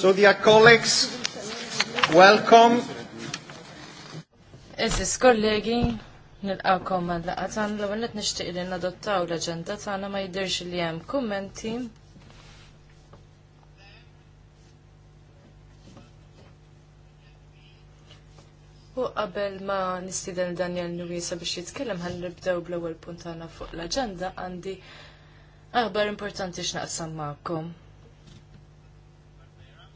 So dear colleagues, welcome. Is Eżis kollegi, nilqawkom għal laqqa tan l-ewwel qed nixtieq li nadottaw l agenda tan ma jidhirx li jem kommenti. U qabel ma nistiden Daniel Nuisa biex jitkellem għal nibdew bl-ewwel punt tagħna fuq l-aġenda għandi aħbar importanti x'naqsam magħkom.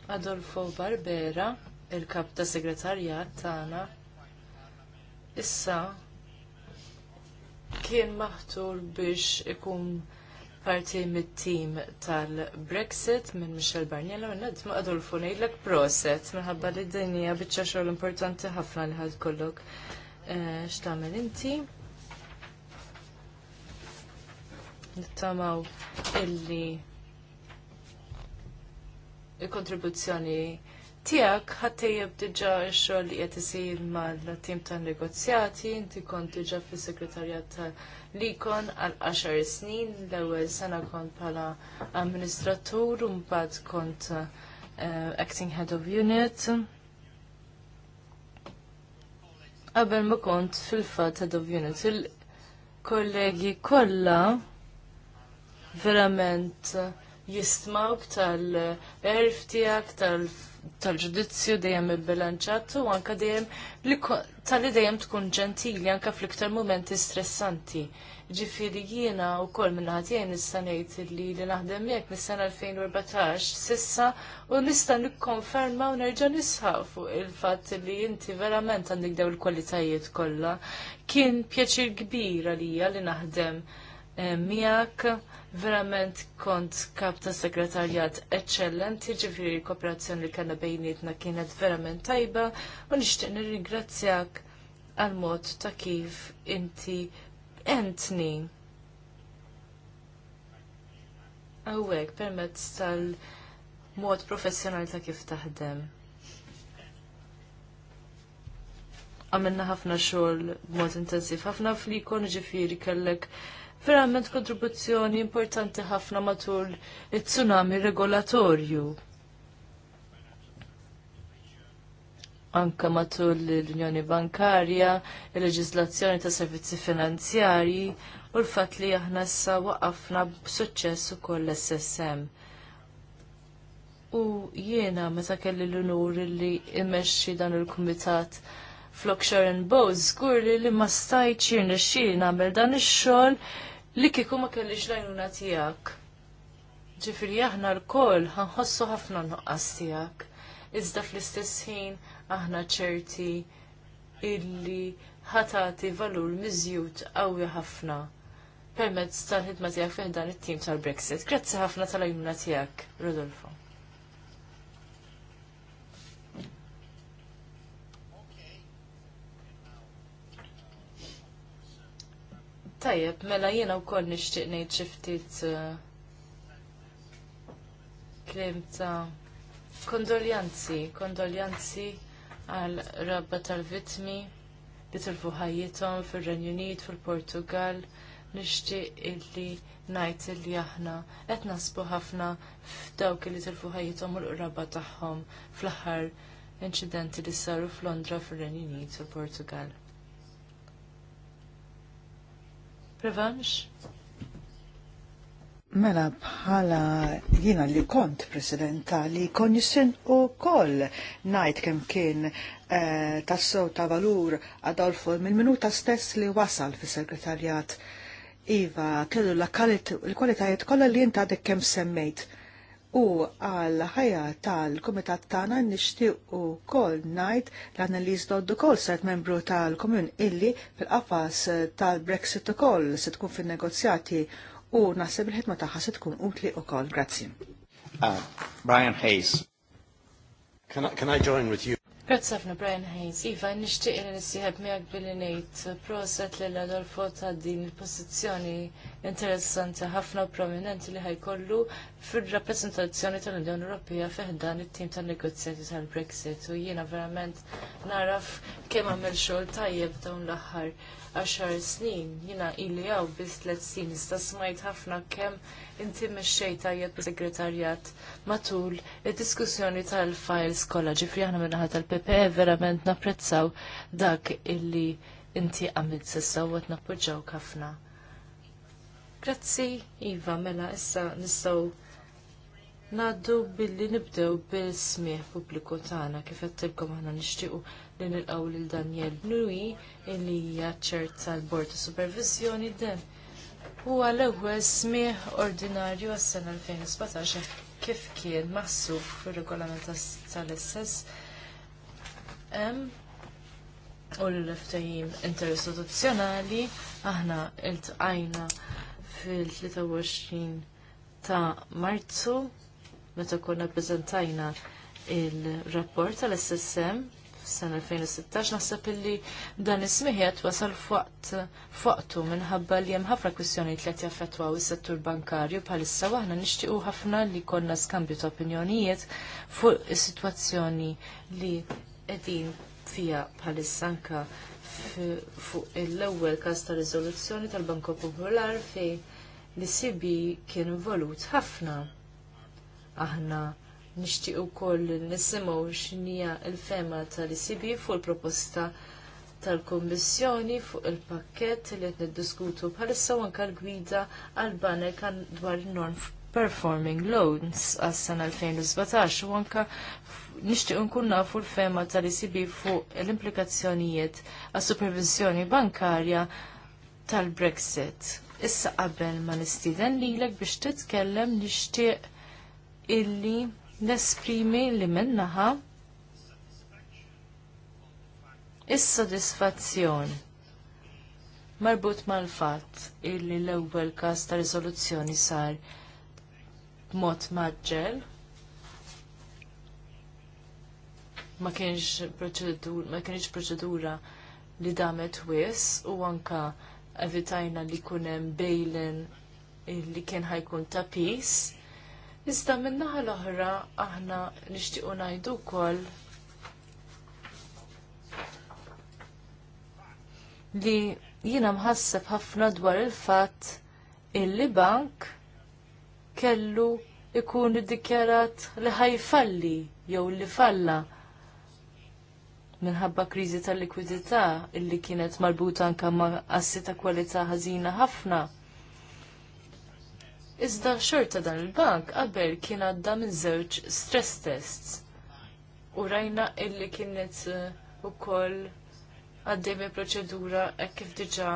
Adolfo Barbera, il-kap ta' segretarjat tagħna, issa kien maħtur biex ikun parti mit-tim tal-Brexit minn Michel Barnier minn għadma ma Adolfo nejlek proset minħabba li d-dinja bieċa xogħol importanti ħafna li ħad kollok eh, x'tagħmel inti. Nittamaw illi il-kontribuzzjoni tiegħek ħattejjeb diġà x-xogħol li jettisir isir mal-tim tan-negozjati, inti kont diġà fis-segretarjat tal-Likon għal 10 snin, l-ewwel sena kont bħala amministratur un mbagħad kont uh, acting head of unit. Qabel ma kont fil-fatt head of unit, il-kollegi kollha verament uh, jistmawk tal-erf tiegħek tal-ġudizzju dejjem il u anke dejjem tal-li dejjem tkun ġentili anke fl-iktar mumenti stressanti. Ġifieri jiena wkoll kol minnaħat jien nistanajt li li naħdem jekk mis-sena 2014 sissa u nista' nikkonferma u nerġa' nisħaq fuq il-fatt li inti verament għandek daw il-kwalitajiet kollha. Kien pjaċir kbir għalija li naħdem miak, Verament kont kap ta' segretarjat eccellent, ġifiri kooperazzjoni li kena bejnietna kienet verament tajba u nixtieq nirringrazzjak għal mod ta' kif inti entni. Awek, permezz tal-mod professjonali ta' kif taħdem. Għamilna ħafna xogħol b'mod intensiv, ħafna flikon ġifiri kellek verament kontribuzzjoni importanti ħafna matul it-tsunami regolatorju. Anka matul l-Unjoni Bankarja, il-leġislazzjoni ta' servizzi finanzjarji u l-fat li aħna issa waqafna b'suċċess ukoll l-SSM. U jiena meta kelli l-unur li immexxi dan il-kumitat Flokxar and Bowes żgur li, ma stajt xirna xir nagħmel dan ix-xogħol li kieku ma kellix lajnuna tiegħek. Ġifieri aħna lkoll ħanħossu ħafna nuqqas tiegħek. Iżda fl-istess ħin aħna ċerti illi ħatati valur miżjud qawwi ħafna permezz tal-ħidma tiegħek fiħdan it-tim tal-Brexit. Grazzi ħafna tal-għajnuna tiegħek, Rodolfo. Tajjeb, mela jiena wkoll nixtieq ngħid xi ftit eh, kliem ta' kondoljanzi, kondoljanzi għal rabba tal-vitmi li tilfu ħajjithom fir-Renju Unit, fil-Portugal, nixtieq illi ngħid illi aħna qed nasbu ħafna f'dawk li tilfu ħajjithom u l-qraba tagħhom fl-aħħar inċidenti li saru f'Londra fir-Renju Unit u portugal Revanx? Mela bħala jina li kont presidenta li konjisin u koll najt kem kien eh, tassow ta' valur Adolfo mil-minuta stess li wasal fi segretarjat Iva, kellu l-kwalitajiet kollha li jinta dek kem semmejt u għal ħajja tal-Kumitat tagħna nixtieq ukoll ngħid l-Annelies Doddu kol set membru tal-Komun illi fil-qafas tal-Brexit ukoll se tkun fin-negozjati u naħseb il-ħidma tagħha se tkun utli ukoll. Grazzi. Uh, Brian Hayes. Can I, can I join with you? Grazzi ħafna Brian Hayes. Iva, nixtieq li nisiħab miegħek billi ngħid eh, proset lil Adolfo ta' din il-pożizzjoni interessanti ħafna u prominenti li ħajkollu fir-rappreżentazzjoni tal-Unjoni Ewropea fiħdan it-tim tan-negozjati tal-Brexit u jiena verament naraf kemm għamel xogħol tajjeb dawn l-aħħar għaxar snin, jina illi għaw biss tlet snin, istasmajt smajt ħafna kem inti mxej tajjeb segretarjat matul il-diskussjoni tal-files kolla ġifri ħana minnaħat tal-PPE verament naprezzaw dak illi inti għamil sissa u għet nappoġġaw ħafna. Grazzi, Iva, mela, issa nistaw Naddu billi nibdew bil-smieħ pubbliku tagħna kif ħana nishtiqu. aħna nixtiequ li nilqgħu lil Daniel Nui illi hija ċert tal-Bord ta' Supervizjoni den. Huwa l-ewwel smih ordinarju għas-sena 2017 kif kien maħsub fir-regolament tal-SS hemm u l-ftehim interistituzzjonali aħna iltqajna fil-23 ta' Marzu meta konna preżentajna il-rapport tal-SSM f'san 2016 naħseb illi dan ismiħet wasal fuqtu minħabba li hemm ħafna kwistjonijiet li qed jaffettwaw is-settur bankarju bħalissa waħna nixtiequ ħafna li konna skambju ta' opinjonijiet fuq is-sitwazzjoni li qegħdin fija bħalissa anka fuq l-ewwel każ ta' riżoluzzjoni tal-Banko Popolar fejn li sibi kien involut ħafna aħna nixtieq ukoll nisimgħu x'inhija l-fema tal-ICB fuq il-proposta tal-Kommissjoni fuq il-pakket li qed niddiskutu bħalissa u anke l-gwida għall banek kan dwar non performing loans għas-sena 2017 u anke nixtieq nkun nafu l-fema tal-ICB fuq l-implikazzjonijiet għas-supervizjoni bankarja tal-Brexit. Issa qabel ma nistieden lilek biex titkellem nixtieq illi nesprimi li minnaħa is-sodisfazzjon marbut mal-fatt illi l-ewwel każ ta' rizoluzzjoni sar b'mod maġġel ma kienx proċedura ma kienx proċedura li damet wis u anka evitajna li kunem bejlen li kien ħajkun ta' peace Iżda min-naħa l-oħra aħna nixtiequ ngħidu wkoll li jiena mħasseb ħafna dwar il-fatt illi bank kellu ikun iddikjarat li ħajfalli jew li falla minħabba kriżi tal-likwidità illi kienet marbuta anke ma' assi ta' kwalità ħażina ħafna. Iżda xorta dan il-bank qabel kien għadda minn żewġ stress tests. U rajna illi kienet uh, ukoll għaddej minn proċedura hekk kif diġà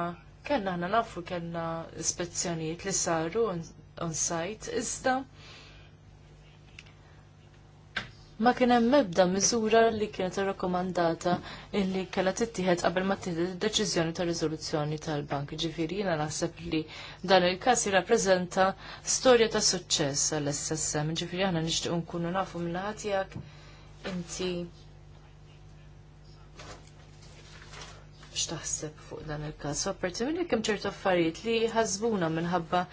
kellna aħna nafu kellna ispezzjonijiet li saru on-site iżda ma kien hemm ebda miżura li kienet irrakkomandata illi kellha tittieħed qabel ma tieħed id-deċiżjoni ta' riżoluzzjoni tal-bank. Ġifieri jiena naħseb li dan il-każ jirrappreżenta storja ta' suċċess għall-SSM. Ġifieri aħna nixtieq nkunu nafu minn ħadd tiegħek inti x'taħseb fuq dan il-każ. Apparti minn hemm ċertu affarijiet li Ħażbuna minħabba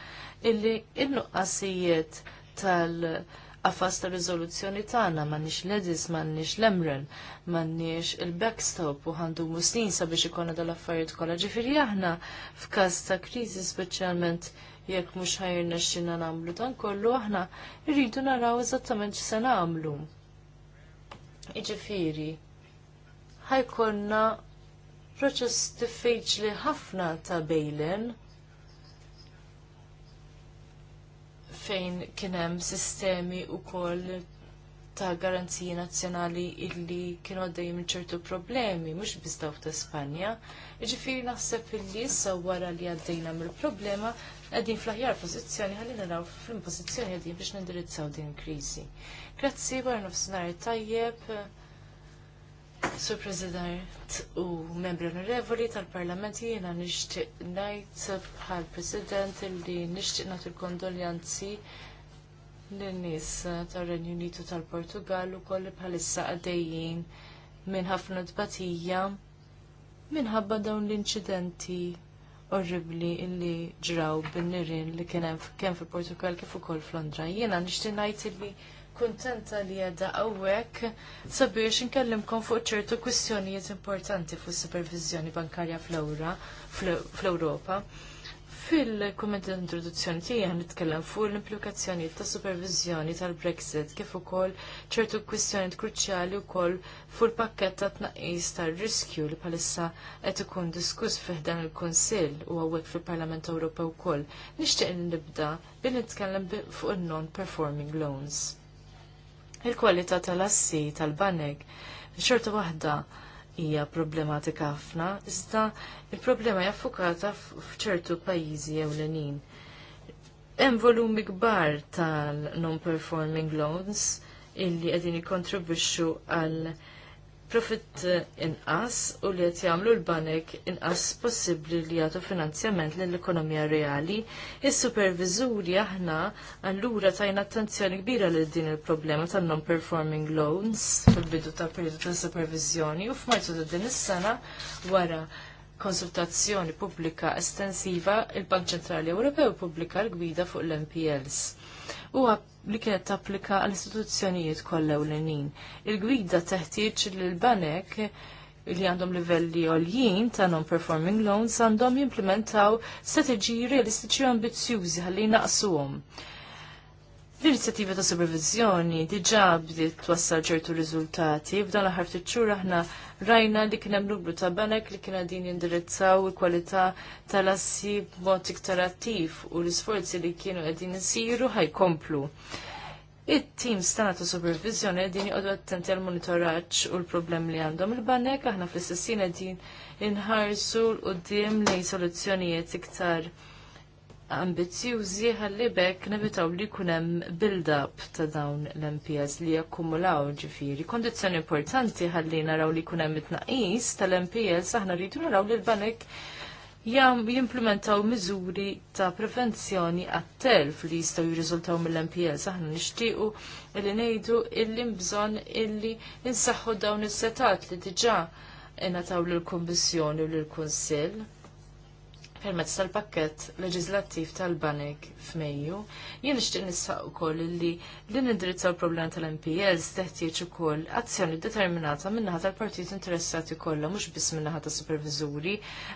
illi n-nuqqasijiet tal- għafas ta' rizoluzzjoni tagħna m'għandniex ledis, m'għandniex l-emren, m'għandniex il-backstop u għandu musnin sabiex ikonna dal-affarijiet kollha. Ġifieri aħna f'każ ta' kriżi speċjalment jekk mhux ħajrna x'inna nagħmlu dan kollu aħna rridu naraw eżattament x'se nagħmlu. Iġifieri ħajkonna proċess diffiċli ħafna ta' bejlen fejn kienem sistemi u koll ta' garanziji nazzjonali illi kienu għaddej minn ċertu problemi, mux bizdaw ta' Spanja. Ġifiri naħseb illi issa wara li għaddejna mill problema għaddin fl-ħjar pozizjoni għallin naraw fl pozizjoni għaddin biex nindirizzaw din krizi. Grazzi, għar nofsinari tajjeb. Sur President u membri onorevoli tal-Parlament jiena nixtieq ngħid bħal President li nixtieq nagħti l-kondoljanzi lin-nies tar-Renju Unitu tal-Portugal ukoll bħalissa għaddejjin minn ħafna tbatija minħabba dawn l-inċidenti orribli li ġraw bin-nirien li kien hemm kemm fil-Portugal kif ukoll f'Londra. Jiena nixtieq ngħid li kuntenta li għedha għawek sabiex nkellimkom fuq ċertu kwistjonijiet importanti fuq supervizjoni bankarja fl-Ewropa. Fil-kumment introduzzjoni tiegħi nitkellem fuq l-implikazzjonijiet ta' supervizjoni tal-Brexit kif ukoll ċertu kwistjonijiet kruċjali wkoll fuq il-pakkett ta' tnaqqis tar-riskju li bħalissa qed ikun diskuss fih dan il-Kunsill u għawek fil-Parlament Ewropew wkoll Nixtieq nibda bil nitkellem fuq il-non-performing loans il-kwalità tal-assi tal-banek. Xorta waħda hija problematika ħafna, iżda il-problema hija f'ċertu pajjiżi ewlenin. Hemm volumi kbar tal-non-performing loans illi qegħdin jikkontribwixxu għal profitt inqas u li qed jagħmlu l-banek inqas possibbli li jagħtu finanzjament lill ekonomija reali, is-superviżuri aħna allura tajna attenzjoni kbira lil din il-problema tan non-performing loans fil-bidu tal-periodu ta' supervizjoni u f'Marzu ta' din is-sena wara konsultazzjoni pubblika estensiva, il-Bank Ċentrali Ewropew pubblika l-gwida fuq l-MPLs u li kienet tapplika għall-istituzzjonijiet kollha ewlenin. Il-gwida teħtieġ li l-banek li għandhom livelli għoljien ta' non-performing loans għandhom jimplementaw strateġiji realistiċi u ambizzjużi ħalli naqsuhom. L-inizjattiva ta' supervizjoni diġa' bdiet twassal ċertu riżultati, f'dan l-aħħar ftit xhur aħna rajna li kien hemm numru ta' banek li kien din jindirizzaw il-kwalità tal-assi b'mod iktar attiv u l-isforzi li kienu qegħdin isiru ħajkomplu. It-tim stana ta' supervizjoni qegħdin jgħodu attenti għal monitoraġġ u l problemi li għandhom il-banek, aħna fl-istessin qegħdin inħarsu l quddiem li soluzzjonijiet iktar ambizjużi ħalli bekk nevitaw li kunem build-up ta' dawn l-MPS li jakkumulaw ġifiri. Kondizjoni importanti ħalli naraw li kunem it-naqis tal-MPS aħna rridu naraw li l-banek jam jimplementaw miżuri ta' prevenzjoni għat-telf li jistaw jirriżultaw mill-MPS. Aħna nixtiequ illi ngħidu illi mbżon illi insaħħu dawn is-setat li diġa' ingħataw lill-Kummissjoni u lill-Kunsill permezz tal-pakket leġislattiv tal-Banek f'Mejju. Jien nixtieq nisaq ukoll li li nindirizzaw l problema tal-MPS teħtieġ ukoll azzjoni determinata minnaħa tal-partit interessati kollha mhux biss minnaħa ta' superviżuri,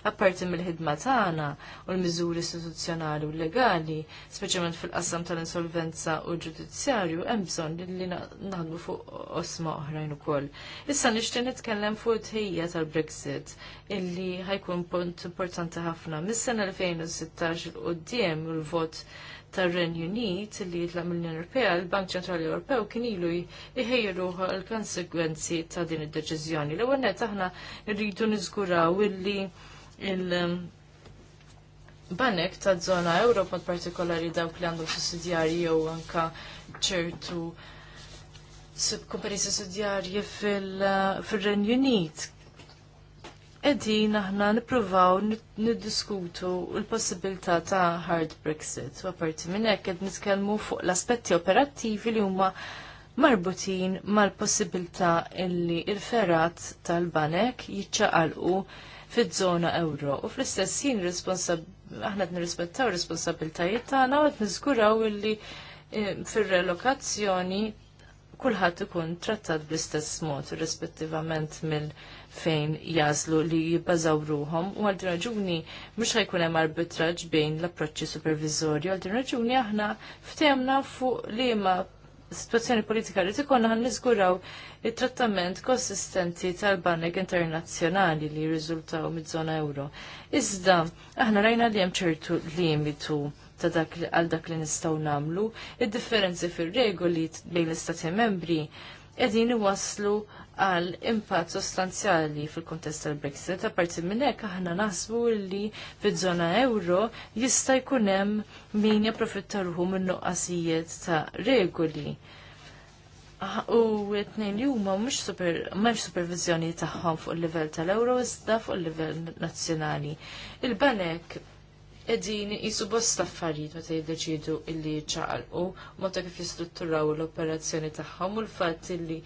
apparti mill-ħidma tagħna u l-miżuri istituzzjonali u legali, speċjalment fil-qasam tal-insolvenza u ġudizzjarju, hemm bżonn li naħdmu fuq osma oħrajn ukoll. Issa nixtieq nitkellem fuq it-tħejja tal-Brexit illi ħajkun punt importanti ħafna. Mis-sena 2016 l-qoddim l-vot tar-Renju Unit li jitlaq mill-Unjoni Ewropea, l-Bank Ċentrali Ewropew kien ilu jħejru l-konsegwenzi ta' din id-deċiżjoni. L-ewwel net aħna rridu niżguraw illi il- um, banek ta' zona euro partikolari dawk li għandhom sussidjarji jew anka ċertu sub sussidjarji sudjarji uh, fil-Renju Unit Edin aħna nipruvaw niddiskutu l-possibilità ta' hard Brexit. U apparti minn hekk qed nitkellmu fuq l-aspetti operattivi li huma marbutin mal-possibilità illi il-ferrat tal-banek jiċċaqalqu fiż-żona euro. U fl-istess jien aħna qed nirrispettaw responsabiltajiet tagħna u qed niżguraw illi eh, fir-relokazzjoni kulħadd ikun trattat bl-istess mod rispettivament mill- fejn jazlu li jibbażaw ruhom u għal din raġuni mhux ħajkun hemm arbitraġġ bejn l-approċċi supervizorju għal din raġuni aħna ftehmna fuq li ma situazzjoni politika li tikonna ħan niżguraw it-trattament konsistenti tal-banek internazzjonali li jirriżultaw mid-żona euro. Iżda aħna rajna li hemm ċertu limitu ta' dak għal dak li nistgħu nagħmlu, id-differenzi fir-regoli bejn l-istati membri qegħdin iwasslu għal impatt sostanzjali fil-kontest tal-Brexit, apparti minn hekk aħna naħsbu li fiż-żona euro jista' jkun hemm min japprofitta ruħu minn nuqqasijiet ta' regoli. U t tnejn li huma mhux super m'hemmx supervizjoni tagħhom fuq il-livell tal-euro iżda fuq il-livell nazzjonali. Il-banek edin jisu bosta affarijiet meta jiddeċidu illi ċaqalqu, mota kif jistrutturaw l-operazzjoni tagħhom u l-fatt illi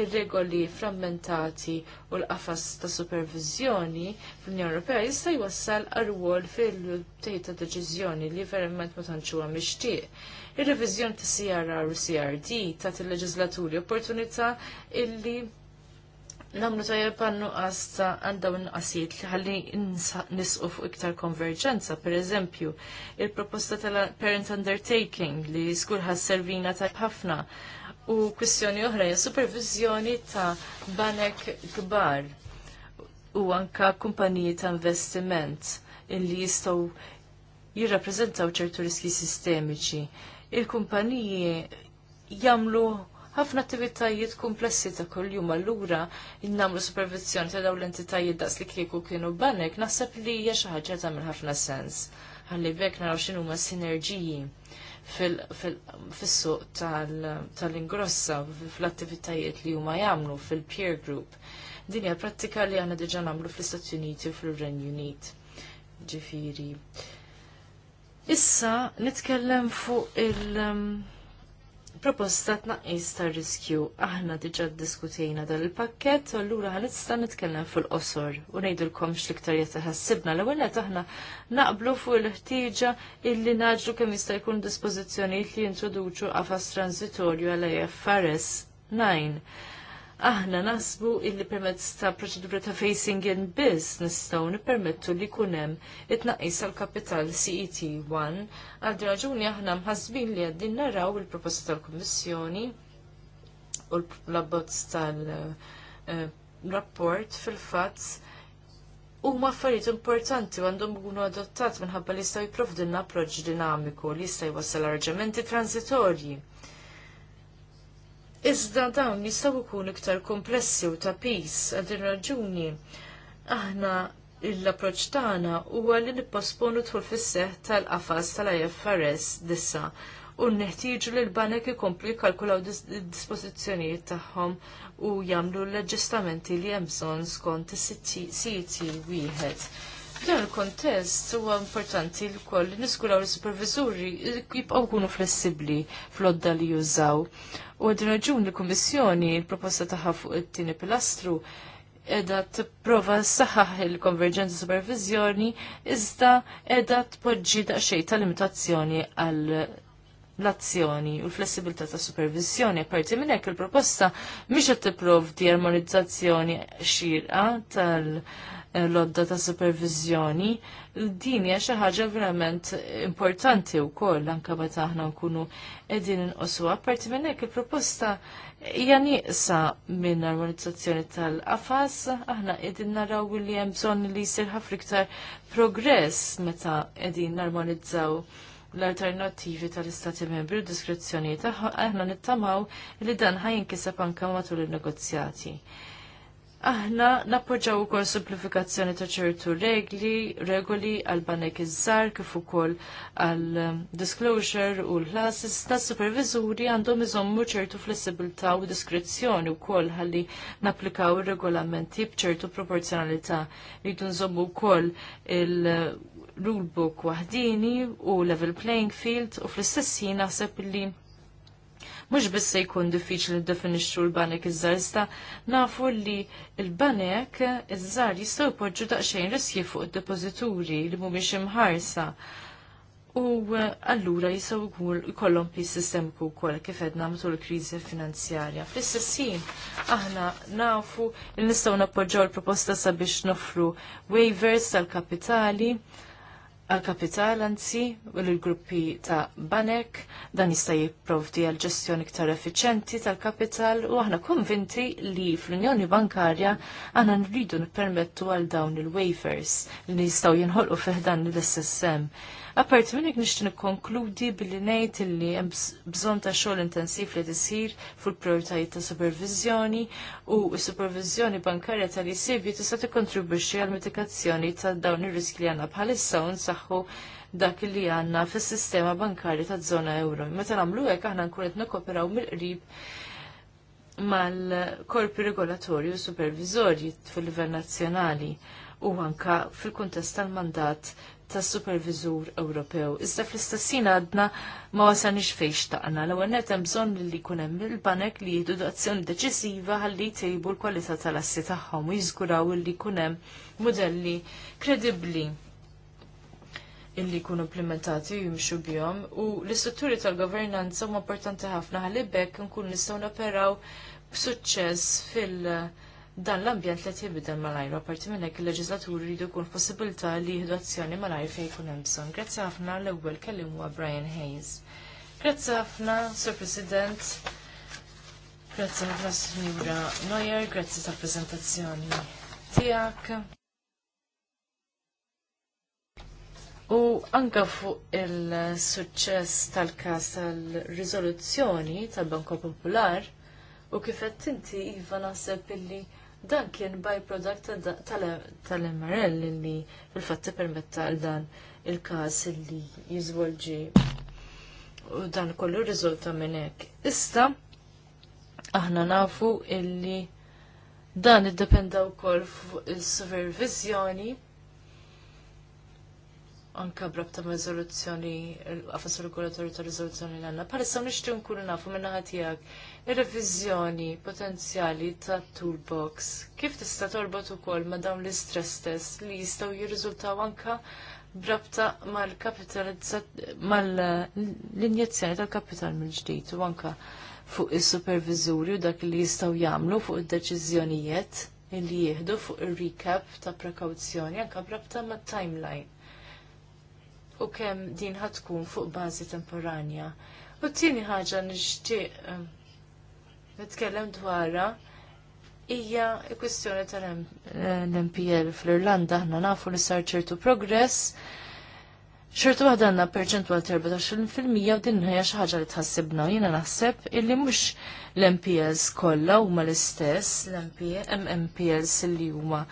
ir-regoli frammentati u l-qafas ta' supervizjoni fl-Unjoni Ewropea jista' jwassal għal fil tej ta' deċiżjoni li verament ma tantx għam mixtieq. Ir-reviżjoni ta' CRR u CRD tat il-leġislaturi opportunità illi namlu ta' jepannu għasta għandaw n qasiet li għalli nisqu fuq iktar konverġenza, per eżempju, il-proposta tal-parent undertaking li skur servina tajb ħafna U kwistjoni oħra hija supervizjoni ta' banek kbar u anka kumpaniji ta' investiment illi jistgħu jirrappreżentaw ċertu riski sistemiċi. Il-kumpaniji jagħmlu ħafna attivitajiet komplessi ta' kuljum allura innamlu supervizjoni ta' dawn l-entitajiet daqs li kieku kienu banek naħseb li hija xi ħaġa tagħmel ħafna sens. Ħalli bekk naraw x'inhuma huma sinerġiji fil-suq tal-ingrossa fil-attivitajiet li huma jagħmlu fil-peer group. Din hija prattika li għandna diġà nagħmlu fl-Istati Uniti u fil-Renju Unit. Ġifieri. Issa nitkellem fuq il- um, proposta tnaqqis ta' riskju. Aħna diġa diskutejna dal il-pakket, u allura istan nitkellem fil-qosor u ngħidulkom x'liktar jetaħassibna l ewwel aħna naqblu fuq il-ħtieġa illi naġlu kemm jista' jkun dispożizzjonijiet li jintroduċu qafas transitorju għal IFRS 9 aħna nasbu illi permezz ta' proċedura ta' facing in biss nistgħu nippermettu li jkun hemm it-tnaqqis tal-kapital CET1 għal raġuni aħna mħasbin li għaddin naraw il-proposta tal-Kummissjoni u l-abbozz tal-rapport eh, fil-fatt huma affarijiet importanti għandhom ikunu adottat minħabba li jistgħu jipprovdilna approċċ dinamiku li jista' jwassal arġamenti transitorji Iżda dawn jistgħu jkunu iktar komplessi u ta' pis għal din raġuni. Aħna l-approċ tagħna huwa li nipposponu dħul fis-seħħ tal-qafas tal-IFRS dissa u neħtieġu li l-banek ikomplu jikkalkulaw dispożizzjonijiet tagħhom u jagħmlu l-aġġustamenti li hemm bżonn skont is-siti wieħed. F'dan il-kontest huwa importanti l-koll li niskuraw l supervisuri jibqgħu jkunu flessibbli fl-odda li jużaw. U għadin raġun li kummissjoni l-proposta taħħa fuq it-tieni pilastru edha t-prova s-saħħaħ il-konverġenza supervizjoni iżda edha t-podġi daqxej ta' limitazzjoni għal l-azzjoni u l-flessibilità ta' supervizjoni. Parti minn hekk il-proposta mhix qed tipprovdi armonizzazzjoni xirqa tal- l-odda ta' supervizjoni, din hija xi ħaġa verament importanti wkoll anke meta aħna nkunu qegħdin inqosu. Apparti minn hekk il-proposta hija nieqsa minn armonizzazzjoni tal-qafas, aħna qegħdin naraw li hemm bżonn li jsir ħafna iktar progress meta qegħdin narmonizzaw l-alternativi tal-Istati Membri u diskrezzjoni tagħhom aħna nittamaw li dan ħajinkiseb anke matul in-negozjati. Aħna nappoġġaw ukoll simplifikazzjoni ta' ċertu regli, regoli għal banek iż-żar kif ukoll għal um, disclosure u l-classes ta' supervizuri għandhom iżommu ċertu flessibilità u diskrezzjoni wkoll ħalli napplikaw ir-regolamenti b'ċertu proporzjonalità. Rridu nżommu wkoll il-rulebook waħdini u level playing field u fl-istess ħin naħseb li mhux biss se jkun diffiċli definixxu l-banek iż-żar iżda nafu li l-banek iż-żar jistgħu jpoġġu daqsxejn riskji fuq id-depożituri li mhumiex imħarsa. U eh, allura jisaw jkollhom pis ku wkoll kif qedna matul il-kriżi finanzjarja. Fl-istessin aħna nafu li nistgħu nappoġġaw l-proposta sabiex nofru waivers tal-kapitali għal-kapital anzi u l-gruppi ta' banek dan jista' jipprovdi għal ġestjoni iktar effiċenti tal-kapital u aħna konvinti li fl-Unjoni Bankarja għana nridu nippermettu għal dawn il-wafers li jistgħu jinħolqu feħdan l-SSM. Apparti minn jek nixtieq nikkonkludi billi ngħid illi hemm bżonn ta' xogħol intensiv li tisir fuq prioritajiet ta' supervizjoni u s-supervizjoni bankarja tal-ICB tista' tikkontribwixxi għal mitigazzjoni ta' dawn ir-riski li għandna bħalissa u nsaħħu dak li għandna fis-sistema bankarja taż-żona euro. Meta nagħmlu hekk aħna nkunet qed nikkoperaw mill-qrib mal-korpi regolatorju u supervizorji fil-livell nazzjonali u għanka fil-kuntest tal-mandat tas supervizur Ewropew. Iżda fl-istessin għadna ma wasanix fejn xtaqna. L-ewwel net hemm bżonn li jkun hemm il-banek li jieħdu azzjoni deċiżiva ħalli jtejbu l-kwalità tal-assi tagħhom u jiżguraw li jkun hemm modelli kredibbli illi jkunu implementati u jimxu bihom u l-istrutturi tal-governanza huma importanti ħafna bekk nkun nistgħu naperaw b'suċċess fil- dan l-ambjent li mal malajr, apparti minn hekk il-leġislaturi jridu jkun possibilità li jieħdu azzjoni malajr fejn jkun hemm bżonn. Grazzi ħafna l-ewwel kellim huwa Brian Hayes. Grazzi ħafna, Sur President. Grazzi ħafna Sinjura Neuer, grazzi tal-preżentazzjoni tiegħek. U anka fuq il-suċċess tal-kas tal-rizoluzzjoni tal-Banko Popolar u kifet inti iva naħseb illi dan kien byproduct tal-MRL li fil-fatt permetta għal dan il-kas li jizvolġi u dan kollu rizulta minn hekk. Issa aħna nafu illi dan iddependa wkoll fuq is-supervizjoni anka brab ta' rizoluzzjoni, għafas regolatorju ta' rizoluzzjoni l-għanna. Parissa nishtu nkunu nafu minna ħatijak Ir-reviżjoni potenzjali ta' toolbox kif tista' torbot ukoll ma' dawn l-istress test li jistgħu jirriżultaw anka brabta mal-injezzjoni tal-kapital mill-ġdid u anka fuq is-superviżuri u dak li jistgħu jagħmlu fuq id-deċiżjonijiet li jieħdu fuq ir-recap ta' prekawzjoni anke brabta mat-timeline. U kemm din ħatkun fuq bażi temporanja. U t-tieni ħaġa nixtieq eh, nitkellem dwarha hija kwistjoni tal-MPL fl-Irlanda aħna nafu li sar ċertu progress. ċertu waħda għandna perċentwal 14% u din hija xi ħaġa li tħassibna jiena naħseb illi mhux l-MPLs kollha huma l-istess, l-MPLs li huma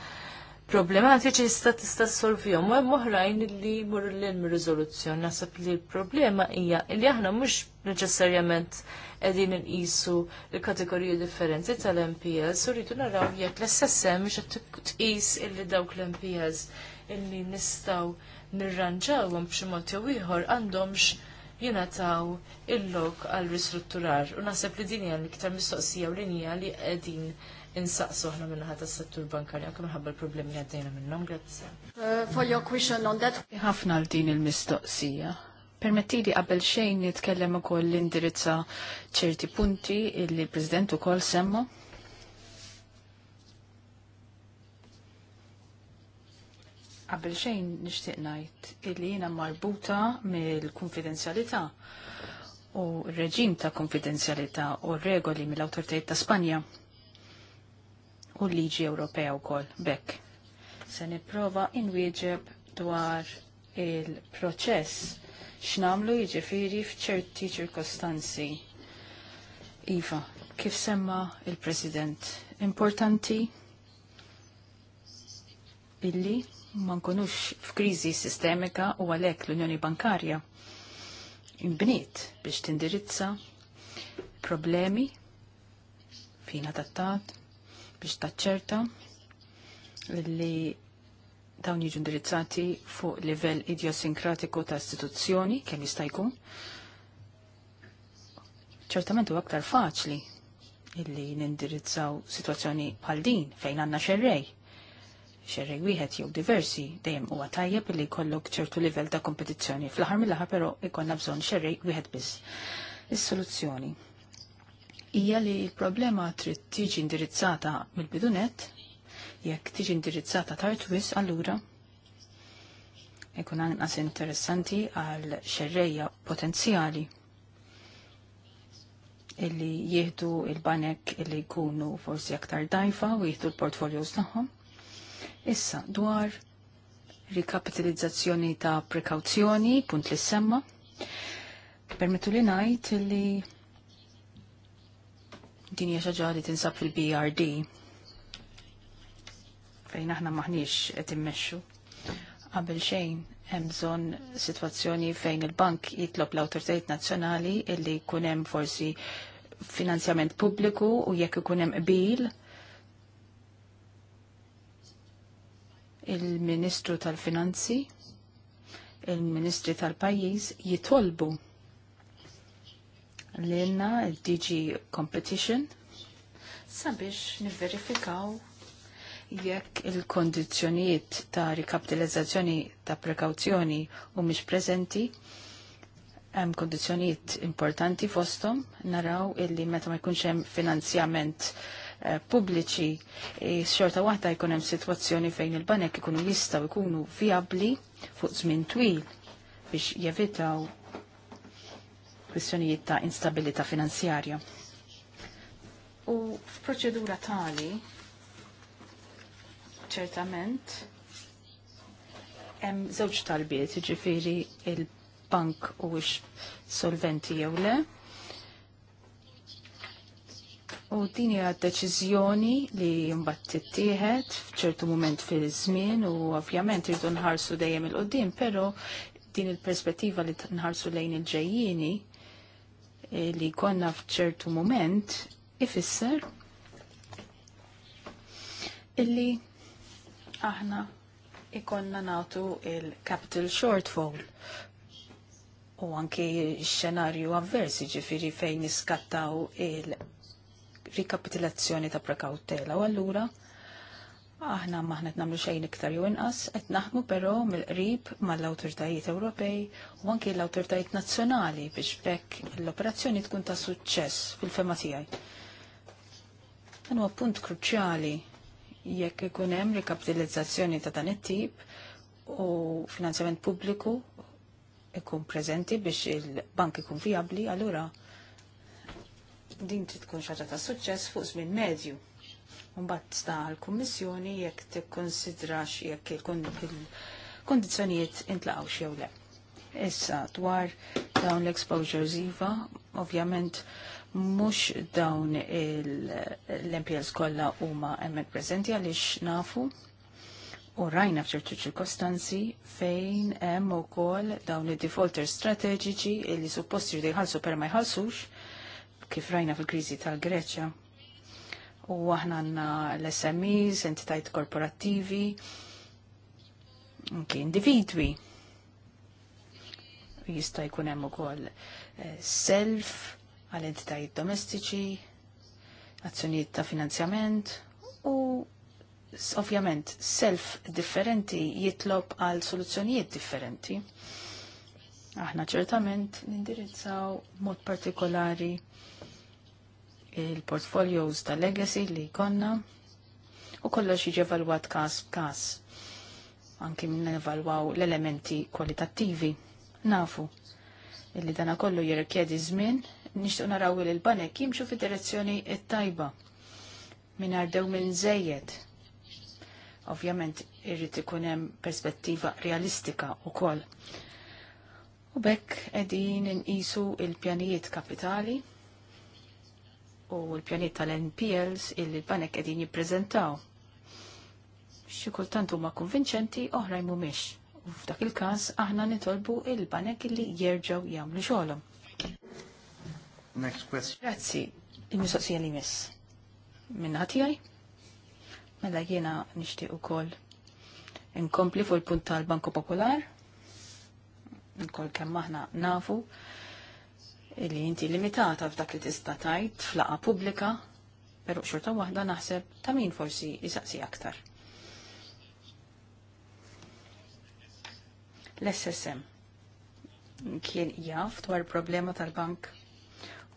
problematiċi jista tista solvjom, u hemm oħrajn li jmur lil mir-riżoluzzjoni. Naħseb li l-problema hija li aħna mhux neċessarjament qegħdin inqisu l-kategoriji differenti tal-MPS u rridu naraw jekk l-SSM biex tqis illi dawk l-MPS illi nistgħu nirranġawhom b'xi mod jew ieħor għandhomx jingħataw il-lok għal ristrutturar u naħseb li din hija l-iktar mistoqsija u linja li qegħdin insaqsu ħna minna ħata s-settur bankarja, kem ħabba l-problemi għaddejna minnom, grazie. Uh, for your question on that. ħafna għal din il-mistoqsija. Permettili qabel xejn nitkellem ukoll l-indirizza ċerti punti illi l-President ukoll semmu. Qabel xejn nixtieq ngħid illi jiena marbuta mill-konfidenzjalità u r-reġim ta' konfidenzjalità u r regoli mill autoritajt ta' Spanja u l-liġi Ewropea wkoll bekk. Se nipprova inwieġeb dwar il-proċess x'namlu jiġifieri f'ċerti ċirkostanzi. Iva, kif semma il-President, importanti illi ma nkunux f'kriżi sistemika u għalhekk l-Unjoni Bankarja inbniet biex tindirizza problemi fina tattat biex taċċerta li dawn jiġu indirizzati fuq livell idiosinkratiku ta' istituzzjoni kemm jista' jkun. Ċertament huwa aktar faċli illi nindirizzaw situazzjoni bħal din fejn għandna xerrej. Xerrej wieħed jew diversi dejjem huwa tajjeb illi jkollok ċertu livell ta' kompetizzjoni. Fl-aħħar mill-aħħar però jkollna bżonn xerrej wieħed biss. Is-soluzzjoni hija li l-problema trid tiġi indirizzata mill-bidunet, jekk tiġi indirizzata tard wis allura ikun anqas interessanti għal xerreja potenzjali illi jieħdu il-banek illi jkunu forsi aktar dajfa u jieħdu l-portfolios tagħhom. Issa dwar rikapitalizzazzjoni ta' prekawzjoni, punt li semma, permettu li ngħid li din hija xaġa li tinsab fil-BRD fejn aħna maħniex qed immexxu. Qabel xejn hemm bżonn sitwazzjoni fejn il-bank jitlob l-awtoritajiet nazzjonali illi jkun hemm forsi finanzjament pubbliku u jekk ikun hemm qbil il-Ministru tal-Finanzi, il-Ministri tal-Pajjiż jitolbu l-inna il-DG Competition sabiex niverifikaw jekk il-kondizjonijiet ta' rikapitalizzazzjoni ta' prekawzjoni u mhix prezenti hemm kondizjonijiet importanti fosthom naraw illi meta ma jkunx hemm finanzjament eh, pubbliċi eh, xorta waħda jkun hemm sitwazzjoni fejn il-banek ikunu jistgħu jkunu viabli fuq żmien twil biex jevitaw kwistjonijiet ta' instabilità finanzjarja. U f'proċedura tali, ċertament, hemm żewġ talbiet, jiġifieri il-bank u solventi jew le, U din hija deċiżjoni li mbagħad tittieħed f'ċertu mument fil-żmien u ovvjament irdu nħarsu dejjem il qudiem però din il-perspettiva li nħarsu lejn il-ġejjini Eh, li konna fċertu moment ifisser illi aħna ikonna natu il-capital shortfall u anke xenarju avversi ġifiri fejn niskattaw il rikapitilazzjoni ta' prekautela u allura Aħna maħna qed nagħmlu xejn iktar ju inqas qed naħmu però mill-qrib mal-awtoritajiet Ewropej u anki l-awtoritajiet nazzjonali biex bekk l-operazzjoni tkun ta' suċċess fil-fema tiegħi. Dan huwa punt kruċjali jekk ikun hemm rikapitalizzazzjoni ta' dan it-tip u finanzjament pubbliku ikun preżenti biex il-bank ikun viabli, allura din tkun xaġa ta' suċċess fuq żmien medju Mbagħad sta l-Kummissjoni jekk tikkonsidrax jekk il-kondizzjonijiet intlaqgħu jew le. Issa dwar dawn l-exposures ziva, ovvjament mhux dawn l-MPLs kollha huma hemmhekk preżenti għaliex nafu u rajna f'ċertu ċirkostanzi fejn hemm ukoll dawn id-defaulter strateġiċi li supposti jridu jħallsu per ma jħallsux kif rajna fil-kriżi tal-Greċja u aħna għanna l-SMEs, entitajt korporattivi, anke individwi. Jista' jkun hemm ukoll eh, self għal entitajiet domestiċi, azzjonijiet ta' finanzjament u ovvjament self differenti jitlob għal soluzzjonijiet differenti. Aħna ċertament nindirizzaw mod partikolari il-portfolios ta' legacy li konna u kollox jiġi evalwat kas kas anki minn evalwaw l-elementi kwalitattivi. Nafu illi dana kollu jirrikjedi żmien nixtuq naraw li l-banek jimxu fi direzzjoni it-tajba minn ardew minn zejjed. Ovvjament irrid ikun hemm perspettiva realistika wkoll. U bekk qegħdin inqisu il-pjanijiet kapitali u l pjanit tal-NPLs illi l-banek edin jiprezentaw. Xi kultant huma konvinċenti jmu mhumiex. U f'dak il-każ aħna nitolbu il-banek illi jerġgħu jagħmlu xogħolhom. Next question. Grazzi, il-mistoqsija li miss. Minna ħatijaj? Mela jiena nixtieq ukoll inkompli fuq il-punt tal-Banku Popolar. Nkoll kemm aħna nafu li inti limitata f'dak li tista' tajt flaqa pubblika, però xorta waħda naħseb ta' min forsi jisaqsi aktar. L-SSM kien jaf dwar problema tal-bank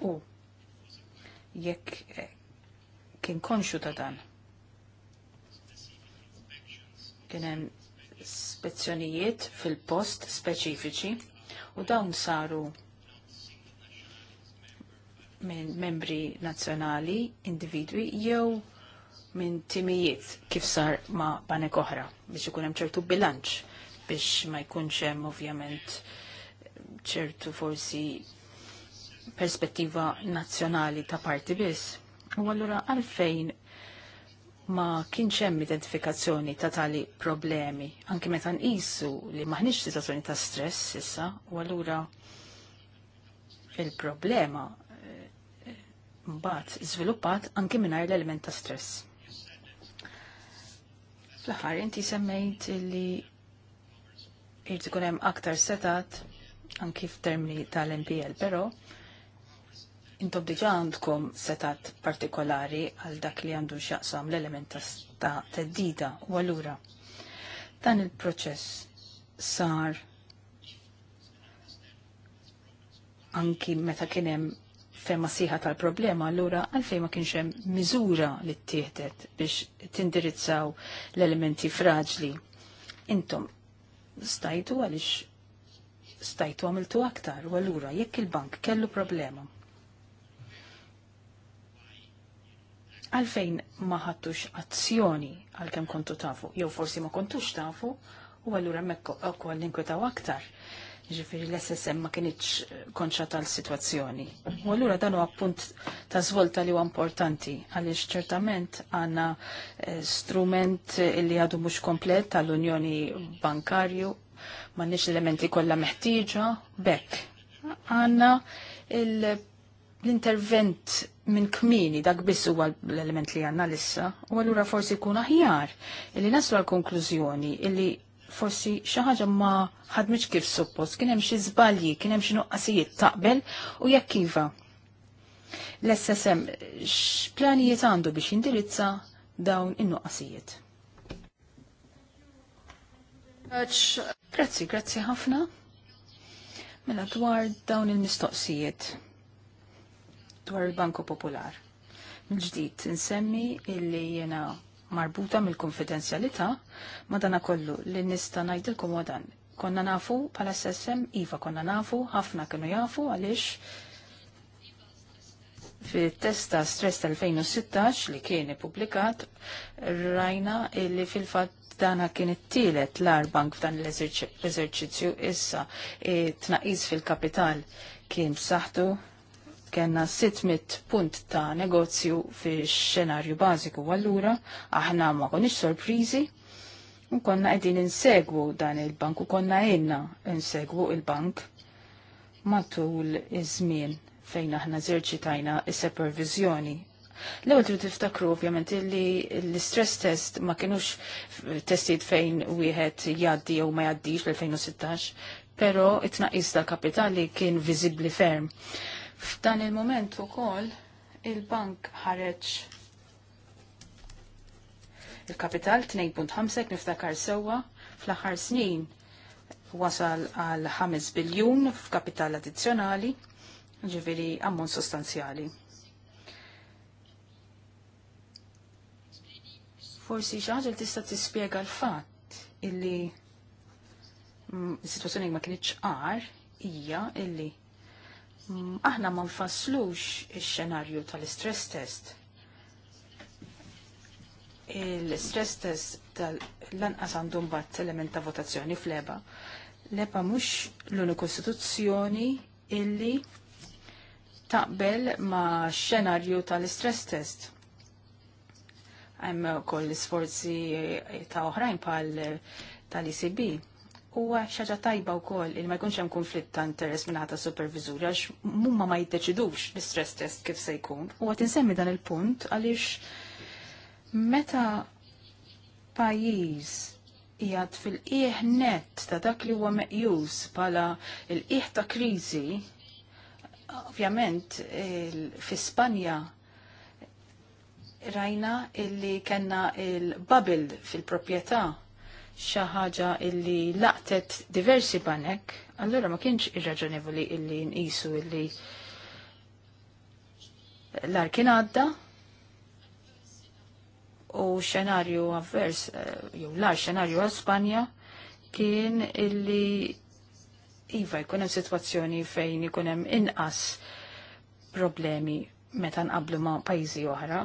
u jekk eh, kien konxu ta' dan. Kien hemm spezzjonijiet fil-post speċifiċi u dawn saru minn membri nazzjonali, individwi, jew minn timijiet kif sar ma' banek oħra biex ikun hemm ċertu bilanċ biex ma jkunx hemm ovvjament ċertu forsi perspettiva nazzjonali ta' parti biss. U allura għalfejn ma kienx hemm identifikazzjoni ta' tali problemi, anke meta nqisu li maħniex situazzjoni ta' stress issa, u allura il-problema mbagħad żviluppat anke mingħajr l-element ta' stress. Fl-aħħar inti semmejt li irid ikun hemm aktar setat anki f'termini tal-MPL, però intom diġa għandkom setat partikolari għal dak li għandu x'jaqsam l-element ta' teddida u allura Dan il-proċess sar anki meta hemm fema siħa tal-problema, allura għalfejn ma kienx hemm miżura li ttieħdet biex tindirizzaw l-elementi fraġli. Intom stajtu għaliex stajtu għamiltu aktar u allura jekk il-bank kellu problema. Għalfejn ma ħattux azzjoni għalkemm kontu tafu, jew forsi ma kontux tafu, u allura mekk ukoll inkwetaw aktar Ġifiri l-SSM ma kienieċ eh, konċa tal-situazzjoni. U allura dan huwa punt ta' svolta li huwa importanti għaliex ċertament għandna eh, strument li għadu mhux komplet tal-Unjoni Bankarju m'għandniex elementi kollha meħtieġa bekk. Għanna l-intervent minn kmini dak biss huwa l-element li għandna lissa u allura forsi jkun aħjar illi naslu għal konklużjoni illi forsi xi ħaġa ma ħadmitx kif suppost, kien hemm xi żbalji, kien hemm xi nuqqasijiet taqbel u jekk iva. L-SSM x'planijiet għandu biex jindirizza dawn in-nuqqasijiet. Grazzi, grazzi ħafna. Mela dwar dawn il-mistoqsijiet dwar il banku Popolar. Mil-ġdid, nsemmi illi jena marbuta mill-konfidenzjalità, dana kollu li nista ngħidilkom dan. Konna nafu pala SSM, Iva konna nafu, ħafna kienu jafu għaliex fi testa stress tal-2016 li kien publikat rajna li fil-fat dana kien it-tielet l-arbank f'dan l-eżerċizzju issa tnaqis fil-kapital kien b'saħħtu kena 600 punt ta' negozju fi xenarju bażiku allura aħna ma konix sorprizi u konna qegħdin insegwu dan il-bank u konna għinna insegwu il-bank matul iż-żmien fejn aħna żerċitajna is-supervizjoni L-ewwel trid tiftakru ovvjament li l-istress test ma kinux testijiet fejn wieħed jgħaddi jew ma jgħaddix l-2016, però it-tnaqqis tal-kapitali kien viżibbli ferm. F'dan il-moment ukoll il-bank ħareġ il-kapital 2.5 niftakar sewwa fl-aħħar snin wasal għal 5 biljun f'kapital addizzjonali, ġifieri ammont sostanzjali. forsi xaħġa li tista' tispjega l-fatt illi mm, s-situazzjoni ma kienx qar hija illi aħna ma nfasslux ix-xenarju tal-istress test. Il-stress test tal-lanqas għandu mbagħad element ta' votazzjoni fl-eba. L-eba mhux l-uniku istituzzjoni illi taqbel ma' xenarju tal-istress test. Hemm ukoll l-isforzi ta' oħrajn bħal tal-ECB huwa xaġa tajba wkoll il ma jkunx hemm konflitt ta' interess minn ħata supervizuri għax mumma ma jiddeċidux l-istress test kif se jkun. U għat insemmi dan il-punt għaliex meta pajjiż jgħad fil-qieħ net ta' dak li huwa meqjus bħala l-qieħ ta' kriżi, ovvjament fi Spanja rajna illi kellna il-bubble fil-proprjetà xi ħaġa illi laqtet diversi banek, allora ma kienx irraġonevoli illi nqisu illi l-ar kien għadda u xenarju avvers, eh, jew l-ar xenarju għal Spanja kien illi iva jkun hemm sitwazzjoni fejn ikun hemm inqas problemi meta nqablu ma' pajjiżi oħra.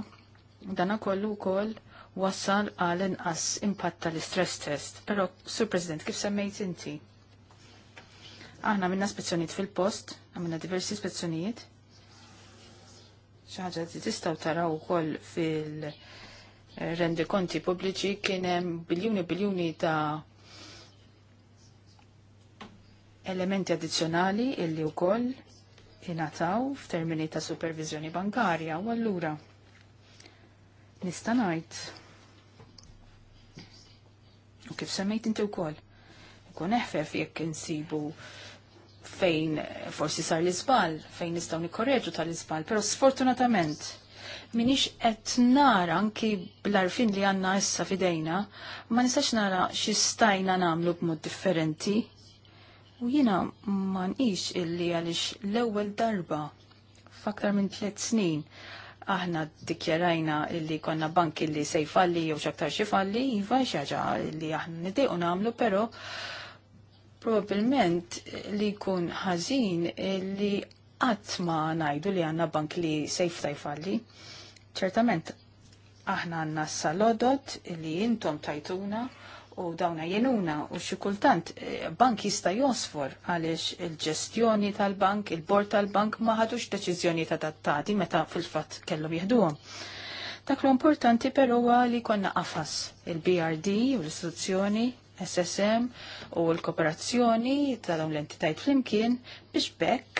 Dana kollu wkoll kol wassal għal inqas impatt tal-istress test. Pero, Sur President, kif semmejt inti? Aħna minna spezzjoniet fil-post, għamilna diversi spezzjonijiet. ċaħġa li tistaw taraw ukoll fil-rendi konti pubbliċi kien hemm biljuni e biljuni ta' elementi addizzjonali illi wkoll ingħataw f'termini ta' supervizjoni bankarja u allura nista' ngħid U kif semmejt inti wkoll. Ikun eħfef jekk insibu fejn forsi sar l-iżbal, fejn nistgħu nikkorreġu tal-iżbal, però sfortunatament minix qed nara anki bl-arfin li għandna issa fidejna, ma nistax nara xi stajna nagħmlu b'mod differenti. U jiena ma nqix illi għaliex l-ewwel darba f'aktar minn tliet snin aħna dikjarajna illi konna bank li sejfalli jew xaktar xifalli, iva xaġa illi aħna nitiqu namlu, pero probabilment li kun ħażin li għatma najdu li għanna bank li sejf tajfalli. ċertament, aħna għanna s-salodot li jintom tajtuna u dawna jenuna u xikultant eh, bank jista josfor għalix il-ġestjoni tal-bank, il-bord tal-bank ma ħadux deċizjoni ta' tattati meta fil-fat kellhom jieħduhom. Dak lo importanti però li konna qafas il-BRD u l-istituzzjoni SSM u l-kooperazzjoni ta' dawn l-entitajt flimkien biex bekk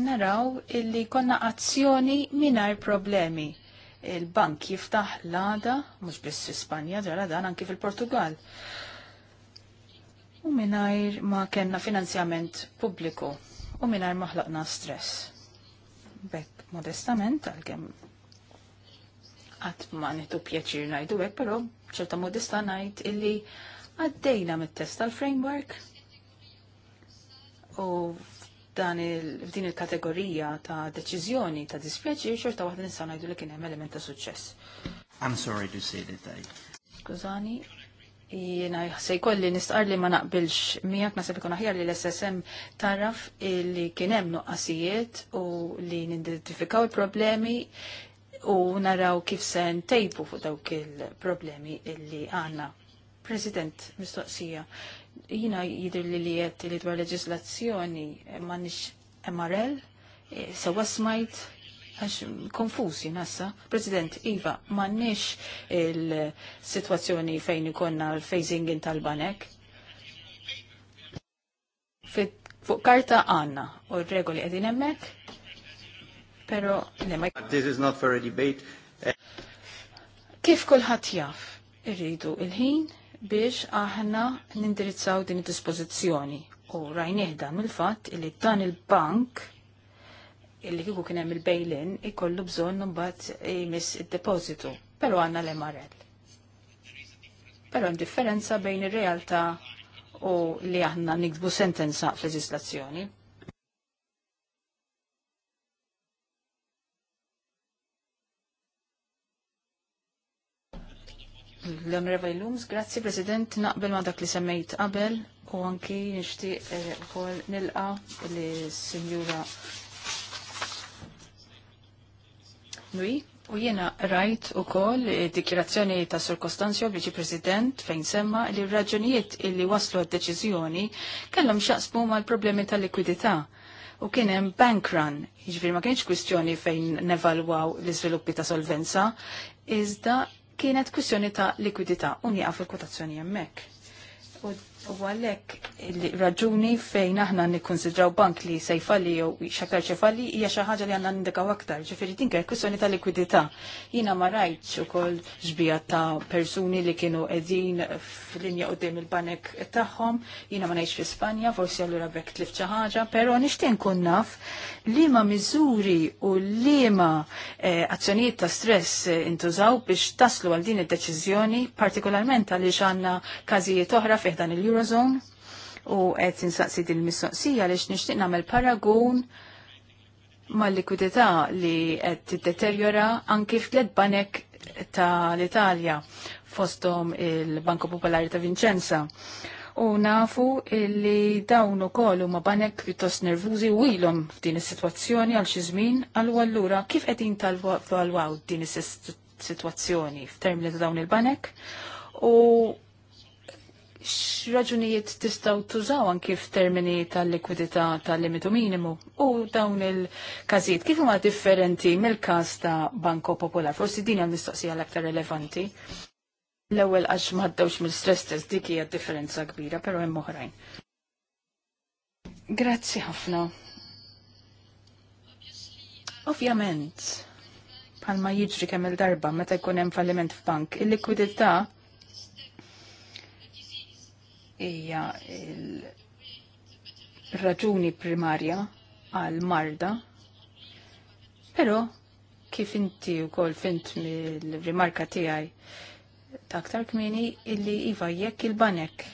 naraw illi konna azzjoni minar problemi il-bank jiftaħ l-għada, mux biss Spanja, ġara dan anki fil-Portugal. U minnajr ma kena finanzjament pubbliku u minnajr ma ħlaqna stress. Bek modestament, għal-kem għatma nitu pjaċir najdu għek, pero ċerta modesta najt illi għaddejna mit-test tal-framework u dan il-din il-kategorija ta' deċiżjoni ta' dispieċi, xorta waħda nistana ngħidu li kien hemm element ta' suċċess. I'm sorry to say that day. Skużani, jiena se jkolli nistqar li ma naqbilx miegħek naħseb ikun aħjar li l-SSM taraf li kien hemm nuqqasijiet u li nidentifikaw il-problemi u naraw kif se ntejbu fuq dawk il-problemi illi għandna. President, mistoqsija, jina jidr li li jett li dwar leġislazzjoni eh, ma nix MRL, eh, sa wasmajt, għax konfus jinassa. President, Iva, ma nix il-situazzjoni fejn ikonna l-phasing in tal-banek. Fuq karta għanna u regoli għedin emmek, pero nema. This is not for a debate. Kif kullħat jaf, irridu il-ħin, il ħin biex aħna nindirizzaw din id-dispożizzjoni. U rajnieħda mill-fatt li dan il-bank illi kiku kien hemm il-bejlin ikollu bżonn mbagħad jmiss id-depożitu. Però għandna l-MRL. Però hemm differenza bejn ir-realtà u li aħna nikbu sentenza fl-leġislazzjoni. l-Onorevoli Lums, grazzi President, naqbel ma dak li semmejt qabel u anki nixtieq eh, ukoll nilqa li Sinjura Nui u jiena rajt ukoll dikjerazzjoni ta' Sur Kostanzjo Viċi President fejn semma li raġunijiet illi waslu għad-deċiżjoni kellhom xjaqsmu mal-problemi tal-likwidità u kien hemm bank run, jiġifieri ma kienx kwistjoni fejn nevalwaw l-iżviluppi ta' solvenza, iżda kienet kwestjoni ta' likwidità u nieqaf il-kotazzjoni hemmhekk. U għalhekk raġuni fejn aħna nikkonsidraw bank li se jfalli jew xaktar xi hija xi ħaġa li għandna nindikaw aktar. Ġifieri tinker kwistjoni ta' likwidità. Jiena ma rajtx ukoll ġbija ta' persuni li kienu qegħdin f'linja qudiem il-banek tagħhom, jiena ma ngħidx fi Spanja, forsi allura bekk tlif xi ħaġa, però nixtieq nkun naf liema miżuri u liema eh, azzjonijiet ta' stress eh, intużaw biex taslu għal din id-deċiżjoni, partikolarment għaliex għandna każijiet oħra fih dan il eurozone u qed insaqsi din il-mistoqsija għaliex nixtieq nagħmel paragun mal-likwidità li qed tiddeterjora anki f'tliet banek tal-Italja fostom il-Banko Popolari ta' Vincenza. U nafu li dawn ukoll huma banek pjuttost nervużi u ilhom f'din is-sitwazzjoni għal xi żmien għal għallura kif qegħdin tal-valwaw din is-sitwazzjoni f'termini ta' dawn il-banek u x'raġunijiet tistgħu tużaw anki termini tal-likwidità tal-limitu minimu u dawn il-każijiet kif huma differenti mill-każ ta' Banko Popolar. Forsi din hija mistoqsija l-aktar relevanti. L-ewwel għax m'għaddewx mill-stress test dik hija differenza kbira, però hemm oħrajn. Grazzi ħafna. Ovvjament, bħalma jiġri kemm il-darba meta jkun hemm falliment f'bank, il-likwidità hija il-raġuni primarja għal marda, pero kif inti u kol fint mill-rimarka tijaj ta' kmini illi iva jekk il-banek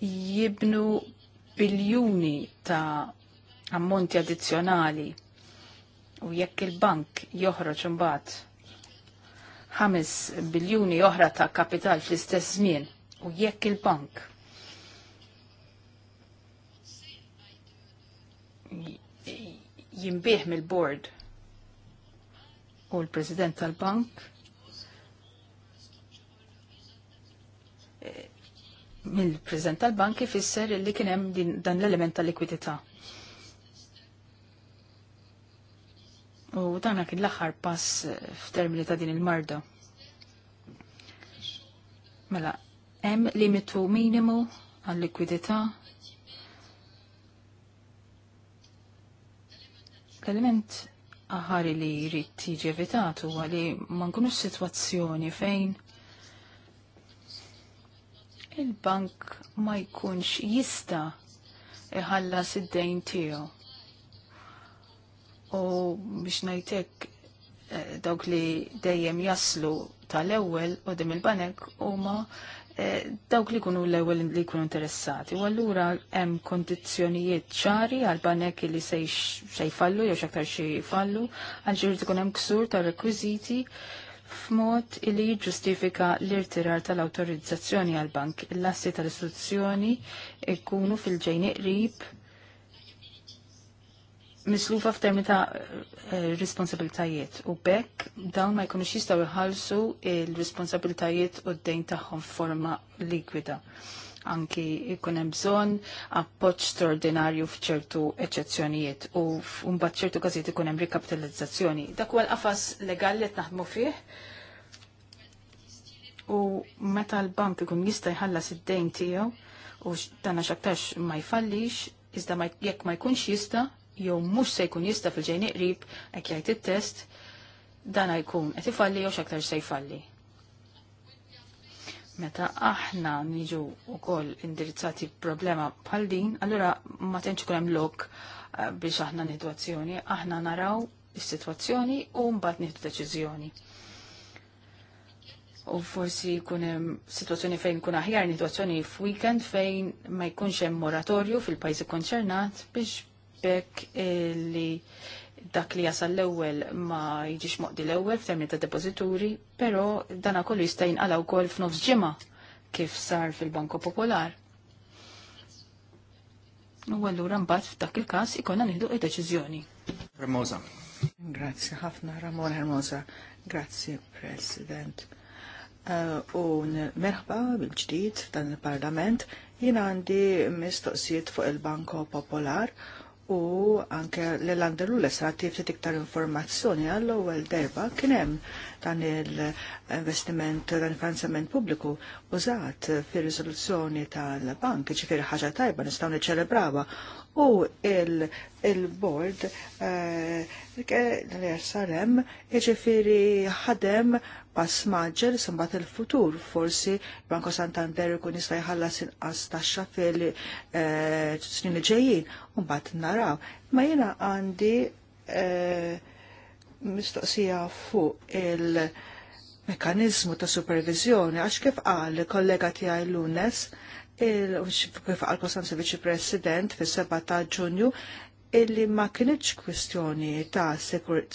jibnu biljuni ta' ammonti addizzjonali u jekk il-bank joħroġ imbagħad 5 biljuni oħra ta' kapital fl-istess żmien u jekk il-bank jimbieħ mill-board u l-president tal-bank eh, mill-president tal-bank ifisser li kien hemm dan l-element tal-likwidità. U dan kien l-aħħar pass eh, f'termini ta' din il-marda. Mela, hemm limitu minimu għal-likwidità l-element aħari li jrid tiġi evitat huwa li ma nkunux sitwazzjoni fejn il-bank ma jkunx jista iħallas id-dejn tiegħu u biex najtek eh, dawk li dejjem jaslu tal-ewwel u dim il-banek huma eh, dawk li kunu l-ewwel li jkunu interessati. U allura hemm kondizzjonijiet ċari għal banek li se jfallu jew x'aktar xi jfallu, għal ġirid ikun hemm ksur ta' rekwiżiti f'mod li jiġġustifika l-irtirar tal-autorizzazzjoni għal bank. L-assi tal-istituzzjoni ikunu fil-ġejn qrib mislufa f'termi ta' eh, responsabiltajiet u bekk dawn ma jkunux jistgħu jħallsu l responsabiltajiet u d-dejn tagħhom forma likwida. Anki jkun hemm bżonn appoġġ straordinarju f'ċertu eċċezzjonijiet u mbagħad ċertu każijiet ikun hemm rikapitalizzazzjoni. Dak huwa l-qafas legali qed naħdmu fih. U meta l-bank ikun jista' jħallas id-dejn tiegħu u dana x'aktarx ma jfallix, iżda jekk ma jkunx jista' jew mhux se jkun jista' fil-ġejn qrib hekk jgħid it-test dan jkun qed ifalli jew x'aktar se jfalli. Meta aħna niġu wkoll indirizzati problema bħal din, allura ma tantx ikun hemm lok eh, biex aħna nitwazzjoni, aħna naraw is-sitwazzjoni u mbagħad nieħdu deċiżjoni u forsi jkun hemm sitwazzjoni fejn kun aħjar nitwazzjoni f'weekend fejn ma jkunx hemm moratorju fil-pajjiż konċernat biex bekk li dak li jasal l-ewwel ma jiġix moqdi l-ewwel f'termin ta' depożituri, pero dana kollu jista' jinqala wkoll f'nofs ġimgħa kif sar fil-Banko Popolar. U allura mbagħad f'dak il-każ ikonna nieħdu i deċiżjoni Hermosa. Grazzi ħafna Ramon Hermosa. Grazzi President. Eh, u merħba bil-ġdid f'dan il-Parlament jien għandi mistoqsijiet fuq il-Banko Popolar u anke l-Andalules għati ftit iktar informazzjoni għall-ewwel derba kien hemm dan il-investiment dan il finanzament pubbliku użat fir-riżoluzzjoni tal-bank, ġifieri ħaġa tajba nistgħu ċelebrawa u il-board il eh, sarem jiġifieri ħadem pass maġġer sambat il-futur. Forsi Banko Santander kun jista' jħallas inqas taxxa fil-snin eh, li ġejjin, u mbagħad naraw. Ma jiena għandi eh, mistoqsija fuq il-mekanizmu ta' supervizjoni għax kif qal kollega tiegħi Lunes kif għal Kostanza Viċi President fis-7 ta' Ġunju illi ma kienieċ kwistjoni ta'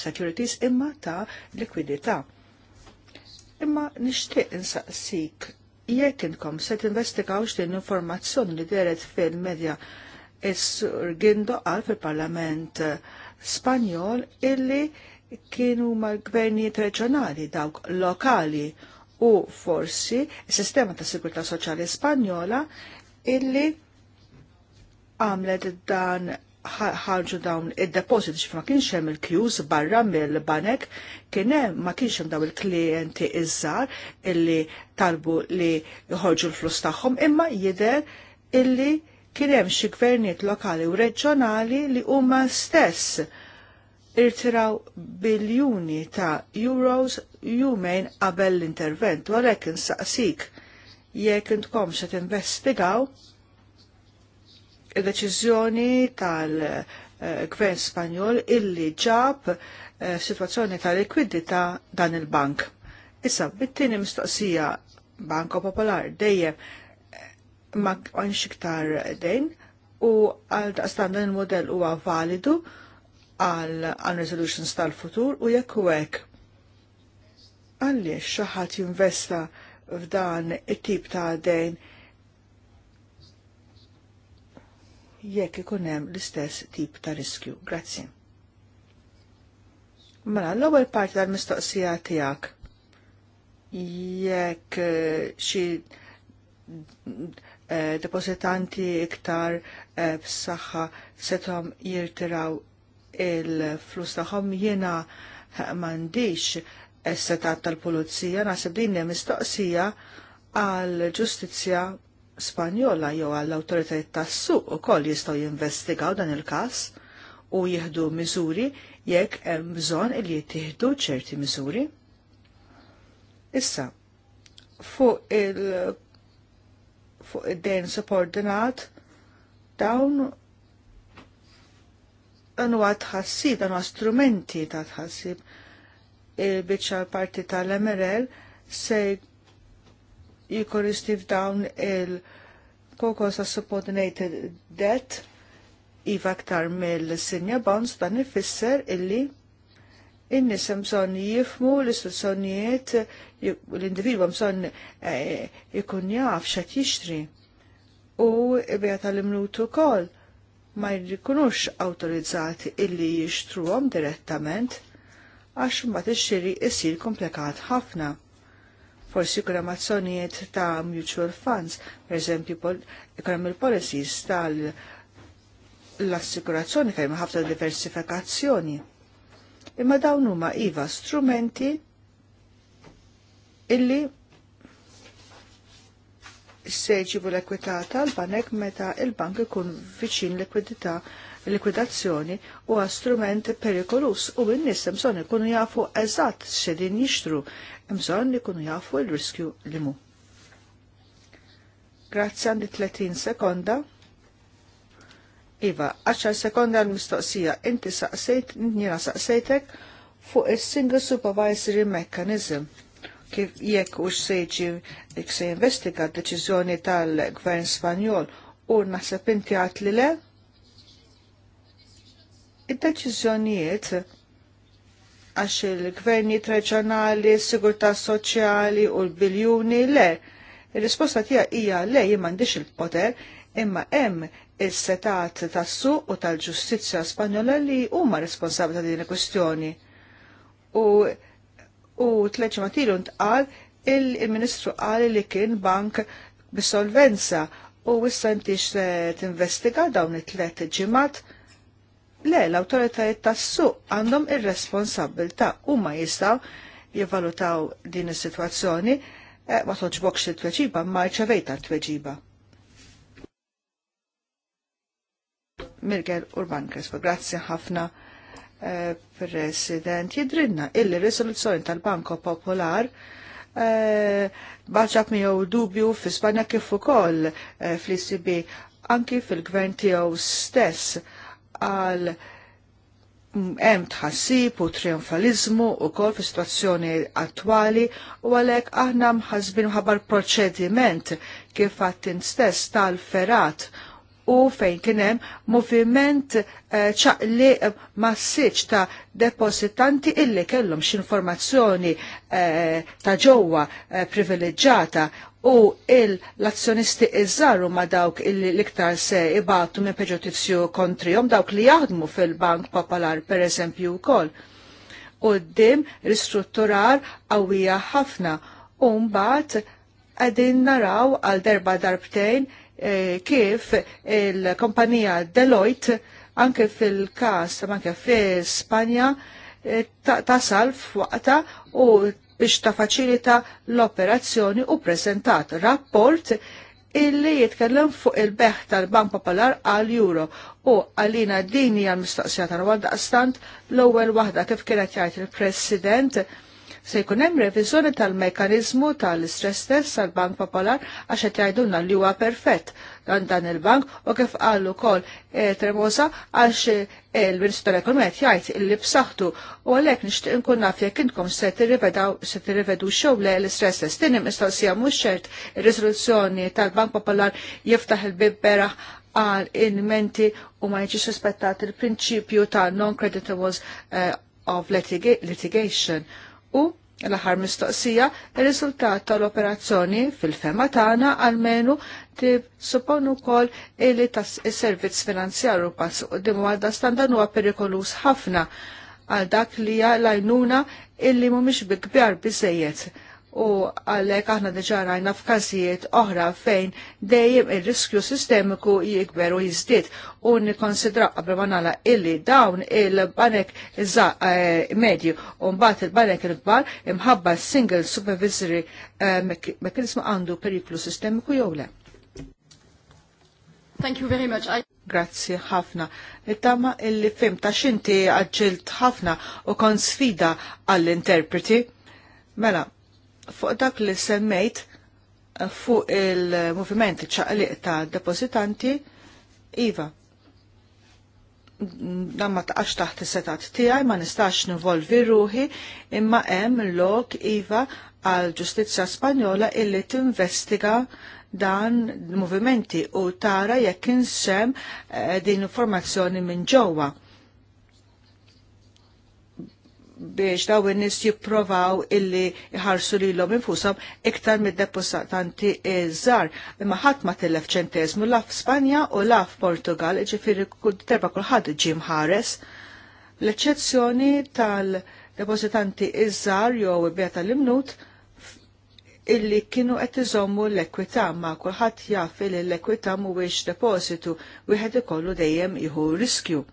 securities imma ta' likwidità Imma nixtieq insaqsik jekk inkom se tinvestigaw din informazzjoni li deret fil-medja is-sur Gindo għal fil-Parlament eh, Spanjol illi kienu ma gvernijiet reġjonali dawk lokali u forsi s-sistema ta' sigurtà soċjali Spanjola illi għamlet dan ħarġu dawn id-deposit ma kienx hemm il-kjus barra mill-banek kien hemm ma kienx hemm dawn il-klijenti iż-żar illi talbu li jħorġu l-flus tagħhom imma jidher illi kien hemm xi gvernijiet lokali u reġjonali li huma stess irtiraw biljuni ta' euros jumejn qabel l-intervent u għalhekk insaqsik jekk intkom se tinvestigaw il deċiżjoni tal-Gvern Spanjol illi ġab eh, situazzjoni ta' likwidità dan il-bank. Issa, bit-tieni mistoqsija Banko Popolar dejjem eh, ma għanx iktar dejn u għal daqstan dan il-modell huwa validu għal resolutions tal-futur u jekk u hekk. Għaliex xi ħadd jinvesta f'dan it-tip ta' dejn jekk ikun hemm l-istess tip ta' riskju. Grazzi. Mela, l-ewwel parti tal-mistoqsija tiegħek jekk eh, xi eh, depositanti iktar eh, b'saħħa setom jirtiraw il-flus tagħhom jiena m'għandix setat tal-pulizija naħseb din hija mistoqsija għal ġustizzja Spanjola jew għall awtoritajiet tas-suq ukoll jistgħu jinvestigaw dan il-każ u jieħdu miżuri jekk hemm bżonn li jittieħdu ċerti miżuri. Issa, fuq il- fuq id-dejn subordinat dawn għanwa tħassib, għanwa strumenti ta' tħassib il-bicċa parti tal-MRL se jikoristi dawn il-kokos subordinated debt iva aktar mill-sinja bonds dan ifisser illi in-nies bżonn jifmu l-istituzzjonijiet l-individwu bżonn eh, ikun jaf x'qed jixtri u bija tal-imlutu kol ma jrikunux awtorizzati illi jixtruhom direttament għax mbagħad ix-xiri jsir komplikat ħafna forsi gramazzjonijiet ta' mutual funds, per eżempju economic policies tal l-assikurazzjoni kemm ħafna diversifikazzjoni. Imma dawn huma iva strumenti illi seġibu l-ekwità tal-banek meta il-bank ikun viċin likwidità likwidazzjoni u strument perikolus u n nisem imson ikunu jafu eżatt xedin jixtru Mżon li kunu jafu il-riskju li mu. Grazzi għandi 30 sekonda. Iva, 10 sekonda l-mistoqsija. Inti saqsejt, njina saqsejtek fuq il-Single Supervisory Mechanism kif jekk u xsejġi dik se investiga deċizjoni tal-Gvern Spanjol u naħseb inti għat li le? Id-deċiżjonijiet għax il-gverni s sigurtà soċjali u l-biljuni le. Ir-risposta tija hija le jien m'għandix il-poter, imma hemm is-setat tas-suq u tal-ġustizzja Spanjola li huma responsabbli ta' din il-kwestjoni. U u matilu ntqal il-Ministru qal li kien bank bisolvenza u issa intix tinvestiga dawn it-tlet ġimat Le, l-autoritajiet tas-suq għandhom ir-responsabilta u ma jistaw jivalutaw din is-sitwazzjoni eh, ma toġbokx il-tweġiba ma rċevejta t-tweġiba. Mirgel Urban Crespo, grazzi ħafna eh, President. Jidrinna illi risoluzzjoni tal-Banko Popolar eh, baċab miegħu dubju fi Spanja kif ukoll eh, fl-ICB anki fil-gvern tiegħu stess għal hemm tħassib u trionfalizmu u kol fi situazzjoni attwali u għalek aħna mħazbin ħabar proċediment kif għattin stess tal-ferat u fejn kienem moviment eh, ċaqli uh, massiċ ta' depositanti illi kellhom x'informazzjoni eh, ta' ġewwa eh, privileġġata u l-azzjonisti iżżaru ma dawk l-iktar se ibatu me peġotizzju kontrihom dawk li jaħdmu fil-Bank Popolar per eżempju wkoll. U d-dim ristrutturar qawwija ħafna u mbagħad qegħdin naraw għal darba darbtejn eh, kif il-kompanija Deloitte anke fil-kas anke fi Spanja eh, tasal ta f'waqta u biex tafaċilita l-operazzjoni u presentat rapport illi jitkellem fuq il-beħ tal-Bank Popolar għal Euro u għalina dini għal mistoqsija tal għal stant, l-ewwel waħda kif kienet jgħid il-President se jkun hemm reviżjoni tal-mekanizmu tal-istress test tal-Bank Popolar għax qed jgħidulna li huwa perfett dan dan il-bank u kif qal ukoll eh, Tremosa għax il-Ministru eh, tal-Ekonomija jgħid illi b'saħħtu u għalhekk nixtieq inkun naf jekk intkom se tirrivedaw se tirrivedu xew le l-istress test. Tieni mistoqsija mhux ċert ir-riżoluzzjoni tal-Bank Popolar jiftaħ il-bib beraħ għal inmenti u ma jiġi suspettat il-prinċipju ta' non-creditables uh, eh, of litigation U l-aħħar mistoqsija, il riżultat tal-operazzjoni fil-fema tagħna għalmenu tib supponu kol li tas servizz finanzjaru pass u dimwadda standan huwa perikolus ħafna għal dak li hija lajnuna illi mhumiex bikbjar bizzejiet u għallek aħna diġa rajna f'każijiet oħra fejn dejjem ir-riskju sistemiku jikber u jizdit u nikonsidra qabel ma nagħla illi dawn il-banek eh, medju u mbagħad il-banek il-kbar imħabba single supervisory eh, mekanizmu għandu periklu sistemiku jew le. Thank you very much. I... Grazzi ħafna. Nittama illi fim ta' xinti għagġilt ħafna u kon sfida għall-interpreti. Mela, fuq dak li semmejt eh, fuq il-moviment ċaqliq ta' depozitanti, Iva, dan ma taqax taħt is-setat tiegħi ma nistax nivolvi ruħi imma hemm lok iva għal ġustizzja Spanjola illi tinvestiga dan movimenti u tara jekk insem eh, din informazzjoni minn ġewwa biex daw in-nies jipprovaw illi jħarsu lilhom infushom iktar mid-depositanti żgħar. Imma ħadd ma tilef ċentesmu laf Spanja u Portugal, f'Portugal, ġifieri terba kulħadd ġie mħares. L-eċċezzjoni tal-depositanti iż-żgħar jew beta l-imnut illi kienu qed iżommu l-ekwità ma kulħadd jaf li l-ekwità mhuwiex depositu wieħed ikollu dejjem jieħu riskju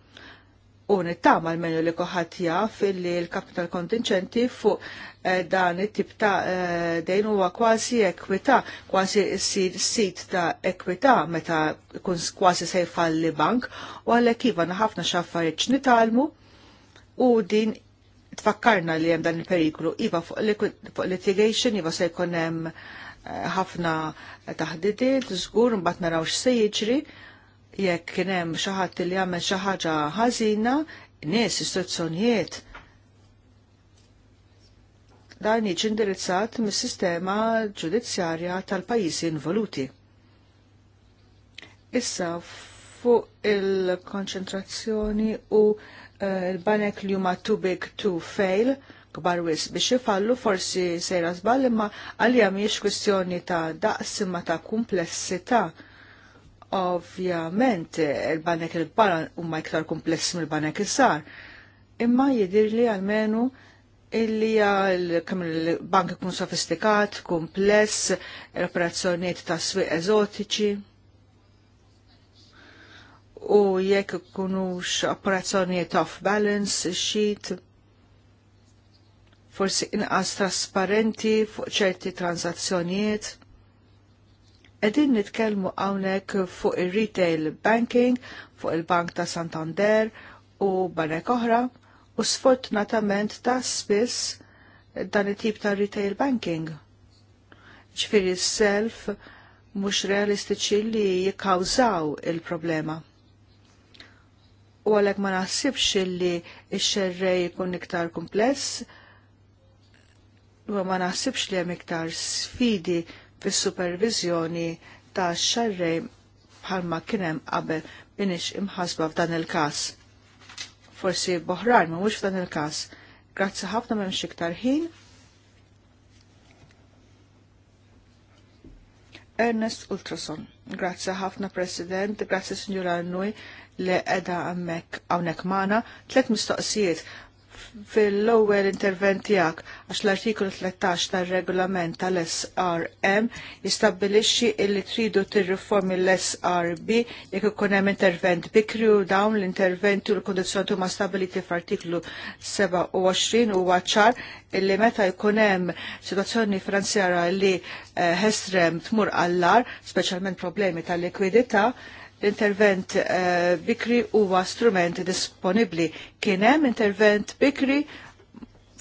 u nittama l-menu li koħat jaf li l-kapital kontinċenti fuq eh, dan it-tip ta' eh, dejn huwa kważi ekwita, kważi ssir sit ta' ekwita' meta kun kważi se jfalli bank u għalhekk iva ħafna xaffariet nitalmu u din tfakkarna li hemm dan il-periklu iva fuq litigation iva se jkun hemm eh, ħafna taħdidiet, żgur mbagħad narawx se jiġri jekk kien hemm xi ħadd li jagħmel xi ħaġa ħażina, nies istruzzjonijiet dan jiġi indirizzat mis-sistema ġudizzjarja tal-pajjiżi involuti. Issa fuq il-konċentrazzjoni u eh, l-banek li huma too big to fail kbar wis biex ifallu forsi sejra żball imma għalija mhijiex kwistjoni ta' daqs imma ta' kumplessità Ovvjament, il-banek il-bar huma iktar kompless mill-banek il-sar, imma jidir li għalmenu illi kemm il-bank ikun sofistikat, kompless, operazzjoniet ta' swieq eżotiċi. U jekk ikunux operazzjoniet off balance sheet, forsi inqas trasparenti fuq ċerti transazzjonijiet Edin nitkelmu għawnek fuq il-retail banking, fuq il-bank ta' Santander u banek oħra, u sfortunatament ta' spiss dan it-tip ta' retail banking. Ġifiri self mux realistiċi li jikkawżaw il-problema. U għalek ma naħsibx li x-xerrej jkun iktar kumpless, u ma naħsibx li hemm iktar sfidi fis-supervizjoni ta' xarrej bħalma kienem qabel binix imħasba f'dan il-kas. Forsi boħrar ma mux f'dan il-kas. Grazzi ħafna memx iktar ħin. Ernest Ultrason. Grazzi ħafna President, grazzi Signora Annui li edha għammek għawnek mana. Tlet mistoqsijiet fil-ewwel intervent tiegħek għax l-artiklu 13 tar-regolament tal-SRM jistabilixi li tridu tirriformi l-SRB jekk ikun hemm intervent bikri u dawn l-interventi u l tu huma stabiliti f'artiklu 27 u għacċar illi meta jkun hemm sitwazzjoni finanzjara li eh, ħestrem tmur għallar, speċjalment problemi tal-likwidità, l-intervent uh, eh, bikri huwa strument disponibli. Kien hemm intervent bikri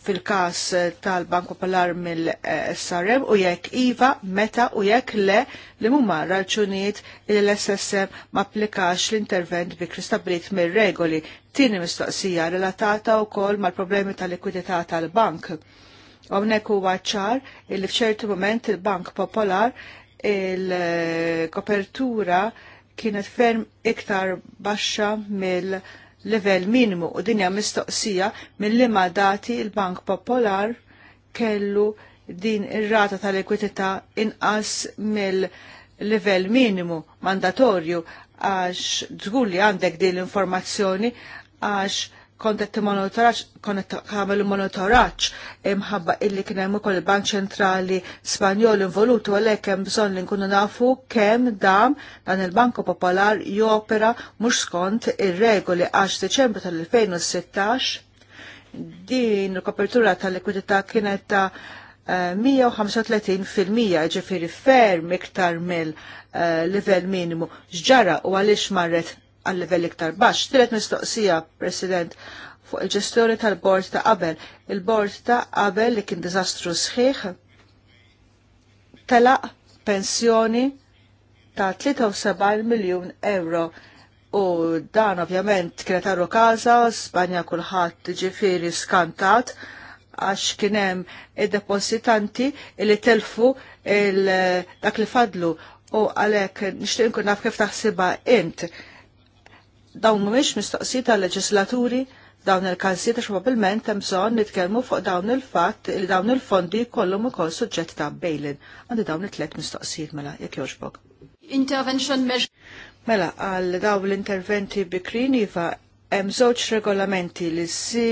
fil-kas eh, tal-Bank Popolar mill-SRM u jekk IVA, meta u jekk le li mumma raġunijiet l-SSM ma applikax l-intervent bi kristabrit mill-regoli. Tini mistoqsija relatata u kol mal-problemi tal-likwidità tal-bank. Omnek u għacċar il-fċertu moment il-Bank Popolar il-kopertura il kopertura kienet ferm iktar baxxa mill-level minimu u dinja mistoqsija mill-lima dati il-Bank Popolar kellu din ir-rata tal-ekwitità inqas mill-level minimu mandatorju għax tgulli għandek din l-informazzjoni għax kontet monitoraċ, kontet għamelu monitoraċ imħabba illi kien hemm ukoll il-Bank Ċentrali Spanjol involut u għalhekk hemm bżonn li nkunu nafu kemm dam dan il-Banko Popolar jopera mhux skont ir-regoli 10 Deċembru tal-2016 din l-kopertura tal-likwidità kienet ta' 135% eh, ġifiri ferm iktar mill-level eh, minimu. ġġara u għalix marret għal-level iktar baxx. Tiret mistoqsija, President, fuq il-ġestjoni tal-bord ta' qabel. Il-bord ta' qabel li kien diżastru sħiħ telaq pensjoni ta' 73 miljun euro. U dan ovvjament kienet arru kaza, Spanja kulħadd ġifiri skantat għax kienem id-depositanti li telfu dak li fadlu u għalek nishtiq nkun naf kif taħsiba int dawn mhumiex mistoqsijiet tal-leġislaturi dawn il-każijiet għax probabbilment hemm bżonn nitkellmu fuq dawn il-fatt li dawn il-fondi jkollhom ukoll suġġett ta' bejlin. Għandi dawn it-tliet mistoqsijiet mela jekk jogħġbok. Intervention measure. Mela għal dawn l-interventi bikrin iva hemm żewġ regolamenti li si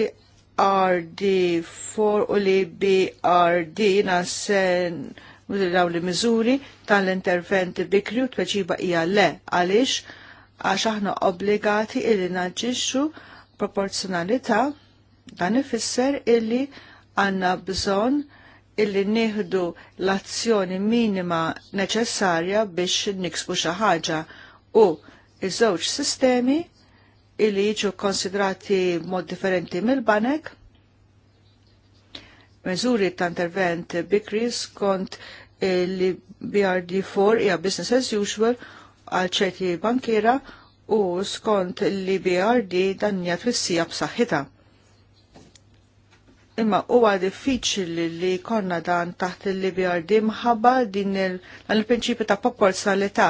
RD4 u li BRD nasen dawn li miżuri tal-interventi bikri u tweġiba hija le għaliex għax aħna obbligati illi naġġixxu proporzjonalità dan ifisser illi għandna bżonn illi nieħdu l-azzjoni minima neċessarja biex niksbu xi ħaġa u iż-żewġ sistemi illi jiġu konsidrati mod differenti mill-banek meżuri ta' intervent bikri skont li BRD4 hija business as usual għal ċerti bankiera u skont li BRD danja fissija b'saħħitha. Imma huwa diffiċli li konna dan taħt il-BRD mħabba din il-prinċipju ta' proporzjonalità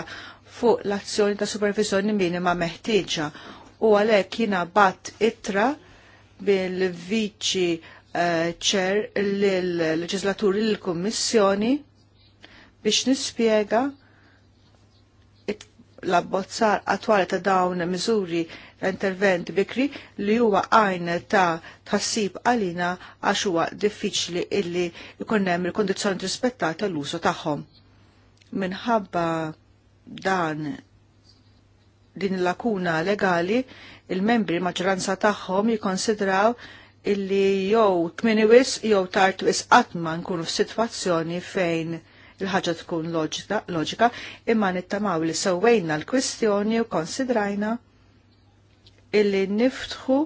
fuq l-azzjoni ta' supervizjoni minima meħtieġa u għalhekk jiena bat ittra bil-viċi ċer eh, l-leġislaturi l kummissjoni biex nispiega l-abbozzar attuali ta' dawn miżuri l-intervent bikri li huwa għajn ta' tħassib għalina għax huwa diffiċli illi jkun hemm il-kondizzjoni rispettata l-użu tagħhom. Minħabba dan din lakuna legali, il-membri maġranza tagħhom jikkonsidraw illi jew tmini wis jew tard wis qatt ma nkunu f'sitwazzjoni fejn il-ħaġa tkun loġika, imma nittamaw li sewwejna l-kwistjoni u konsidrajna illi niftħu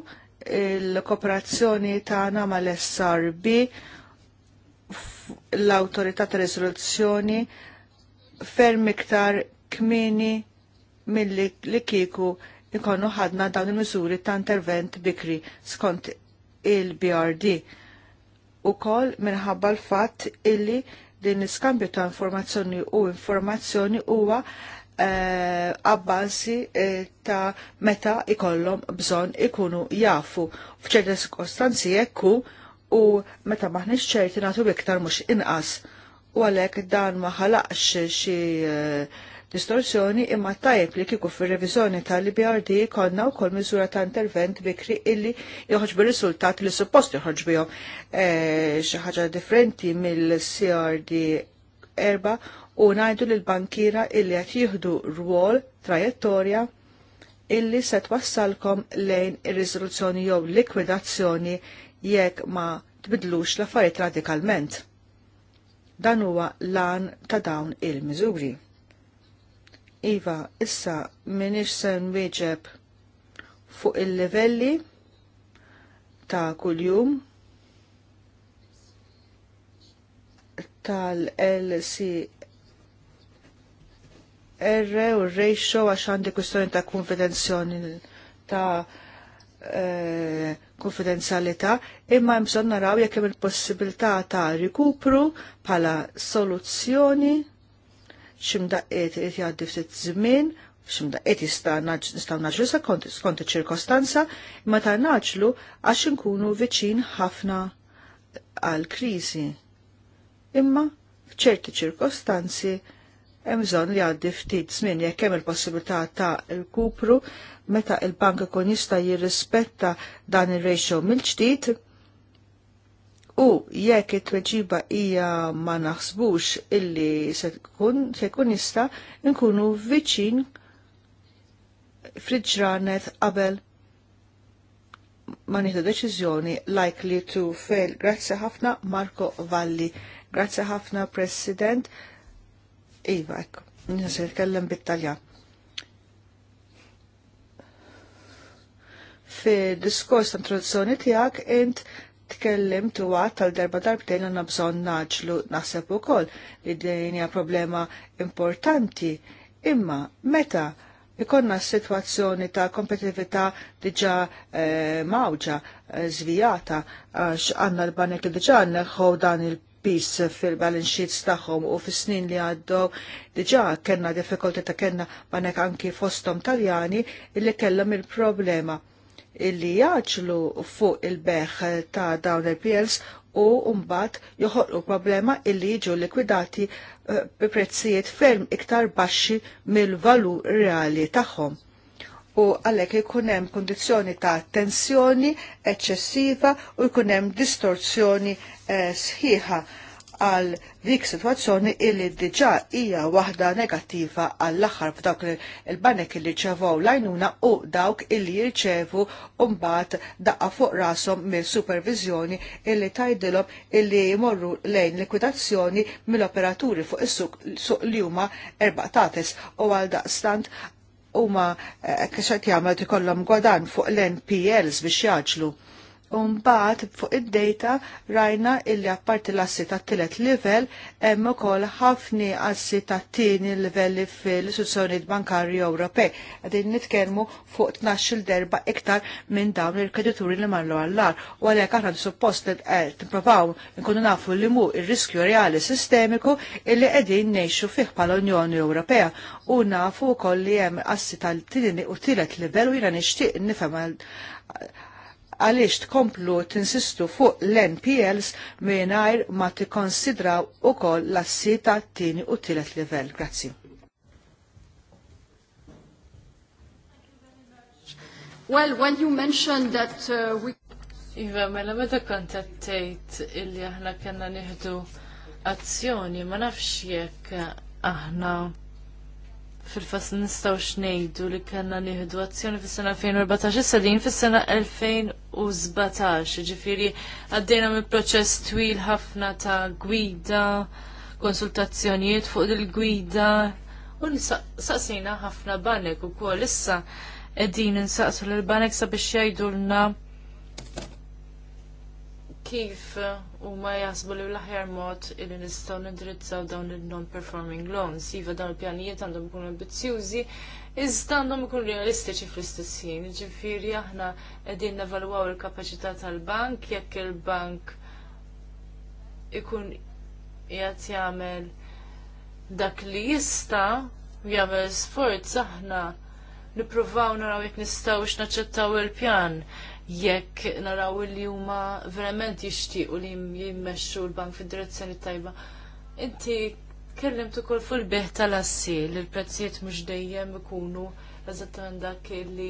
il-kooperazzjoni tagħna mal-SRB l-autorità ta' riżoluzzjoni ferm iktar kmini milli li kieku ikonu ħadna dawn il-miżuri ta' intervent bikri skont il-BRD u kol minħabba l-fat illi din iskambju ta' informazzjoni u informazzjoni huwa għabbażi eh, eh, ta' meta ikollhom bżonn ikunu jafu f'ċerta sikostanzi jekku u meta maħniex ċerti nagħtu iktar mhux inqas u għalhekk dan ma ħalaqx xi uh, distorsjoni imma tajjeb li kieku fir-reviżjoni tal-BRD konna wkoll miżura ta' intervent bikri illi joħorġ bil riżultat li suppost joħorġ bihom eh, xi ħaġa differenti mill-CRD erba' u najdu l bankira illi qed jieħdu rwol trajettorja illi se twassalkom lejn ir-riżoluzzjoni jew likwidazzjoni jekk ma tbidlux l-affarijiet radikalment. Dan huwa lan ta' dawn il-miżuri. Iva, issa minix sen weġeb fuq il-livelli ta' kuljum tal lcr u R ratio għax għandi kwistjoni ta' konfidenzjoni ta' eh, konfidenzjalità, imma hemm naraw jekk hemm il-possibilità ta' rikupru bħala soluzzjoni ximdaqqet irid jgħaddi ftit żmien, ximdaqqiet jista' nistgħu naġlu sa skont ċirkostanza imma ta' naġlu għax inkunu viċin ħafna għal kriżi. Imma f'ċerti ċirkostanzi hemm bżonn li għaddi ftit żmien jekk hemm il-possibilità ta' rkupru meta il-bank ikun jista' jirrispetta dan ir-ratio mill-ġdid, U jekk it-tweġiba hija ma naħsbux illi se tkun jista' nkunu viċin friġranet qabel ma nieħdu deċiżjoni likely to fail. Grazzi ħafna Marco Valli. Grazzi ħafna President. Iva, ekk, se nitkellem bit-Taljan. Fi diskors ta' introduzzjoni tiegħek int tkellimt tu għat tal-darba darbtejn għanna bżon naġlu naħseb u koll li din hija problema importanti. Imma meta ikonna situazzjoni ta' kompetitività diġa e, eh, mawġa, e, zvijata, għax għanna l-banek li diġa neħħu dan il- pis fil-balance sheets tagħhom u fis-snin li għaddew diġa' kellna diffikulti ta' kellna banek anki fosthom Taljani illi kellhom il-problema illi jaġlu fuq il-beħ ta' dawn il pjels u mbagħad joħolqu problema illi jiġu likwidati eh, bi prezzijiet ferm iktar baxxi mill-valur reali tagħhom. U għalhekk ikun hemm kundizzjoni ta' tensjoni eċċessiva u jkun hemm distorsjoni eh, sħiħa għal dik situazzjoni illi diġà hija waħda negattiva għall aħħar f'dawk il-banek illi ċevaw lajnuna u dawk illi jirċevu mbagħad daqqa fuq rashom mill-supervizjoni illi tajdilhom illi jmorru lejn likwidazzjoni mill-operaturi fuq is-suq li huma erbaqtates u għal daqstant huma kexet eh, jagħmel ikollhom godan fuq l-NPLs biex jaġlu Umbat fuq id-data rajna illi apparti l-assi ta' tielet livell hemm ukoll ħafni assi ta' tieni livelli fil-istituzzjoni bankarji Ewropej. Qegħdin nitkellmu fuq il-derba iktar minn dawn il-kredituri li marlu għallar. U għalhekk aħna suppost li t-provaw nkunu nafu li mu il riskju reali sistemiku illi qegħdin ngħixu fih pal unjoni Ewropea u nafu wkoll li hemm assi tal-tieni u tielet level u jiena nixtieq nifhem għaliex tkomplu tinsistu fuq l-NPLs mingħajr ma tikkonsidraw ukoll l assita ta' tieni u tielet livell. Grazzi. Well, when you mentioned that uh, we Iva, mela meta kontattejt illi aħna kena nieħdu azzjoni, ma nafx jekk aħna fil-fas nistaw xnejdu li kanna nieħdu azzjoni fis-sena 2014 sadin fis-sena 2017. ġifiri għaddejna mill proċess twil ħafna ta' gwida, konsultazzjonijiet fuq il-gwida u nisaqsina ħafna banek u ukoll issa qegħdin insaqsu l-banek sabiex jgħidulna kif eh, huma jaħsbu li l-aħjar mod illi nistgħu nindirizzaw dawn il-non-performing loans. Iva dawn il-pjanijiet għandhom ikunu ambizzjużi, iżda għandhom ikunu realistiċi fl-istess ħin. ġifiri aħna qegħdin nevalwaw il-kapaċità tal-bank jekk il-bank ikun qiegħed jagħmel dak li jista' jagħmel sforz aħna nippruvaw naraw jekk nistgħux naċċettaw il-pjan. il pjan jekk naraw li huma verament jixtiequ li jimmexxu l-bank fid-direzzjoni tajba. Inti kellimt ukoll fil-beħ tal assil li l-prezzijiet mhux dejjem ikunu eżattament dak li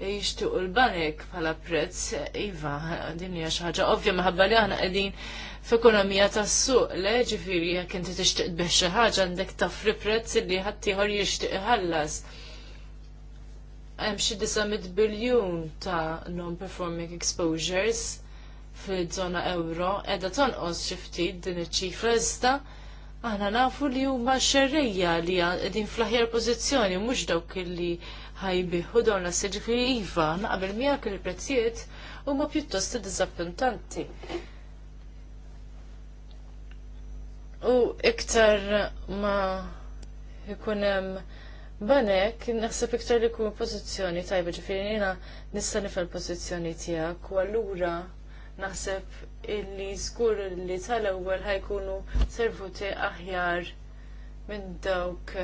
jixtiequ l-banek bħala prezz, iva, din hija xi ħaġa ovvja minħabba li aħna qegħdin f'ekonomija tas-suq, le ġifieri jekk inti tixtieq tbeħ xi ħaġa għandek tafri prezz li ħadd ieħor jixtieq iħallas hemm xi 900 biljun ta' non-performing exposures fil-żona euro qiegħda tonqos xi ftit din iċ-ċifra iżda aħna nafu li huma xerrejja li qegħdin fl-aħjar pożizzjoni mhux dawk li ħajbiħu dawn l-asseġi iva naqbel miegħek il-prezzijiet huma pjuttost diżappuntanti. U iktar ma ikun hemm Banek, naħseb iktar li kun pozizjoni tajba ġifiri jina nista nifel pozizjoni tijak u għallura naħseb illi zgur li tal-ewwel ħajkunu servuti aħjar minn dawk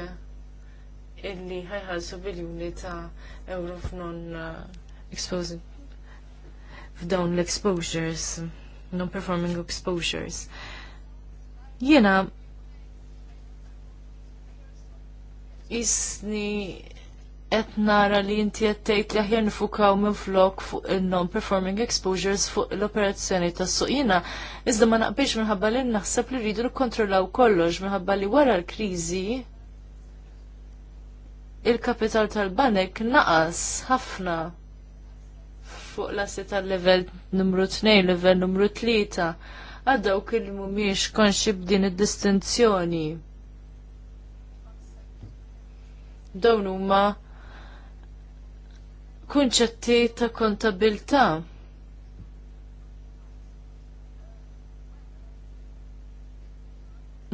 illi ħajħalsu biljuni ta' euro f'non uh, exposing f'dawn l-exposures, non-performing exposures. Jena Isni qed nara li inti qed tgħid li aħjar nifukaw minflok fuq il-non performing exposures fuq l-operazzjoni tas suqina Iżda ma naqbilx minħabba li naħseb li rridu nikkontrollaw kollox minħabba li wara l-kriżi il-kapital tal-banek naqas ħafna fuq l seta tal-level numru 2, level numru 3 għaddaw kelli mhumiex konxib b'din id-distinzjoni dawn huma kunċetti ta' kontabilta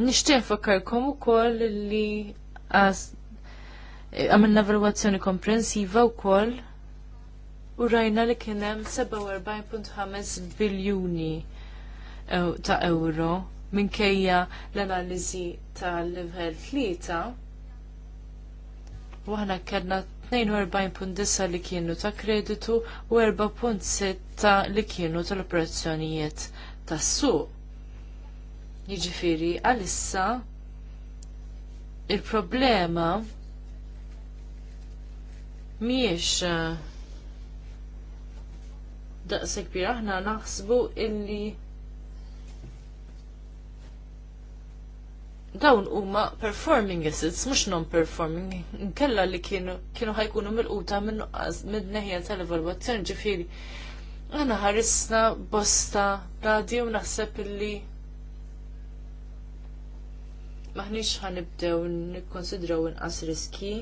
Nishtiq nfakkarkom ukoll li għamilna valwazzjoni komprensiva wkoll u rajna li kien hemm 47.5 biljuni ta' euro minkejja l-analiżi tal-livell 3 u aħna kellna 42.9 li kienu ta' kreditu u 4.6 li kienu tal-operazzjonijiet tas-suq. Jiġifieri għalissa il-problema mhijiex eh, daqs kbir aħna naħsbu illi dawn huma performing assets, mhux non-performing, kella li kienu kienu ħajkunu mill-quta minn nuqqas mid-neħja tal-evalwazzjoni ġifieri. Għana ħarisna bosta radi u naħseb illi maħniex ħanibdew nikkonsidraw inqas riski.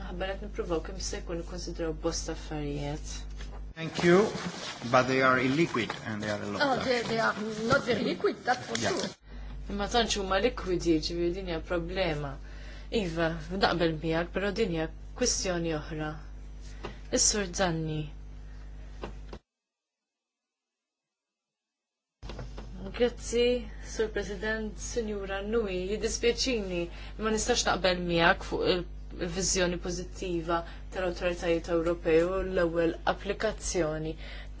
Naħberet nippruvaw kemm se jkun ikkonsidraw bosta affarijiet. Thank you, but they are illiquid and they are a lot. Oh, they, they are not very liquid, that's for yeah. sure. Imma tantx huma liquidi, ġifieri dinja problema. Iva, naqbel miegħek, però dinja kwestjoni kwistjoni oħra. Is-sur Zanni. Grazzi, Sur President, Signora Nui, jiddispjaċini, ma nistax naqbel miegħek fuq il viżjoni pożittiva tal-awtoritajiet Ewropej u l-ewwel applikazzjoni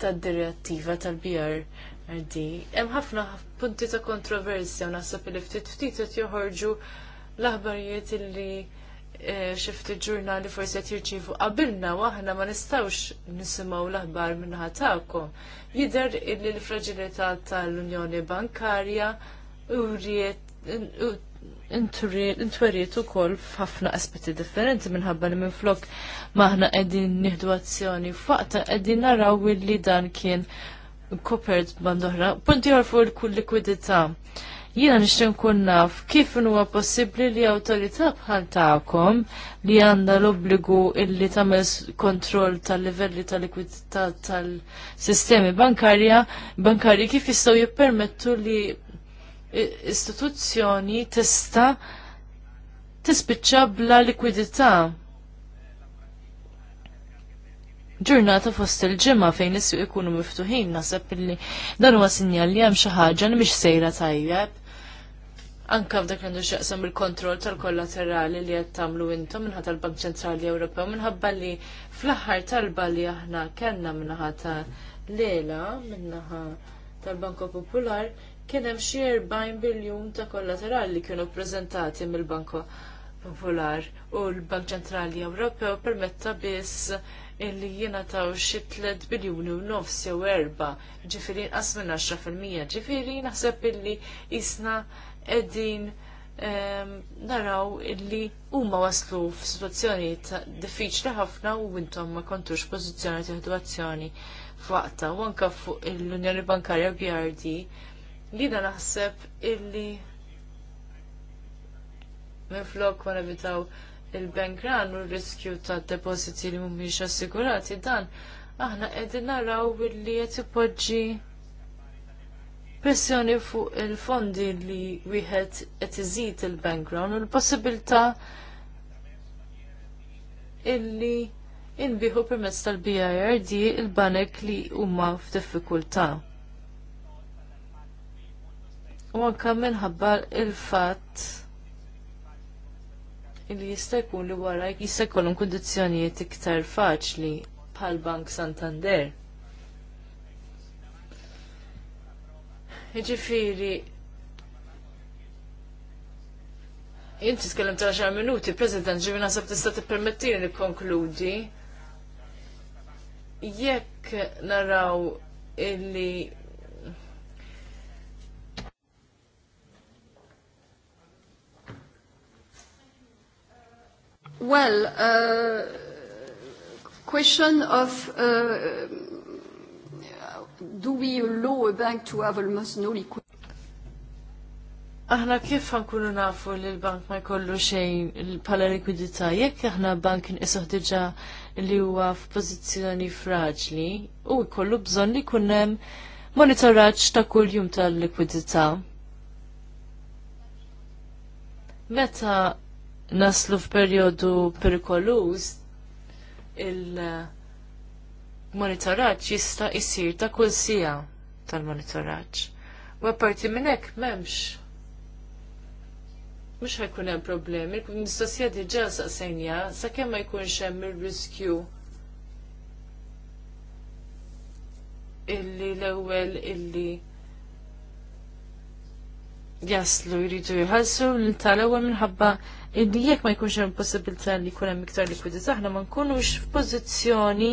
tad-direttiva tal-BRD. Hemm ħafna punti ta' kontroversja u naħseb li ftit ftit qed joħorġu l-aħbarijiet illi eh, xifti ġurnali forsi qed jirċievu qabilna u aħna ma nistgħux nisimgħu l-aħbar minnaħa tagħkom. Jidher illi l-fraġilità tal-Unjoni Bankarja u intweriet u kol f'ħafna aspetti differenti minħabba li minn flok maħna edin nihdu azzjoni faqta edin naraw li dan kien kopert bandoħra. Punti għarfu l-kull likwidita. Jina nishtin kun naf kif huwa possibli li autorita bħal ta'kom li għanda l-obbligu illi tamel kontroll tal-livelli tal-likwidità tal-sistemi bankarja, bankarji kif jistaw jippermettu li istituzzjoni tista tispiċċa bla likwidità. Ġurnata fost il-ġimgħa fejn is-suq ikunu miftuħin naħseb illi dan huwa sinjal li hemm xi ħaġa li mhix sejra tajjeb. Anka f'dak għandu xaqsam il-kontroll tal-kollaterali li qed tagħmlu intom minħat tal-Bank Ċentrali Ewropew minħabba li fl-aħħar talba li aħna kellna minħata ta' lela minnaħa tal-Banko Popolari kien hemm xi 40 biljun ta' kollaterali li kienu ppreżentati mill-Banko Popolar u l-Bank Ċentrali Ewropew permetta biss illi jiena taw xi 3 biljuni u nofs jew erba' ġifieri inqas minn 10%. fil-mija. Ġifieri naħseb illi isna qegħdin ehm, naraw illi huma waslu f'sitwazzjoni diffiċli ħafna u intom ma kontux pożizzjoni tieħdu azzjoni f'waqta u anke fuq l-Unjoni Bankarja BRD Li da naħseb illi minflok ma nevitaw il-bank run u r-riskju ta' depositi li mhumiex assigurati dan aħna qegħdin naraw illi qed ipoġġi pressjoni fuq il-fondi li wieħed qed iżid il-bank run u l-possibilità illi inbiħu permezz tal-BIRD il-banek li huma f'diffikultà u anka minħabba il-fatt illi jista' jkun li wara jista' jkollhom kundizzjonijiet iktar faċli bħal Bank Santander. Jiġifieri Inti tkellem ta' xar minuti, President, ġivi nasab tista' tippermettini li konkludi. Jekk naraw illi Well, uh, question of uh, do we allow a bank to have almost no liquidity? Aħna kif ħankunu nafu li l-bank ma jkollu xejn bħala likwidità jekk aħna bank nqisuh diġà li huwa f'pożizzjoni fraġli u jkollu bżonn li jkun hemm monitoraġġ ta' kuljum tal-likwidità. Meta naslu f'perjodu perikoluż il-monitoraġġ jista' jsir ta' kull sija tal-monitoraġġ. U apparti minn hekk m'hemmx mux ħajkun hemm problemi, mistoqsija diġà saqsejnija, sakemm ma jkunx hemm ir-riskju illi l-ewwel illi jaslu jridu jħallsu tal-ewwel minħabba illi jekk ma jkunx hemm possibilità li jkun hemm iktar likwidità aħna ma nkunux f'pożizzjoni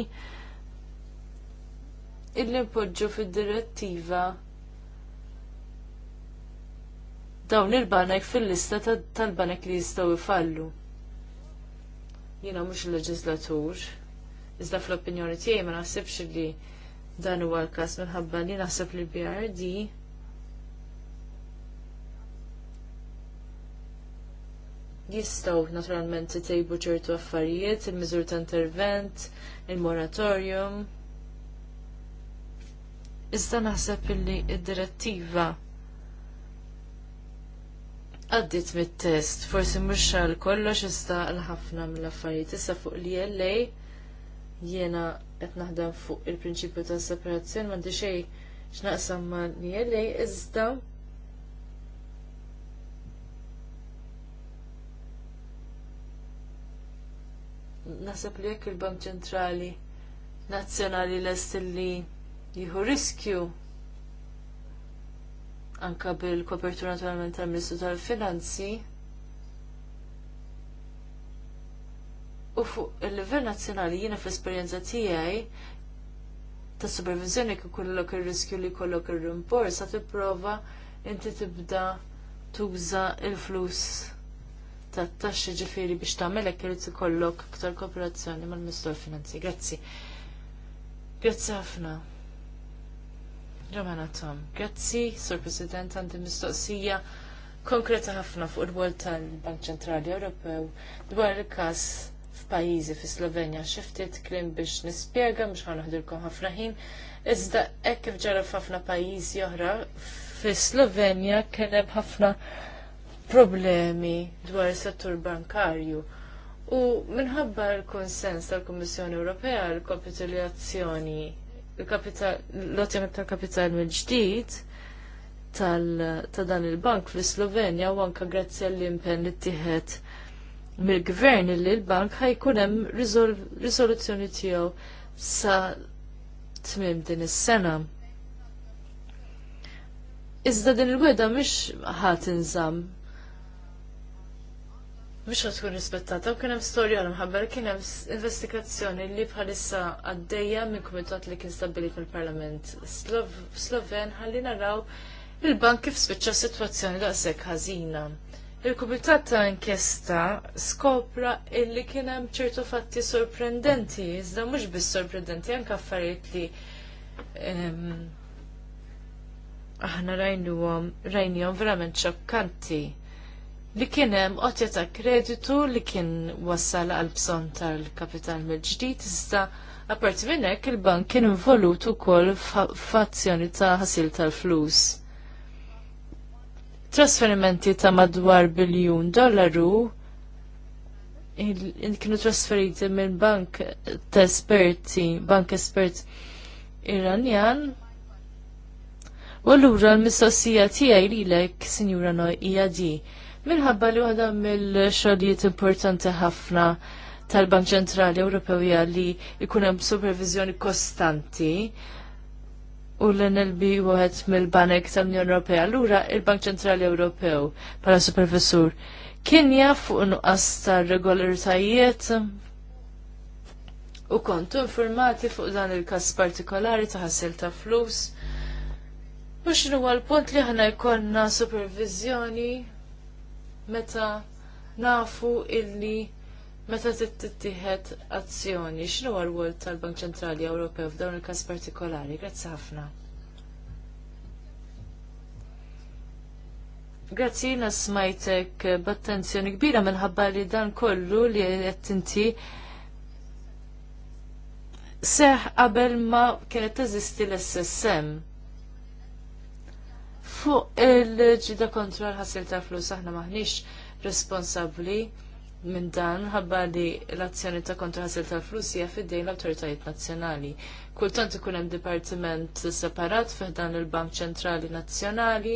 illi npoġġu fid-direttiva dawn il-banek fil-lista tal-banek li jistgħu jfallu. Jiena mhux il-leġislatur, iżda fl-opinjoni tiegħi ma naħsibx li dan huwa l-każ minħabba li naħseb li BRD jistaw naturalment tejbu ċertu affarijiet, il-miżur ta' intervent, il-moratorium. Iżda naħseb illi id-direttiva għaddit mit-test, forsi mhux għal kollox iżda għal ħafna mill-affarijiet issa fuq li jellej jiena qed naħdem fuq il-prinċipju ta' separazzjoni m'għandi xejn x'naqsam ma' li LA iżda naħseb li jekk il-Bank Ċentrali Nazzjonali lest li jieħu riskju anka bil-kopertura naturalment tal-Ministru tal-Finanzi u fuq il-livell nazzjonali jiena fl-esperjenza tiegħi ta' supervizjoni kif kollok ir-riskju li kollok ir-rimpors sa tipprova inti tibda tuża il-flus tat-taxxi ġifieri biex tagħmelek irid ikollok iktar kooperazzjoni mal-Mistor Finanzi. Grazzi. Grazzi ħafna. Ġamana Tom. Grazzi, Sur President, għandi mistoqsija konkreta ħafna fuq il bol tal-Bank Ċentrali Ewropew dwar il-każ f'pajjiżi fi Slovenja xiftit klim biex nispjega biex ħanaħdilkom ħafna ħin. Iżda hekk kif ġara f'ħafna pajjiżi oħra, fi Slovenja kien hemm ħafna problemi dwar is-settur bankarju. U minħabba l-konsens tal-Kummissjoni Ewropea l-kapitalizzazzjoni l-ottjament tal-kapital mill-ġdid ta' dan il-bank fl-Slovenja u anka grazzi għall-impenn li ttieħed mill-gvern li l-bank ħajkun hemm risoluzzjoni tiegħu sa tmiem din is-sena. Iżda din il-weda mhix ħadd inżamm mhux għat tkun rispettata u kienem hemm storja mħabbar kien hemm investigazzjoni li bħalissa għaddejja minn komitat li kien stabbilit mill-Parlament Sloven ħalli naraw il-bank kif spiċċa sitwazzjoni daqshekk ħażina. Il-Kumitat ta' inkjesta skopra illi kien hemm ċertu fatti sorprendenti, iżda mhux biss sorprendenti anke affarijiet li aħna rajnuhom rajnihom verament xokkanti li kien hemm qotja ta' kreditu li kien wassal għal bżonn tal-kapital mill-ġdid iżda apparti minn hekk il-bank kien involut ukoll f'azzjoni ta' ħasil tal-flus. Trasferimenti ta' madwar biljun dollaru kienu trasferiti minn bank ta' esperti, bank espert iranjan, U allura l-mistoqsija tiegħi lilek, Sinjura Noj, hija Minħabba li waħda mill-xogħlijiet importanti ħafna tal-Bank Ċentrali Ewropew hija li jkun hemm supervizjoni kostanti u l-NLB wieħed mill-Banek tal-Unjoni Ewropea. Allura il-Bank Ċentrali Ewropew bħala supervisur kien jaf fuq nuqqas ta' regolaritajiet u kontu informati fuq dan il-kas partikolari ta' ħassil ta' flus. Mux xinu għal-punt li ħana jkonna supervizjoni meta nafu illi meta tittieħed azzjoni, Xinu għal tal-Bank Ċentrali Ewropew f'dawn il-każ partikolari? Grazzi ħafna. Grazzi nasmajtek smajtek b'attenzjoni kbira minħabba li dan kollu li għettinti seħ qabel ma kienet teżisti l-SSM. Fuq il-ġida kontra l-ħasil ta' flus aħna maħniex responsabbli minn dan ħabba li l-azzjoni ta' kontra ħasil ta' flus hija fid-dejn l-awtoritajiet nazzjonali. Kultant ikun hemm dipartiment separat fiħdan il-Bank Ċentrali Nazzjonali,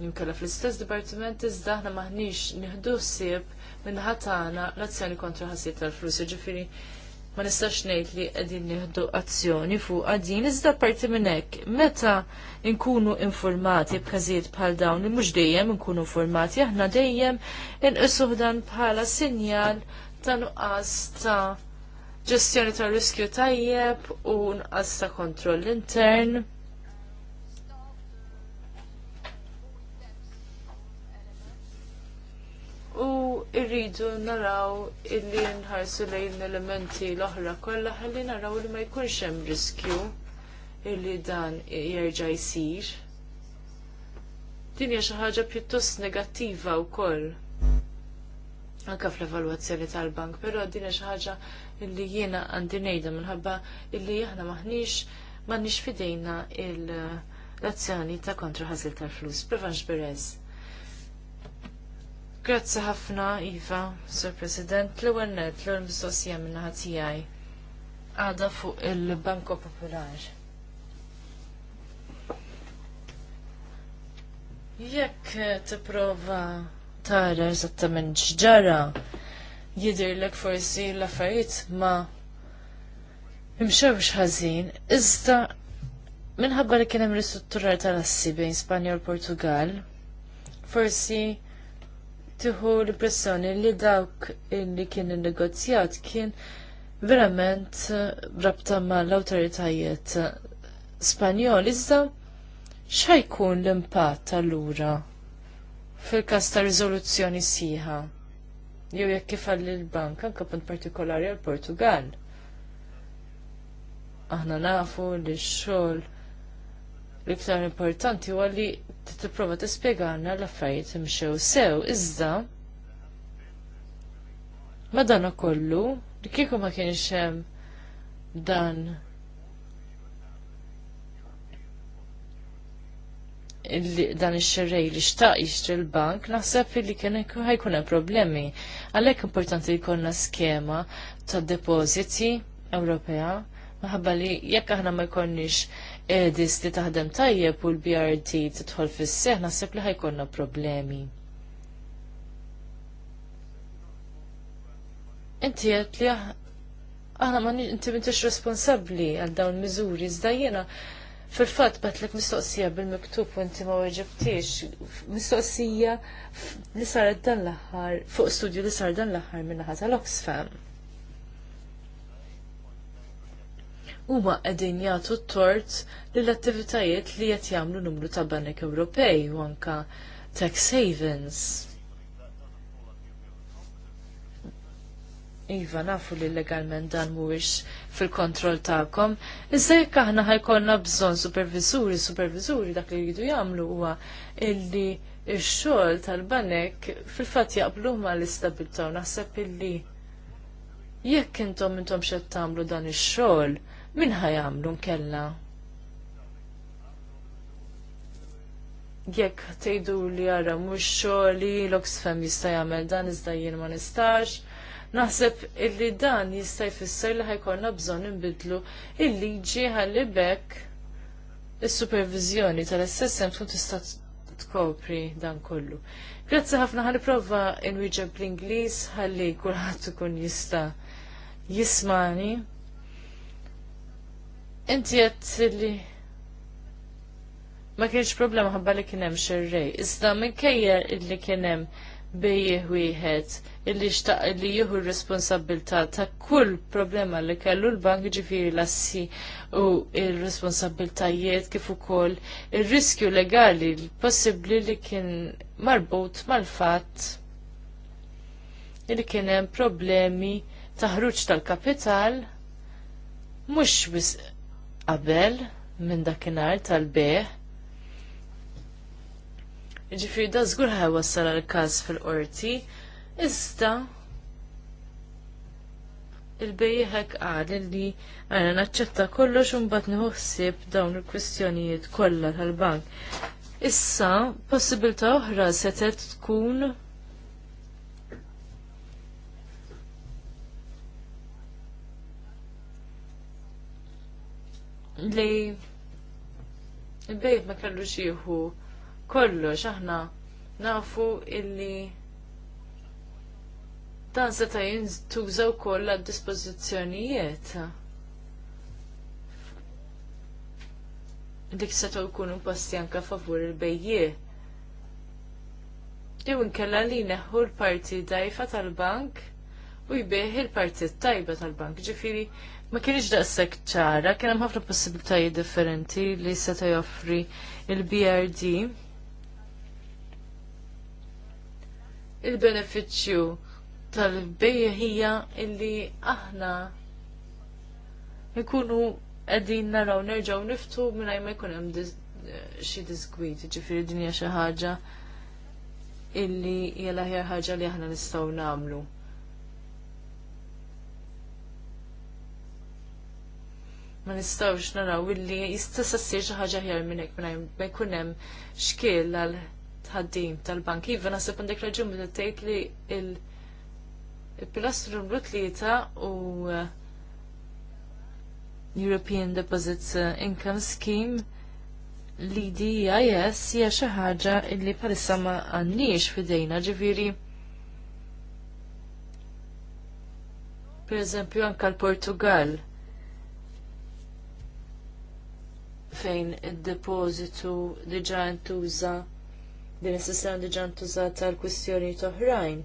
jinkella fl-istess dipartiment iżda aħna maħniex nieħdu ssieb minn ħatana l-azzjoni kontra ħasil tal-flus. Ġifieri ma nistax ngħid li qegħdin nieħdu azzjoni fuq din iżda parti minn hekk meta nkunu informati b'każijiet bħal dawn li mhux dejjem nkunu informati aħna dejjem inqisu dan bħala sinjal ta' nuqqas ta' ġestjoni ta' riskju tajjeb u nqas ta' kontroll intern. u rridu naraw illi nħarsu lejn elementi l-oħra kollha ħalli naraw li ma jkunx hemm riskju illi dan jerġa' jsir. Din hija xi ħaġa pjuttost negattiva wkoll anka fl-evalwazzjoni tal-bank, però din hija xi ħaġa illi jiena għandi ngħidha minħabba illi aħna maħniex m'għandniex fidejna l-azzjoni ta' kontra ħasil tal-flus. Prevanx Berez. Grazzi ħafna, Iva, Sir President, l-ewwel nett l-ewwel mistoqsija minn naħa tiegħi. Għada fuq il-Banko Popolar. Jekk tipprova tara eżattament x'ġara, jidhirlek forsi l-affarijiet ma imxewx ħażin, iżda minħabba li kien hemm ristrutturar tal-assi bejn Spanja u l Portugal, forsi tiħu l-impressjoni li dawk li kien il-negozjat kien verament eh, rabta ma l-autoritajiet eh, Spanjol. Iżda xajkun l-impatt allura fil-kas ta' rizoluzzjoni siħa? Jew jekk kif l-bank anke punt partikolari għal Portugal. Aħna nafu li x-xogħol l-iktar importanti huwa li tipprova tispjegana l-affarijiet imxew sew iżda dan kollu li kieku ma kienx hemm dan dan ix-xerrej li xtaq jixtri l-bank, naħseb li kien ħajkun hemm problemi. Għalhekk importanti li jkollna skema ta' depożiti Ewropea, minħabba li jekk aħna ma jkollniex edis li taħdem tajjeb u l-BRT titħol fis-seħ naħseb li ħajkonna problemi. Inti qed li aħna ma inti m'intix responsabbli għal dawn miżuri iżda jiena fil-fatt batlek mistoqsija bil-miktub u inti ma weġibtix mistoqsija li saret dan l-aħħar fuq studju li sar dan l-aħħar min-naħa tal-Oxfam. huma qegħdin jagħtu t-tort lill-attivitajiet li qed jagħmlu numru ta' Banek Ewropej u anka tax havens. Iva, nafu li legalment dan mhuwiex fil-kontroll tagħkom. Iżda jekk aħna ħajkollna bżonn supervisuri, supervisuri dak li jridu jagħmlu huwa illi x-xogħol tal-banek fil-fatt jaqblu ma l-istabilità u naħseb illi jekk intom intom xed tagħmlu dan ix-xogħol min ħajamlu nkella? Jekk tgħidu li ara mhux xogħli l-Oxfam jista' jagħmel dan iżda jien ma nistax, naħseb illi dan jista' jfisser li ħajkollna bżonn inbidlu il-liġi ħalli bekk is-supervizjoni tal-SSM tkun tista' tkopri dan kollu. Grazzi ħafna ħalli prova inwieġeb l ingliż ħalli kulħadd ikun jista' jismani. Inti għed li ma kienx problema ħabba li kien hemm xirrej. Iżda minkejja li kien hemm bejjih wieħed illi xtaq li jieħu r-responsabilità ta' kull problema li kellu l-bank ġifiri l-assi u il-responsabiltajiet kif ukoll ir-riskju legali possibbli li kien marbut mal-fatt li kien hemm problemi taħruċ tal-kapital mhux bis qabel minn dakinhar tal-beħ. Ġifiri da żgur ħaj wassal għal-każ fil-qorti, iżda il bejħek qal li għana naċċetta kollox u mbagħad nħossib dawn il-kwistjonijiet kollha tal-bank. Issa, possibilità oħra setet tkun li il-bejt ma kellux jieħu kollox aħna nafu illi dan seta jintużaw koll għad dispożizzjonijiet. Dik seta jkunu posti anka favur il bejje Jew inkella li neħu l-parti dajfa tal-bank u jbieħ il-parti tajba tal-bank. Ġifiri, ma kienx daqshekk ċara, kien hemm ħafna possibilitajiet differenti li seta' joffri il-BRD. Il-benefiċċju tal-bejja hija illi aħna ikunu qegħdin naraw nerġgħu niftu mingħajr ma jkun hemm xi diżgwid, ġifieri din hija xi ħaġa illi hija l-aħjar ħaġa li aħna nistgħu nagħmlu. ma nistawx naraw illi jistessa ssir xi ħaġa ħjar minn hekk minn ma jkun hemm xkiel għal tħaddim tal-bank. Iva naħseb għandek raġun meta tgħid li il-pilastru numru tlieta u uh, European Deposits uh, Income Scheme li DIS hija xi ħaġa li bħalissa ma għandniex f'idejna ġifieri. Per eżempju anka l-Portugal fejn id-depożitu diġà ntuża din is-sistema diġà ntuża tal-kwistjonijiet oħrajn.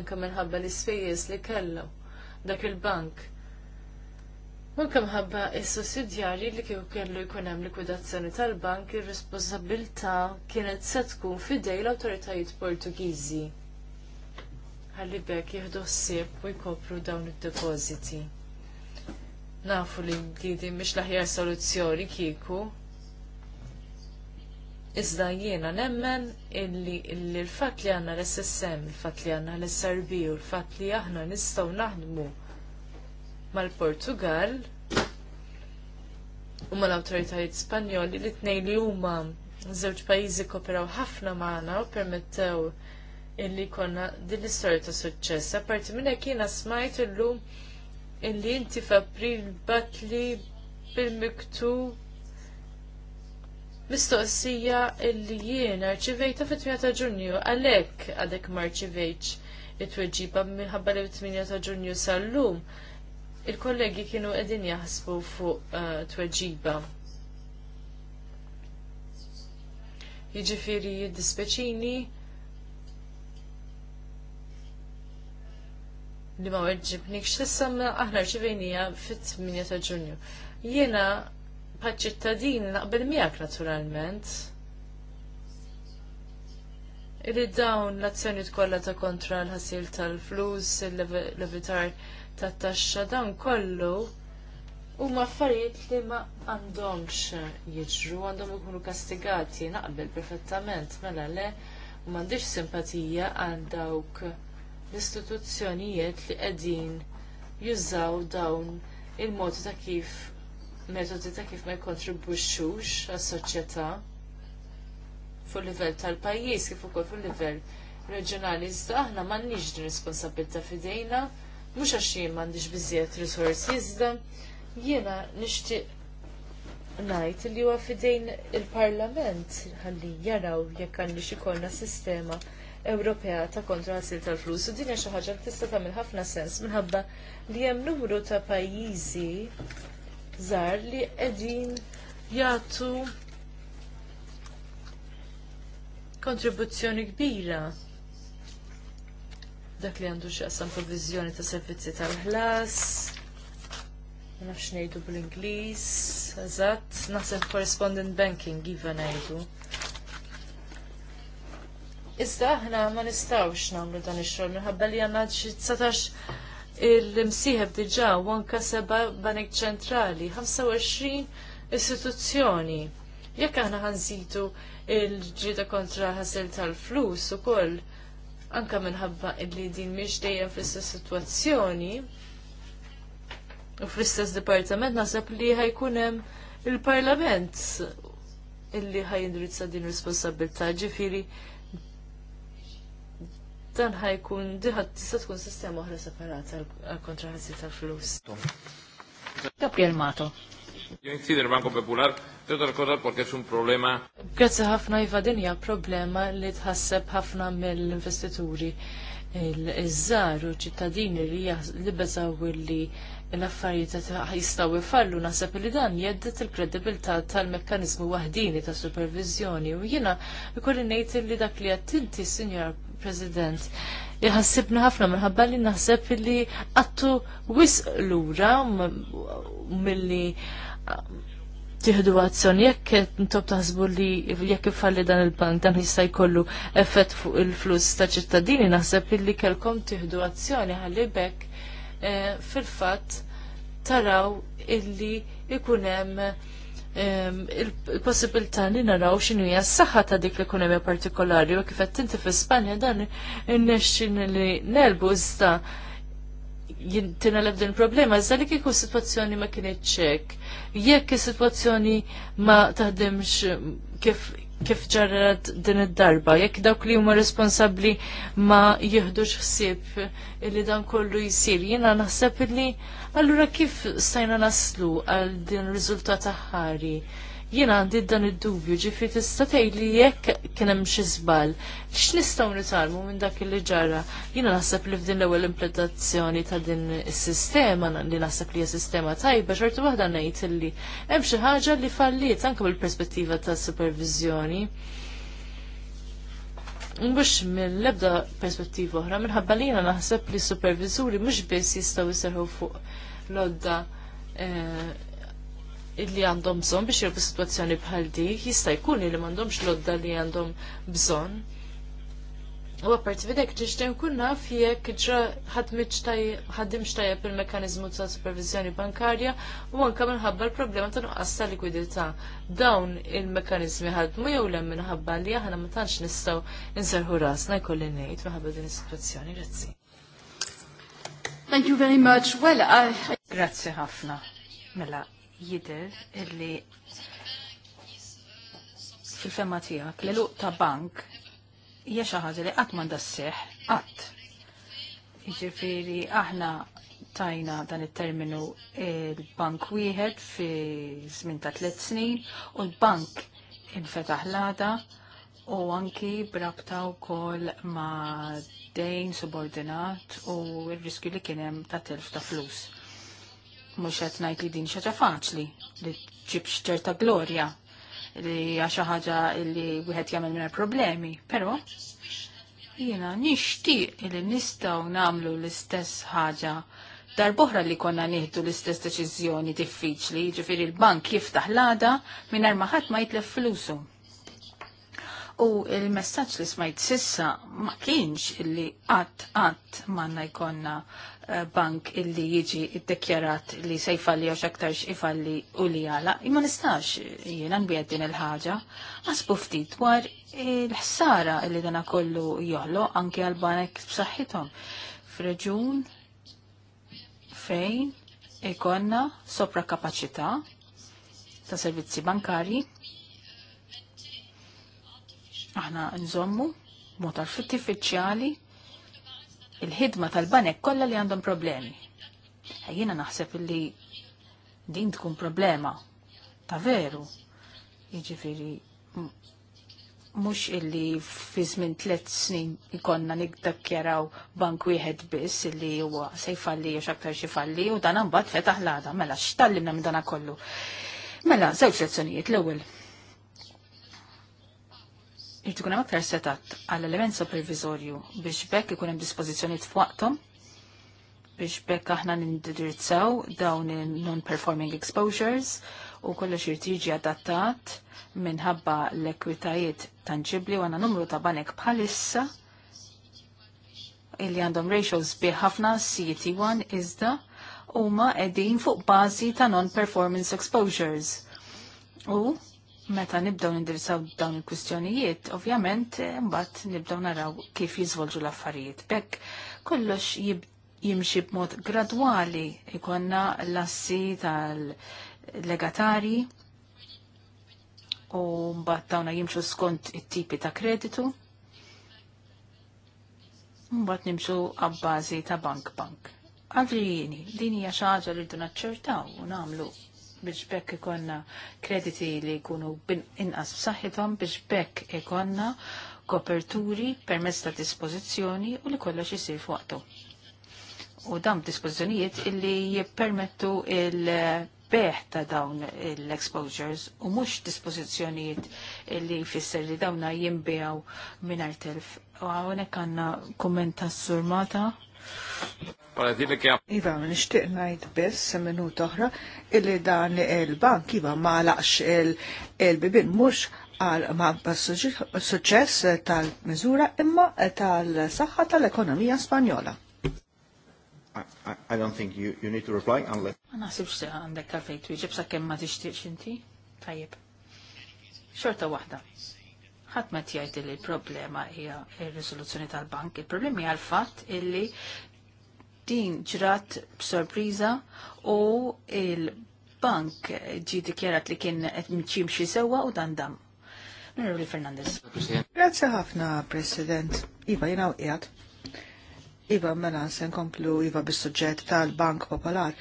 Anke minħabba l-ispejjeż li kellu dak il-bank. Anke minħabba s-sussidjarji li kieku kellu jkun hemm likwidazzjoni tal-bank, ir-responsabilità kienet se tkun fidej l-awtoritajiet Portugiżi ħalli bekk jieħdu ħsieb u jkopru dawn id depoziti Nafu li din mhix l-aħjar soluzzjoni kieku. Iżda jiena nemmen illi l-fatt li għandna l-SSM, il-fatt li għandna l-SRB u l fat li aħna nistgħu naħdmu mal-Portugal u mal-awtoritajiet Spanjoli li tnejn li huma żewġ pajjiżi kooperaw ħafna magħna u permettew illi konna din l-istorja ta' suċċess. Apparti minn hekk jiena smajt illum illi inti f'April batli bil-miktub mistoqsija illi jiena arċivejta fit-8 ta' Ġunju għalhekk għadek ma it-tweġiba minħabba li 8 ta' Ġunju sal-lum il-kollegi kienu edin jaħsbu fuq uh, tweġiba. Jiġifieri jiddispeċini li ma weġġibnik x'tissamma aħna rċivejnija fit-8 ta' Ġunju. Jiena paċċittadin naqbel miegħek naturalment. Illi dawn l-azzjonijiet kollha ta' kontra l-ħasil tal-flus, l-levitar tat-taxxa dawn kollu huma affarijiet li ma għandhomx jiġru, għandhom ikunu kastigati naqbel perfettament mela le u m'għandix simpatija għal dawk l-istituzzjonijiet li qegħdin jużaw dawn il-modi ta' kif metodi ta' kif ma jkontribwixxux għas-soċjetà fuq livell tal-pajjiż kif ukoll fuq livell reġjonali iżda aħna m'għandniex din responsabilità f'idejna, mhux għax jien m'għandix biżjed resorsi iżda jiena nixtieq ngħid li huwa fidejn il-Parlament ħalli jaraw jekk għandi ikollna sistema Ewropea ta' kontra għasil tal-flus u dinja xi ħaġa li tista' tagħmel ħafna sens minħabba li hemm numru ta' pajjiżi żgħar li qegħdin jagħtu kontribuzzjoni kbira dak li għandu xaqsam provizjoni ta' servizzi tal-ħlas, nafx nejdu bl-Inglis, eżatt, naħseb correspondent banking, iva nejdu. Iżda aħna ma nistawx nagħmlu dan ix-xogħol minħabba li għandna xi tsatax il-msieħeb diġà u anke seba' banek ċentrali, 25 istituzzjoni. Jekk aħna ħanżidu il ġrieda kontra ħasel tal-flus ukoll anke minħabba li din mhix dejjem fl-istess sitwazzjoni, u fl-istess dipartiment naħseb li ħajkun hemm il-parlament illi ħajindrizza din responsabilità ġifiri dan ħajkun diħat tista' tkun sistema oħra separata għal kontraħazzi tal-flus. Gabriel Mato. Jo insider Banko Popular, trid rikordar porque es un problema. Grazzi ħafna iva din hija problema li tħasseb ħafna mill-investituri. Iż-żar u ċittadini li beżaw li l-affarijiet ta' jistaw ifallu naħseb li dan jeddet il-kredibilità tal mekkanizmu waħdini ta' supervizjoni u jiena ikolli ngħid li dak li qed inti, Sinjor President, jħassibna ħafna minħabba li naħseb li għattu wis l-ura mill-li tiħdu azzjoni jekk intom taħsbu li jekk ifalli dan il-bank dan jista' jkollu effett fuq il-flus ta' ċittadini naħseb illi kelkom tiħdu azzjoni ħalli bekk Eh, fil-fatt taraw illi ikun hemm il-possibilità li naraw xinu hija s-saħħa ta' dik l-ekonomija partikolari u kif qed inti fi Spanja dan innexxin li nelbu iżda jintinalab din problema iżda li kieku situazzjoni ma kienet ċek. Jekk is-sitwazzjoni ma taħdimx kif kif ġarrat din id-darba, jekk dawk li huma responsabbli ma jieħdux ħsieb li dan kollu jsir. Jiena naħseb li allura kif stajna naslu għal din riżultat aħħari? Jiena għandi dan id-dubju ġifi tista' tgħidli jekk kien hemm xi żball. X'nistgħu nitalmu minn dak li ġara? Jiena naħseb li f'din l-ewwel implementazzjoni ta' din is-sistema li naħseb li hija sistema tajba xorta waħda ngħid li hemm xi ħaġa li falliet anke mill-perspettiva ta' supervizjoni. Mbux mill-ebda perspettiva oħra, minħabba li jena naħseb li supervizuri mux biss jistaw jisirħu fuq lodda eh, li għandhom bżonn biex jirbu situazzjoni bħal di, jista' jkun li m'għandhomx lodda li għandhom bżonn. U għaparti videk ġiġden kunna fjek ġra ħaddim xtajab il-mekanizmu ta' supervizjoni bankarja u għanka minħabba l-problema ta' nuqqas ta' likwidità. Dawn il-mekanizmi ħadmu jew lem minħabba li aħna ma tantx nistgħu nserħu rasna jkolli ngħid minħabba din is-sitwazzjoni. Grazzi. Thank you very much. Well, I... Grazzi ħafna. Mela, jider illi fil-femma tijak li luq ta' bank hija xi ħaġa li qatt m'għandha sseħħ qatt. Jiġifieri aħna tajna dan it-terminu il-bank wieħed fi żmien ta' tliet snin u l-bank infetaħ l-għada u anki brabta wkoll ma' dejn subordinat u r-riskju li kien hemm ta' telf ta' flus mhux qed ngħid li din xaġa faċli li ġib ċerta glorja li għaxa ħaġa li wieħed jagħmel minna problemi, però jiena nixtieq li nistgħu nagħmlu l-istess ħaġa darbohra li konna nieħdu l-istess deċiżjoni diffiċli, ġifiri l-bank jiftaħ l-għada mingħajr ma ħadd ma jitlef flusu. U il-messaġġ li smajt sissa ma kienx li qatt qatt manna jkollna bank illi jiġi iddekjarat li se jfalli għax aktarx ifalli u li għala. Imma nistax jiena nbjeddin din il-ħaġa. Għasbu ftit dwar il-ħsara illi dana kollu joħlo anke għal banek b'saħħithom. F'reġun fejn ikonna sopra kapacita ta' servizzi bankari. Aħna nżommu mod artificiali il-ħidma tal-banek kollha li għandhom problemi. Ejjina naħseb li din tkun problema ta' veru. Jiġifieri mhux illi fi żmien tliet snin ikonna nikdakjaraw bank wieħed biss illi huwa se jfalli u aktar xi falli u dan imbagħad fetaħ l-għada mela x'tallimna minn dana kollu. Mela, żewġ lezzjonijiet l-ewwel Irtu kunem aktar setat għall-element supervizorju biex bekk ikunem t fuqtom biex bekk aħna nindirizzaw dawn non-performing exposures u kollox irtiġi adattat minħabba l-ekwitajiet tanġibli u għanna numru ta' banek bħalissa illi għandhom ratios ħafna CT1 e iżda u ma edin fuq bazi ta' non-performance exposures. U meta nibdaw nindirizzaw dawn il-kwistjonijiet, ovvjament mbagħad nibdaw naraw kif jiżvolġu l-affarijiet. Bekk kollox jimxi b'mod gradwali ikonna l-assi tal-legatari u mbagħad dawna jimxu skont it-tipi ta' kreditu. Mbagħad nimxu għabbażi ta' bank bank. Għalrini, din hija xi ħaġa li rridu naċċertaw u nagħmlu biex bekk ikonna krediti li jkunu inqas b'saħħithom biex bekk ikonna koperturi permezz ta' dispożizzjoni u li kollox isir fuqtu. U dawn dispożizzjonijiet illi jippermettu il-beħ ta' dawn l-exposures u mhux dispożizzjonijiet li jfisser li dawna jimbijaw minn artelf. U hawnhekk għandna kumenta s surmata Iva, nishtiq najt biss minut toħra illi dan il-bank iva ma laqx il-bibin mux għal ma suċess tal-mizura imma tal-saxħa tal-ekonomija spanjola. I don't think you, you need to reply unless... Ma nasibx se għandek għalfejt, ġibsa kemm ma tixtiqx inti? Tajib. Xorta wahda ħadd ma tijajt li l-problema hija r-riżoluzzjoni tal-bank. Il-problemi hija l-fatt illi din ġrat b-sorpriza u il-bank ġi dikjarat li kien qed xie sewwa u dan dam. Mirri Fernandez. Grazie ħafna, President. Iva, jina uqjat. Iva, mela, sen komplu Iva bis-suġġett tal-Bank Popolar.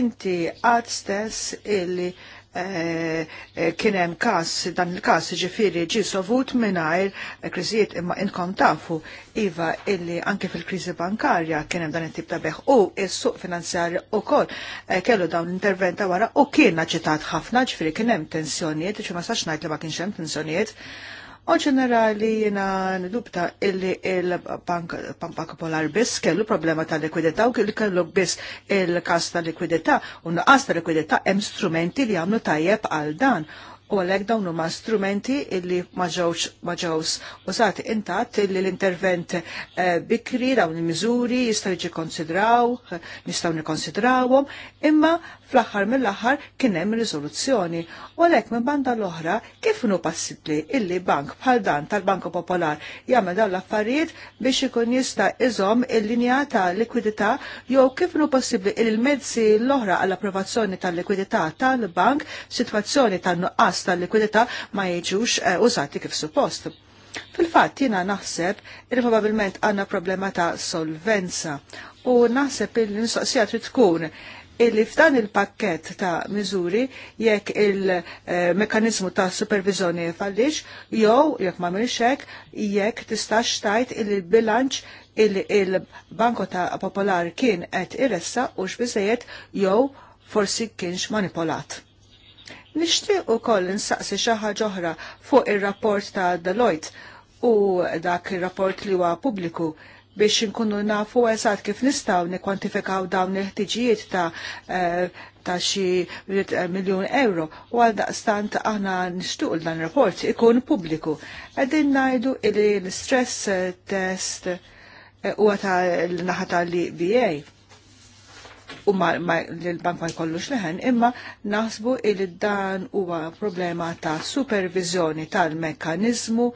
Inti għad stess illi Eh, eh, kienem kas, dan il-kas ġifiri ġi sovut mingħajr kriżijiet imma inkom tafu iva illi anke fil-krizi bankarja kienem dan it-tip ta' beħ u il-suq finanzjarju u kol eh, kellu dawn interventa wara u kien ċitat ħafna ġifiri kienem tensjoniet, ċu ma sax ngħid li ma kienx hemm tensjoniet U ġenerali jina nidubta illi il-Bank Polar biss kellu problema ta' likwidita u kellu biss il-kas ta' likwidità u naqas ta' likwidità hemm strumenti li għamlu tajjeb għal dan u għalek dawn huma strumenti illi maġawx maġawx użati intatt li l-intervent eh, bikri dawn il-miżuri jistgħu jiġi konsidraw, nistgħu nikkonsidrawhom, imma fl-aħħar mill-aħħar kien hemm U għalek minn banda l-oħra kif inhu possibbli illi bank bħal dan tal-Banku Popolar jagħmel dawn l-affarijiet biex ikun jista' iżom il-linja ta' likwidità jew kif inhu possibbli il-mezzi l-oħra għall-approvazzjoni tal-likwidità tal-bank, situazzjoni tan-nuqqas tal-likwidità ma jiġux eh, użati kif suppost. Fil-fatt jina naħseb li probabilment għanna problema ta' solvenza u naħseb il-nistoqsija trid tkun illi f'dan il-pakket ta' miżuri jekk il-mekanizmu ta' supervizjoni fallix, jew jekk ma' minxek, jekk tistax tajt il-bilanċ illi il-Banko ta' Popolar kien qed iressa u xbiżejjed jew forsi kienx manipolat. Nixtieq ukoll nsaqsi xi ħaġa oħra fuq ir-rapport ta' Deloitte u dak ir-rapport li huwa pubbliku biex nkunu nafu eżatt kif nistgħu nikkwantifikaw dawn il-ħtiġijiet ta' eh, ta' xi eh, miljun euro u għal daqstant aħna nixtuq dan rapport ikun pubbliku. Qegħdin ngħidu li l-stress test eh, huwa għata l-naħa tal-BA u l-bank ma jkollux leħen, imma naħsbu il dan huwa problema ta' supervizjoni tal mekanizmu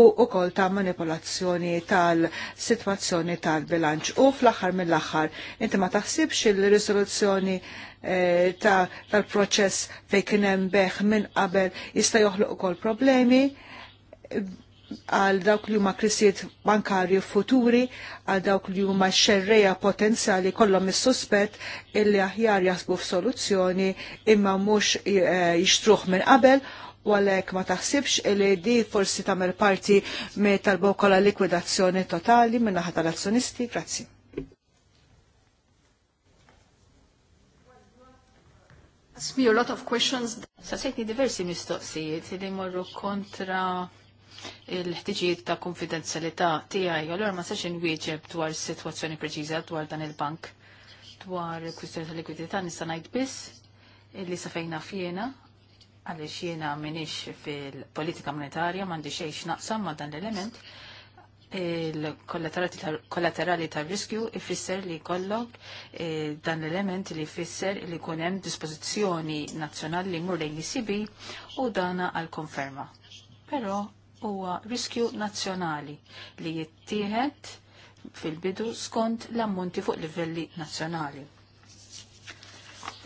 u kol ta' manipolazzjoni tal-sitwazzjoni tal-bilanċ. U fl-aħħar mill-aħħar, inti ma taħsibx il-risoluzzjoni eh, tal-proċess ta fejn kien hemm beħ minn qabel jista' joħloq ukoll problemi għal dawk li huma krisijiet bankarji futuri, għal dawk li huma xerreja potenzjali kollhom is-suspett illi aħjar jasbu f'soluzzjoni imma mhux eh, jixtruħ minn qabel u għalhekk ma taħsibx li di forsi tagħmel parti me talbu kollha likwidazzjoni totali minn naħa tal-azzjonisti. Grazzi. Ask me a lot of questions. sejtni diversi mistoqsijiet li morru kontra il-ħtiġijiet ta' konfidenzjalità tiegħi, allura ma sax inwieġeb dwar is-sitwazzjoni preċiża dwar dan il-bank dwar il-kwistjoni ta' likwidità nista' ngħid biss li sa fejna fjena għaliex jiena m'iniex fil-politika monetarja m'għandi xejn naqsam ma' dan l-element il-kollaterali ta' riskju ifisser li kollok eh, dan l-element li ifisser li hemm dispożizzjoni nazzjonali li mur lejn l u dana għal-konferma. Pero huwa riskju nazzjonali li jittieħed fil-bidu skont l-ammonti fuq livelli nazzjonali.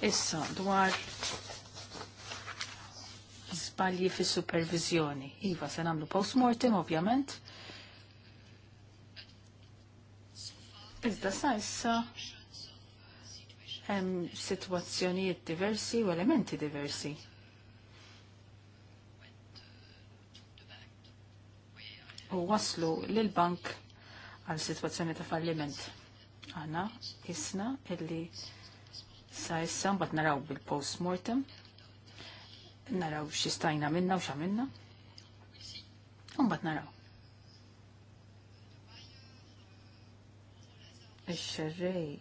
Issa dwar zbalji fis supervizjoni Iva, se namlu post-mortem, ovvjament. Iżda sa issa hemm situazzjonijiet diversi u elementi diversi. u waslu l-bank għal situazzjoni ta' falliment. Għana isna illi sa' issa bat naraw bil-post-mortem, naraw xistajna minna u xamilna, un bat naraw. Ix-xerrej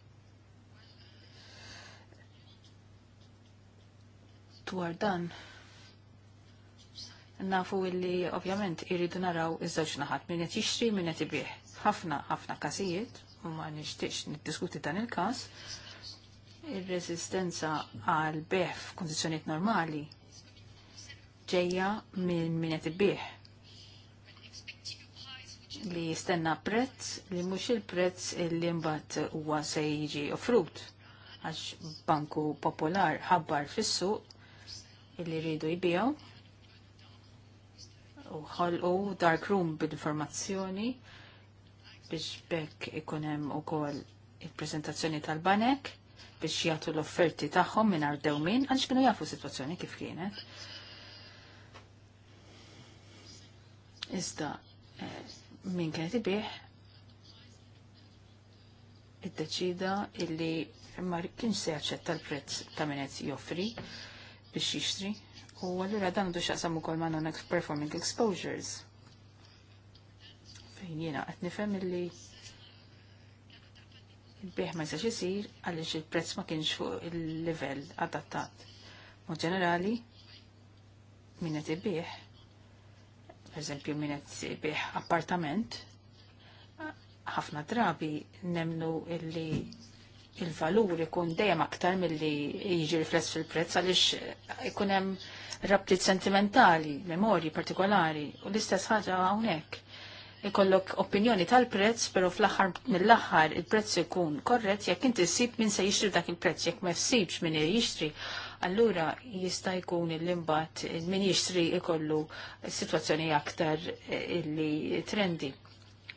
Tu dan nafu illi ovvjament irridu naraw iż-żewġ naħat min qed jixtri min qed ibih. Ħafna ħafna każijiet u ma nixtiex niddiskuti dan il-każ ir-reżistenza għal beħ f'kundizzjonijiet normali ġejja minn min qed ibih li jistenna prezz li mhux il-prezz li mbagħad huwa se jiġi offrut għax Banku Popolar ħabbar fis-suq illi rridu jbijaw u ħolqu dark room bil-informazzjoni biex bekk ikunem u kol il-prezentazzjoni tal-banek biex jgħatu l-offerti tagħhom minn ardew minn, għaliex kienu jafu situazzjoni kif kienet. Iżda eh, min kienet ibih iddeċida illi ma kienx se jaċċetta l-prezz ta' min qed joffri biex jixtri U allura dan għandu xaqsam ukoll ma' non-performing exposures. Fejn jiena qed nifhem illi il-bieħ ma jistax isir għaliex il-prezz ma kienx fuq il-livell adattat. Mod ġenerali, min qed per pereżempju min qed ibieħ appartament, ħafna drabi nemnu illi il-valur ikun dejjem aktar milli jiġi rifless fil-prezz għaliex ikun hemm rabtiet sentimentali, memorji partikolari u l-istess ħaġa hawnhekk. Ikollok opinjoni tal-prezz, però fl-aħħar mill-aħħar il-prezz ikun korrett jekk inti ssib min se jixtri dak il-prezz, jekk ma ssibx min jixtri, allura jista' jkun l imbagħad min jixtri ikollu situazzjoni aktar eh, illi trendi.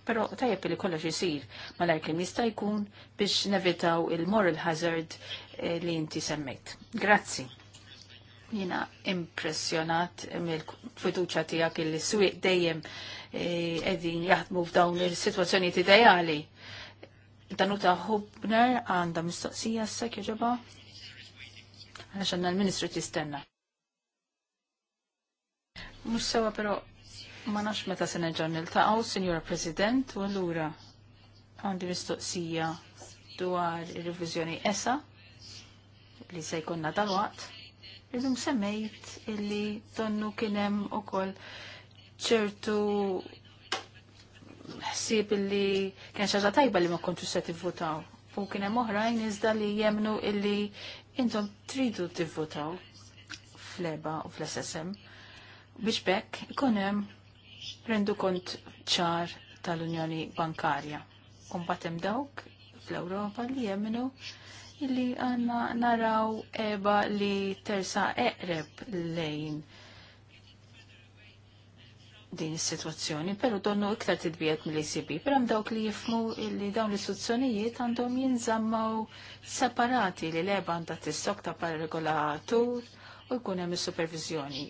Pero tajjeb li kollox isir lajk li jista' jkun biex nevitaw il-moral hazard eh, li inti semmejt. Grazzi. Jina impressjonat mill-fiduċa tiegħek il swieq dejjem qegħdin eh, jaħdmu f'dawn is t ideali. Danuta Hubner għandha mistoqsija s-sekk jaġaba? Għaxan l-ministru tistenna. Mux sewa, pero Ma nafx meta se nerġa' niltaqgħu, Sinjura President, u allura għandi mistoqsija dwar ir riviżjoni ESA li se jkunna dalwaqt. Illum semmejt illi donnu kien hemm ukoll ċertu ħsieb illi kien xaġa tajba li ma kontu se tivvutaw. U kien hemm oħrajn iżda li jemnu illi intom tridu tivvutaw fl-eba u fl-SSM biex bekk ikun hemm rendu kont ċar tal-Unjoni Bankarja. Umbatem dawk fl-Europa li jemnu illi għanna naraw eba li tersa eqreb lejn din is-sitwazzjoni, pero donnu iktar tidbiet mill-ECB, pero għam dawk li jifmu li dawn l-istituzzjonijiet għandhom jinżammaw separati li l-eba għanda t-istok ta' par regolatur u jkun hemm is-supervizjoni.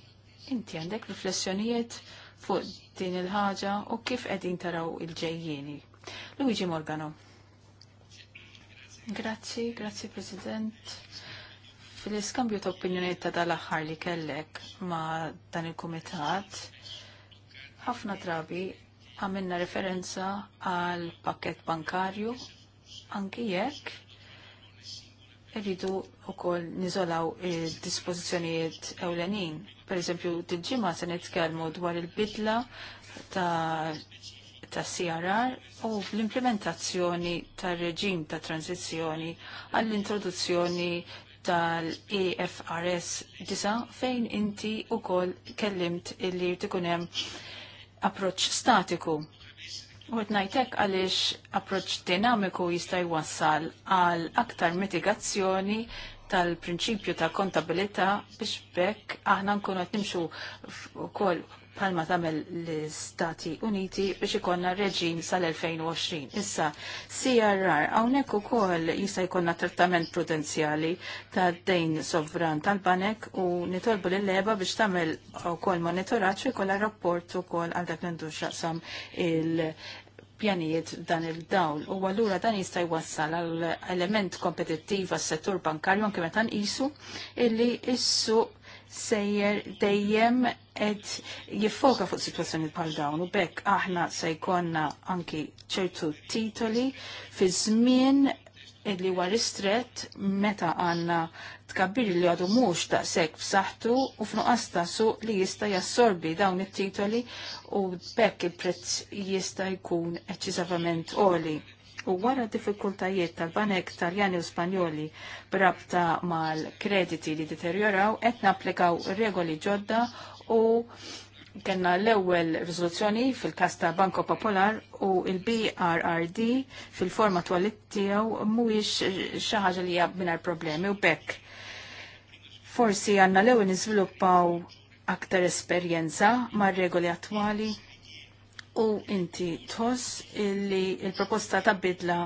Inti għandek riflessjonijiet fuq din il-ħaġa u kif qegħdin taraw il-ġejjieni. Luigi Morgano. Grazzi, grazzi President. Fil-iskambju ta' opinjoni ta' dal-aħħar li kellek ma' dan il-kumitat, ħafna drabi għamilna referenza għal pakket bankarju anki jekk irridu u koll nizolaw dispozizjonijiet ewlenin Per eżempju, d-ġimma se nitkellmu dwar il-bidla ta' ta' CRR u l-implementazzjoni tar reġim ta' tranzizjoni għall-introduzzjoni tal-EFRS 9 fejn inti u kol kellimt illi tikunem approċ statiku. U għetnajtek għalix approċ dinamiku jistaj wassal għal aktar mitigazzjoni tal-prinċipju ta' kontabilità biex bekk aħna nkunu qed nimxu wkoll palma tamel l-Stati Uniti biex ikonna reġim sal-2020. Issa, CRR, għawnek u kol jisa jkonna trattament prudenzjali ta' dejn sovran tal-banek u nitolbu l-leba biex tamel u kol monitoraċ u jkolla rapport u kol għal dak l-indux il- pjanijiet dan il-dawl u għallura dan jista' jwassal għal element kompetittiv għas-settur bankarju anke meta nqisu illi issu sejjer dejjem qed jiffoka fuq situazzjoni bħal dawn u bekk aħna se jkollna anki ċertu titoli fi żmien illi huwa ristret meta għanna tkabbir li għadu mhux daqshekk b'saħtu u f'nuqqas ta' suq li jista' jassorbi dawn it-titoli u bekk il-prezz jista' jkun eċċiżavament oli. U wara diffikultajiet tal-banek taljani u spanjoli b'rabta mal-krediti li deterjoraw, qed napplikaw regoli ġodda u kena l-ewwel riżoluzzjoni fil-kas ta' Banko Popolar u il-BRRD fil-forma twalit tiegħu mhuwiex xi ħaġa li hija mingħajr problemi u bekk. Forsi għandna l-ewwel nizviluppaw aktar esperjenza mar-regoli attwali u inti tħoss li il-proposta ta' bidla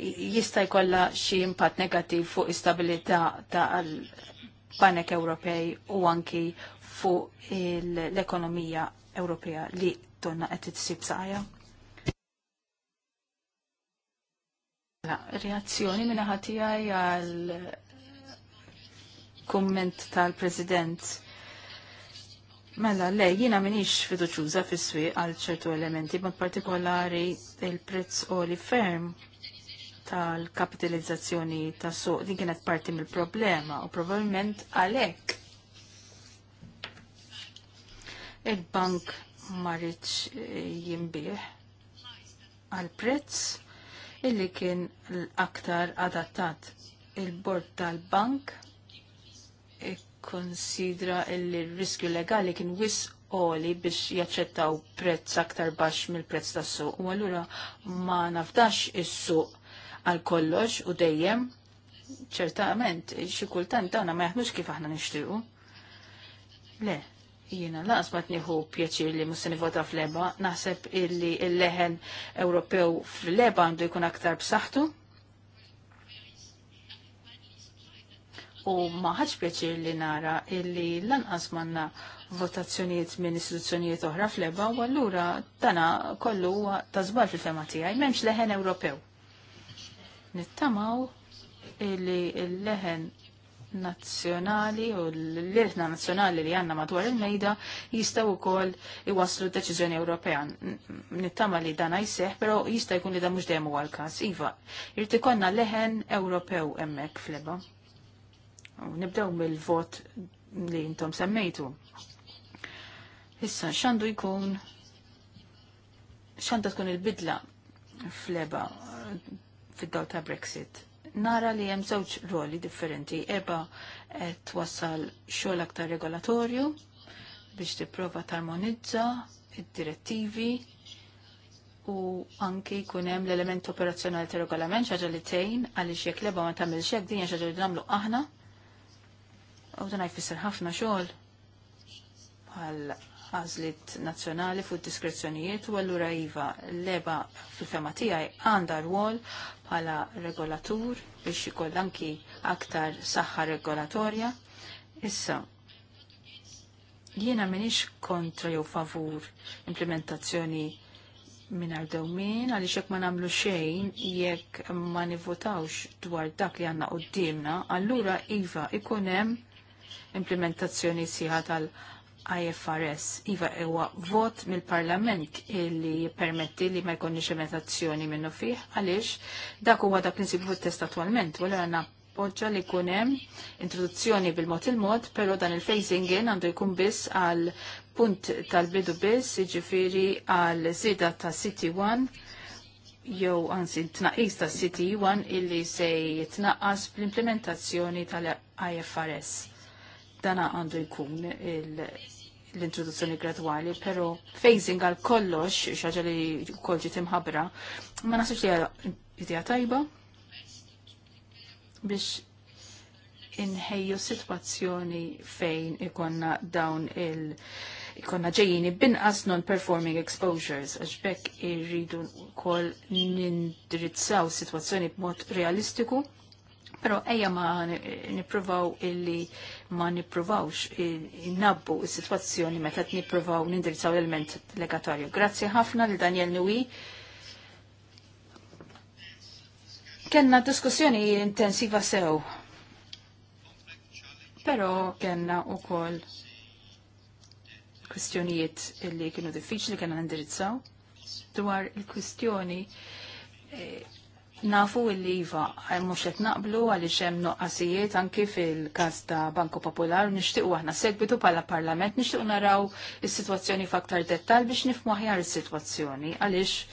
jista' jkollha xi impatt negattiv fuq istabilità ta' banek Ewropej u anki fuq l-ekonomija Ewropea li tonna qed tsib saqja. Mela, reazzjoni minna ħatijaj għal kumment tal-President. Mela, le, jina minix fiduċuża fis-swi għal ċertu elementi, ma partikolari il-prezz u li ferm tal-kapitalizzazzjoni ta' suq din kienet parti mill-problema u probabilment għalhekk il-bank marriċ eh, jimbieħ għal prezz illi kien l-aktar adattat. Il-bord tal-bank konsidra illi riskju legali kien wis oli biex jaċċettaw prezz aktar baxx mill-prezz tas-suq. U allura ma nafdax is-suq għal kollox u dejjem ċertament xi kultant dawna ma jaħnux kif aħna nixtiequ. Le, Jiena laqas ma tnieħu pjaċir li musse vota fl-eba, naħseb illi il-leħen Ewropew fl-eba għandu jkun aktar b'saħħtu. U ma ħadx pjaċir li nara illi lanqas manna votazzjonijiet minn istituzzjonijiet oħra fl-eba, u allura dana kollu ta' fil-fema tiegħi m'hemmx leħen Ewropew. Nittamaw illi il leħen nazzjonali u l-irħna nazzjonali li għanna madwar il-mejda jistaw u kol iwaslu deċizjoni Ewropea. Nittama li dan għajseħ, pero jista jkun li da mux demu għal-kas. Iva, konna leħen Ewropew emmek fleba. Nibdew mill-vot li intom semmejtu. Issa, xandu jkun, xanda tkun il-bidla fleba fid-daw ta' Brexit nara li hemm żewġ roli differenti. Eba qed twassal xogħol aktar regolatorju biex tipprova tarmonizza id-direttivi u anki jkun hemm l-element operazzjonali ta' regolament xaġa li tejn għaliex jekk leba ma tagħmel xejn din xaġa li nagħmlu aħna. U dan jfisser ħafna xogħol għazlit nazzjonali fuq diskrezzjonijiet u allura iva l fil-fema tiegħi għandha rwol bħala regolatur biex jikoll anki aktar saħħa regolatorja. Issa, jiena minix kontra jew favur implementazzjoni minn dewmin għaliex jekk ma nagħmlu xejn jekk ma nivvotawx dwar dak li għandna qudiemna, allura iva ikun hemm implementazzjoni sieħa tal IFRS. Iva huwa vot mill-Parlament illi jippermetti li ma jkunniex emetazzjoni minnu fih għaliex dak huwa dak prinċipju fit-test attwalment. U għana nappoġġa li jkun hemm introduzzjoni bil-mod il-mod, però dan il-phasing in għandu jkun biss għal punt tal-bidu biss, jiġifieri għal zida ta' City One jew anzi tnaqis ta' City One illi se jitnaqqas bl-implementazzjoni tal-IFRS dana għandu jkun l-introduzzjoni gradwali, pero phasing għal kollox, xaġa li kolġi timħabra, ma nasux li idea tajba biex inħejju situazzjoni fejn ikonna dawn il- ikonna ġejjini binqas non-performing exposures, għax bekk irridu kol nindirizzaw situazzjoni b'mod realistiku Pero eja ma niprovaw illi ma niprovawx innabbu s-situazzjoni meta niprovaw nindirizzaw l-element legatorju. Grazzi ħafna li Daniel Nui. Kenna diskussjoni intensiva sew. Pero kenna u kol kwistjonijiet illi kienu diffiċli kena nindirizzaw dwar il-kwistjoni eh, Nafu l-liva, eh, mux qed naqblu għaliex hemm noqqasijiet anki fil-każ ta' Banku Popolar, nixtiequ aħna segbitu bħala Parlament, nixtiequ naraw is-sitwazzjoni f'aktar dettal biex nifhmu aħjar is-sitwazzjoni għaliex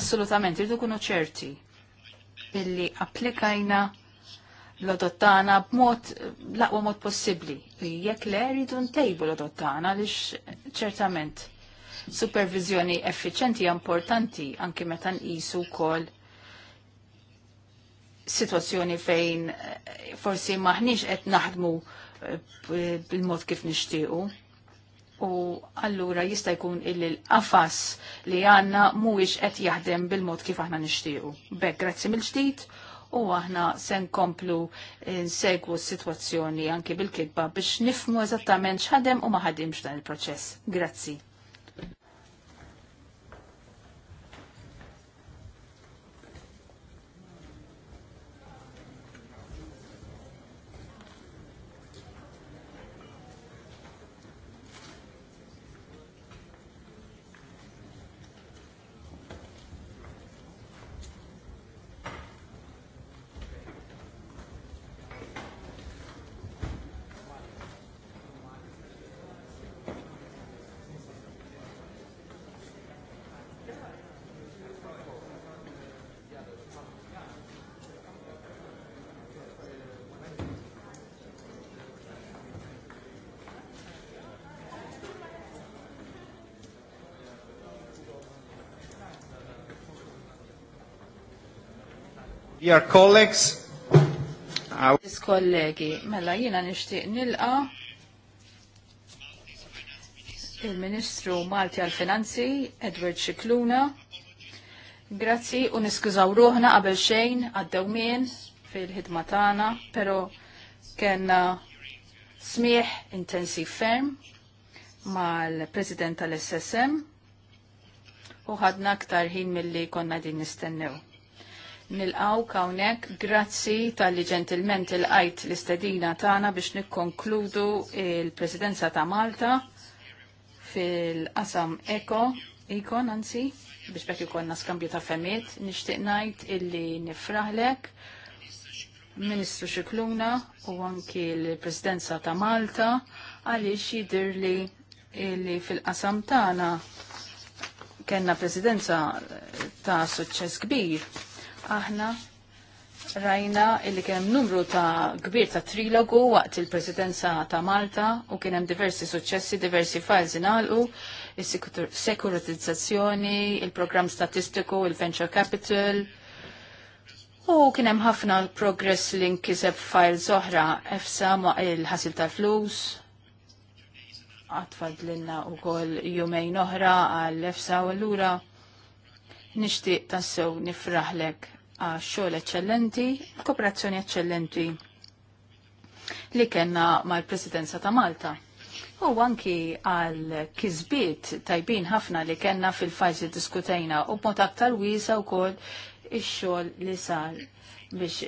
assolutament irdu kunu ċerti illi applikajna l-odottana b'mod l-aqwa mod possibbli. Jekk le rridu ntejbu l-odottana għaliex ċertament supervizjoni effiċenti importanti anki meta nqisu wkoll situazzjoni fejn eh, forsi maħniġ qed naħdmu eh, bil-mod kif nixtiequ. U allura jista' jkun illi l-qafas li għandna mhuwiex qed jaħdem bil-mod kif aħna nixtiequ. Bekk grazzi mill-ġdid u aħna se nkomplu eh, nsegwu s-sitwazzjoni anki bil-kitba biex nifmu eżattament x'ħadem u ma ħadimx dan il-proċess. Grazzi. your colleagues. Kollegi, mela jina nishtiq nilqa il-Ministru Malti għal-Finanzi, Edward Xikluna. Grazzi u niskużaw ruħna qabel xejn għaddewmien fil-ħidma tagħna, però kellna smieħ intensiv ferm mal-President tal-SSM u ħadna aktar ħin milli konna din nistennew nilqaw kawnek, grazzi tal-li ġentilment il għajt l-istedina tana biex nikkonkludu il-presidenza ta' Malta fil-qasam Eko, ikon anzi, biex bekk ikonna skambju ta' femiet, nishtiq najt illi nifraħlek, Ministru Xikluna u anki l-presidenza ta' Malta, għaliex jidirli illi fil-qasam tana kellna presidenza ta' suċċess kbir Aħna rajna illi kien numru ta' kbir ta' trilogu waqt il-Presidenza ta' Malta u kien hemm diversi suċċessi, diversi files inalqu, is-sekuritizzazzjoni, il-programm statistiku, il-venture capital, U kien hemm ħafna progress li nkiseb fajl oħra efsa ma' il-ħasil tal-flus. Għatfad l-inna u kol jumej noħra għal efsa u l-ura Nixtieq tassew nifraħlek għax xogħol eċċellenti, kooperazzjoni eċċellenti li kellna mal-Presidenza ta' Malta. U anki għal kizbiet tajbin ħafna li kena fil-fajzi diskutejna u mod aktar wisa u kol ix-xogħol li sar biex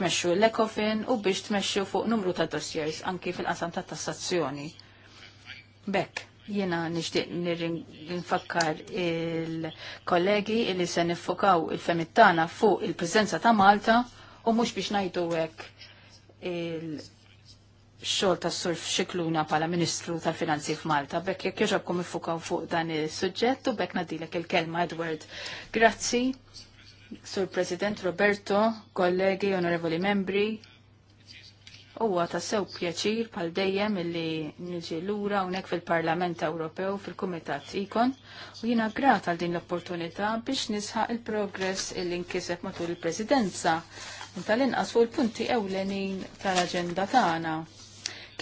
tmexxu l-ekofin u biex tmexxu fuq numru ta' dossiers anki fil-qasam ta' tassazzjoni. Bekk, Jena nishtiq nirinfakkar il-kollegi li se nifokaw il-femittana fuq il-prezenza ta' Malta u mux biex najdu għek il-xol ta' surf xikluna pala Ministru tal-Finanzi f'Malta. Bekk jek joġobkom ifokaw fuq dan il-sujġett u bekk nadilek il-kelma Edward. Grazzi, Sur President Roberto, kollegi, onorevoli membri, Huwa ta' sew pjaċir pal dejjem illi niġi lura hawnhekk fil-Parlament Ewropew fil-Kumitat Ikon u jiena grat għal din l-opportunità biex nisħaq il-progress illi nkiseb matul il-Presidenza tal-inqas fuq il-punti ewlenin tal-aġenda tagħna.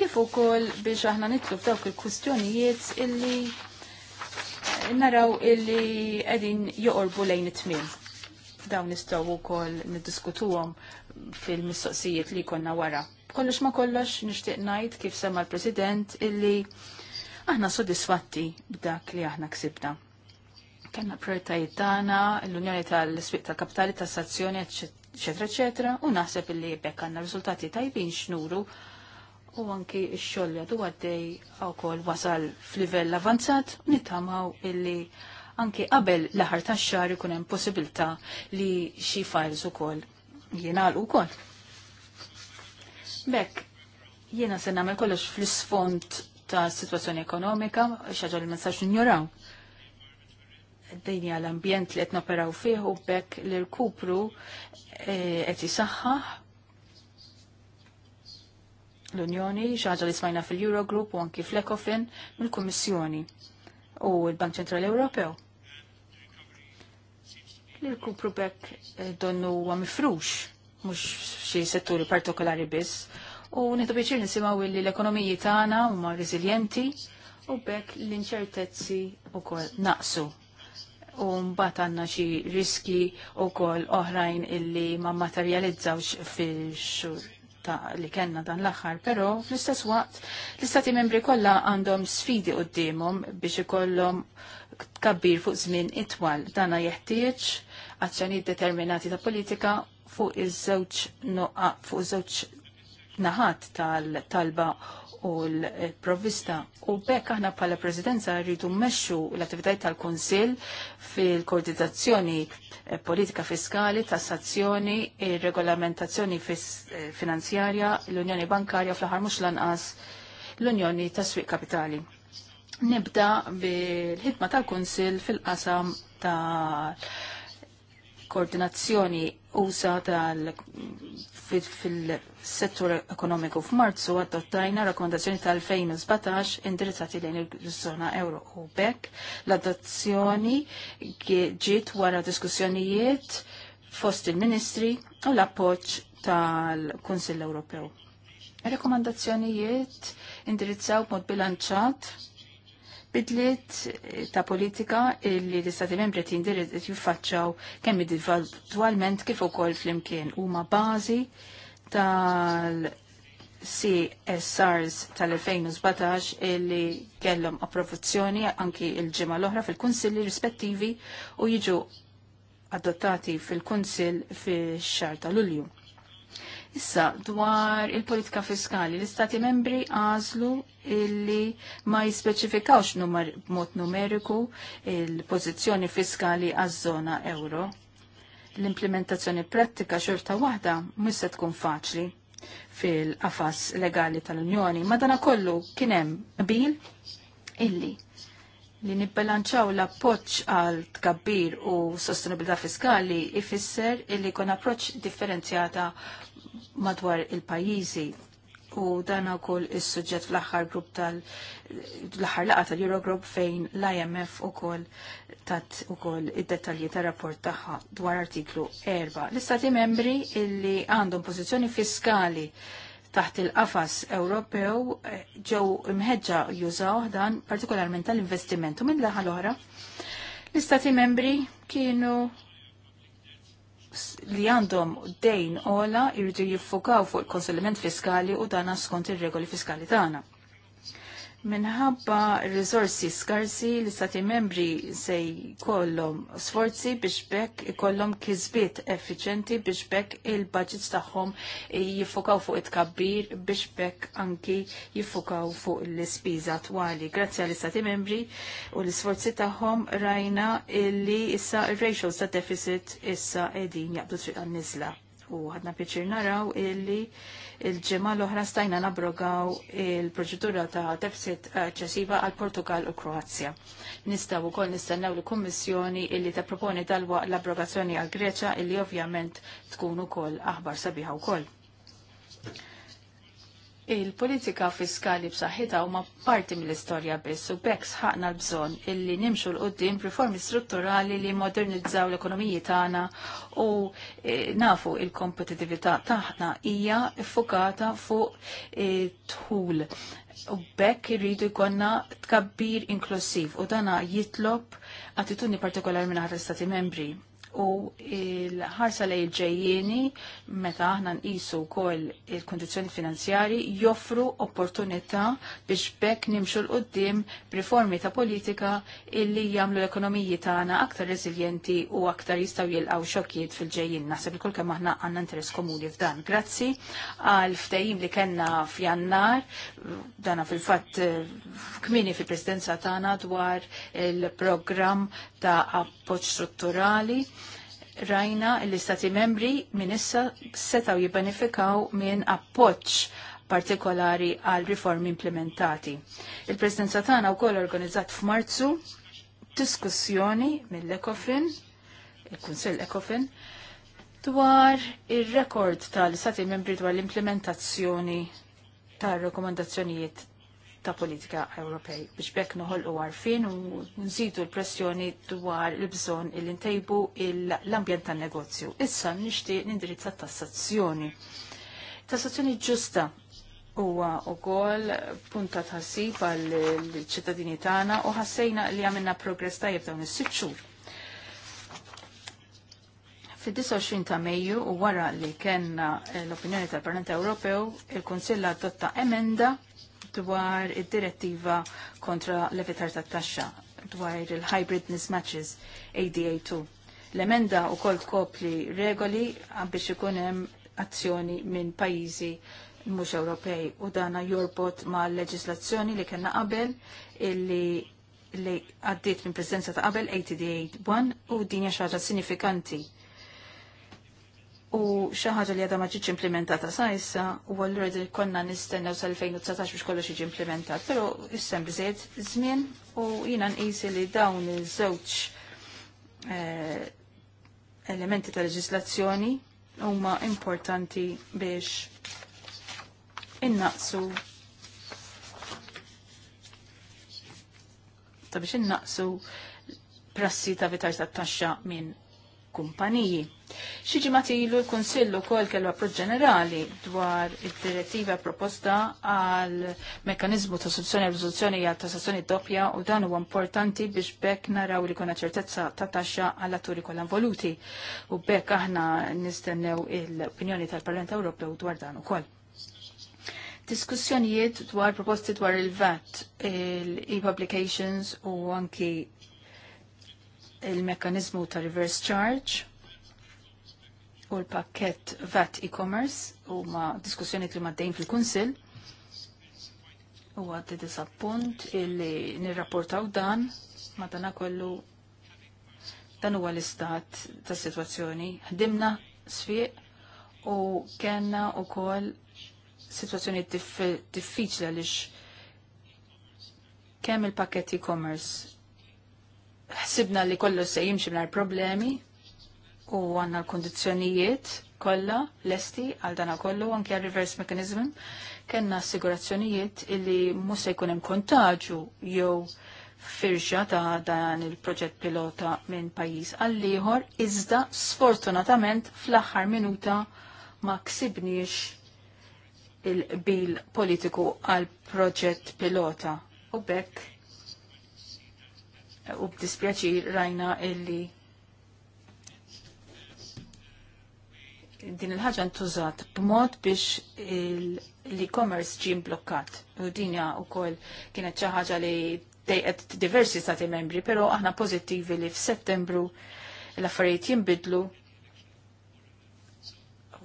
Kif ukoll biex aħna nitlu f'dawk il-kwistjonijiet illi naraw illi qegħdin joqorbu lejn it-tmiem. Dawn nistgħu wkoll niddiskutuhom fil-mistoqsijiet li konna wara Kollox ma kollox nixtieq ngħid kif semma l-President illi aħna sodisfatti b'dak li aħna ksibna. Kenna prioritajiet tagħna, l-Unjoni tal-Sbiq tal-Kapitali tas-Sazzjoni, eċetera, eċetera, u naħseb illi bekk għandna riżultati tajbin xnuru u anki x-xogħol li għadu għaddej wkoll wasal f'livell avanzat u nittamaw illi anki qabel l-aħar tax-xahar ikun hemm possibilità li xi files ukoll jingħalqu wkoll. Bekk, jiena se nagħmel kollox fl-isfond ta' situazzjoni ekonomika, xaġa li ma nistax ignoraw. Dejni għal-ambjent li qed noperaw fih u bekk li rkupru eh, qed jisaħħaħ l-Unjoni, xaġa li smajna fil-Eurogroup u anki fl-Ecofin mill-Kummissjoni u l-Bank Ċentrali Ewropew. Li rkupru bekk eh, donnu għamifrux. mifrux mhux xi setturi partikolari biss. U nħidu biċir nisimgħu li l-ekonomiji tagħna huma reżiljenti u bekk l-inċertezzi wkoll naqsu. U mbagħad għandna xi riski wkoll oħrajn illi ma materjalizzawx fix xur li kena dan l-axar, pero fl-istess waqt l-istati membri kollha għandhom sfidi qoddimhom biex ikollhom kabbir fuq żmien itwal. Dana jeħtieġ azzjonijiet determinati ta' politika fuq iż-żewġ noqa fuq iż-żewġ naħat tal-talba u l-provvista. U bekk aħna bħala Presidenza rridu mmexxu l-attivitajiet tal-Kunsill fil-koordinazzjoni eh, politika fiskali, tassazzjoni, regolamentazzjoni eh, finanzjarja, l-Unjoni Bankarja fl-aħħar mhux lanqas l-Unjoni Taswiq Kapitali. Nibda bil-ħidma tal-Kunsill fil-qasam ta' koordinazzjoni usa tal fil-settur ekonomiku f'Marzu adottajna rakkomandazzjoni tal-2017 indirizzati lejn il-żona euro u bekk. L-adozzjoni ġiet wara diskussjonijiet fost il-Ministri u l-appoġġ tal-Kunsill Ewropew. Rekomandazzjonijiet indirizzaw mod bilanċat bidliet ta' politika illi l-Istati membri tindirizz jiffaċċaw kemm individwalment kif ukoll flimkien huma bażi tal-CSRs tal-2017 illi kellhom approvazzjoni anki il-ġimgħa l-oħra fil-kunsilli rispettivi u jiġu adottati fil-kunsill fix-xahar ta' Lulju. Issa, dwar il-politika fiskali, l-Istati membri għazlu illi ma jispeċifikawx numer, mod numeriku il-pozizjoni fiskali għaż-żona euro. L-implementazzjoni prattika xorta waħda mhux se tkun faċli fil-qafas legali tal-Unjoni. Madana kollu kienem bil illi li nibbalanċaw l-appoċ għal tkabbir u sostenibilità fiskali ifisser illi kon approċ differenzjata madwar il-pajjiżi u dan ukoll is-suġġett fl-aħħar grupp tal l-aħħar laqgħa tal-Eurogroup fejn l-IMF ukoll tat ukoll id-dettalji tar-rapport tagħha dwar artiklu 4. L-istati membri illi għandhom pożizzjoni fiskali taħt il-qafas Ewropew eh, ġew imħeġġa jużaw dan partikolarment tal-investimentu minn l-aħħa l-oħra. L-istati membri kienu li għandhom dejn ola jridu jiffokaw fuq il konsolament fiskali u dana skont ir-regoli fiskali tagħna minħabba risorsi skarsi li stati membri se jkollhom sforzi biex bekk ikollhom kisbiet effiċenti biex bekk il-budgets tagħhom jifukaw fuq it-kabbir biex bekk anki jiffokaw fuq l-ispiża twali. Grazzi għall istati membri u l-isforzi tagħhom rajna li issa r-ratio ta' deficit issa qegħdin jaqbdu triq għan-niżla. U ħadna pjaċir naraw illi il-ġimgħa l-oħra stajna nabrogaw il-proċedura ta' deficit eċċessiva għal Portugal u Kroazja. Nistgħu wkoll nistennew li kummissjoni illi tal dalwaqt l-abrogazzjoni għal greċa illi ovvjament tkun ukoll aħbar sabiħa wkoll. Il-politika fiskali b'saħħitha huma parti mill-istorja biss u bekk sħaqna l-bżonn illi nimxu l qudiem riformi strutturali li modernizzaw l-ekonomiji tagħna u e, nafu il-kompetitività tagħna hija ffukata fuq e, tħul. U bekk irridu jkollna tkabbir inklusiv u dana jitlob attitudni partikolari minn l-Stati membri u l-ħarsa li ġejjini meta aħna nqisu wkoll il-kondizzjoni finanzjari joffru opportunità biex bekk nimxu l qudiem b'riformi ta' politika illi jagħmlu l-ekonomiji tagħna aktar reżiljenti u aktar jistgħu jilqgħu xokkijiet fil-ġejjin. Naħseb li kulkemm aħna għandna interess komuni f'dan. Grazzi għal ftehim li kellna f'Jannar, dana fil-fatt kmini fil-presidenza tagħna dwar il-programm ta' appoġġ strutturali rajna l-istati membri minn issa setaw jibbenifikaw minn appoċ partikolari għal riformi implementati. Il-Presidenza tagħna wkoll organizzat f'Marzu diskussjoni mill-Ecofin, il kunsill Ecofin, dwar ir rekord tal-istati membri dwar l-implementazzjoni tar rekomandazzjonijiet ta' politika Ewropej biex bekk noħolqu għarfin u nżidu l-pressjoni dwar il-bżon il-intejbu l-ambjent tan negozju. Issa nixtieq nindirizza tassazzjoni. Tassazzjoni ġusta huwa wkoll punta ta tħassib għal ċittadini tagħna u ħassejna li għamilna progress tajjeb dawn is-sitt xhur. Fid-29 ta' Mejju u wara li kellna l-opinjoni tal-Parlament Ewropew, il kunsilla adotta emenda dwar id-direttiva kontra l-evitar ta' taxxa dwar il-hybrid mismatches ADA2. L-emenda u kol tkopli regoli biex ikun hemm azzjoni minn pajjiżi mhux Ewropej u dana jorbot ma' leġislazzjoni li kellna qabel illi li għaddiet minn prezenza ta' qabel 88 u din hija xaġa sinifikanti u xi ħaġa li għadha ma ġietx implementata sa u allura konna nistennew sal-2019 biex kollox jiġi implementat, però jissem bżejt żmien u jiena nqisi li dawn iż-żewġ eh, elementi ta' leġislazzjoni huma importanti biex innaqsu ta' biex innaqsu prassi ta' vitar ta' taxxa minn kumpaniji. Xi ġimgħat ilu l-Kunsillu wkoll kellu approċ ġenerali dwar id-direttiva proposta għal mekkaniżmu ta' soluzzjoni riżoluzzjoni għal tassazzjoni doppja u dan huwa importanti biex bekk naraw li kuna ċertezza ta' taxxa għal atturi kollha involuti u bekk aħna nistennew il-opinjoni tal-Parlament Ewropew dwar dan ukoll diskussjonijiet dwar proposti dwar il-VAT, il-e-publications u anki il-mekanizmu ta' reverse charge u l-pakket VAT e-commerce u ma' diskussjoni li maddejn fil-Kunsil u għaddi disappunt illi nirrapportaw dan ma' dana kollu dan huwa l-istat ta' situazzjoni ħdimna sfiq u kena u koll situazzjoni diffiċla lix kemm il-pakket e-commerce ħsibna li kollu se jimxi minn problemi u għanna l-kondizjonijiet kolla lesti għal dana kollu anki għal reverse mechanism kena assigurazzjonijiet illi musa jkunem jkun hemm kontaġu jew firxa ta' dan il-proġett pilota minn pajjiż għal ieħor iżda sfortunatament fl-aħħar minuta ma ksibniex il-bil politiku għal proġett pilota u bekk u b'dispjaċi rajna illi din il-ħagġa ntużat b'mod biex l-e-commerce ġi mblokkat. U dinja u koll kienet ċaħġa li dejqet diversi stati membri, pero aħna pozittivi li f'Settembru l-affarijiet jimbidlu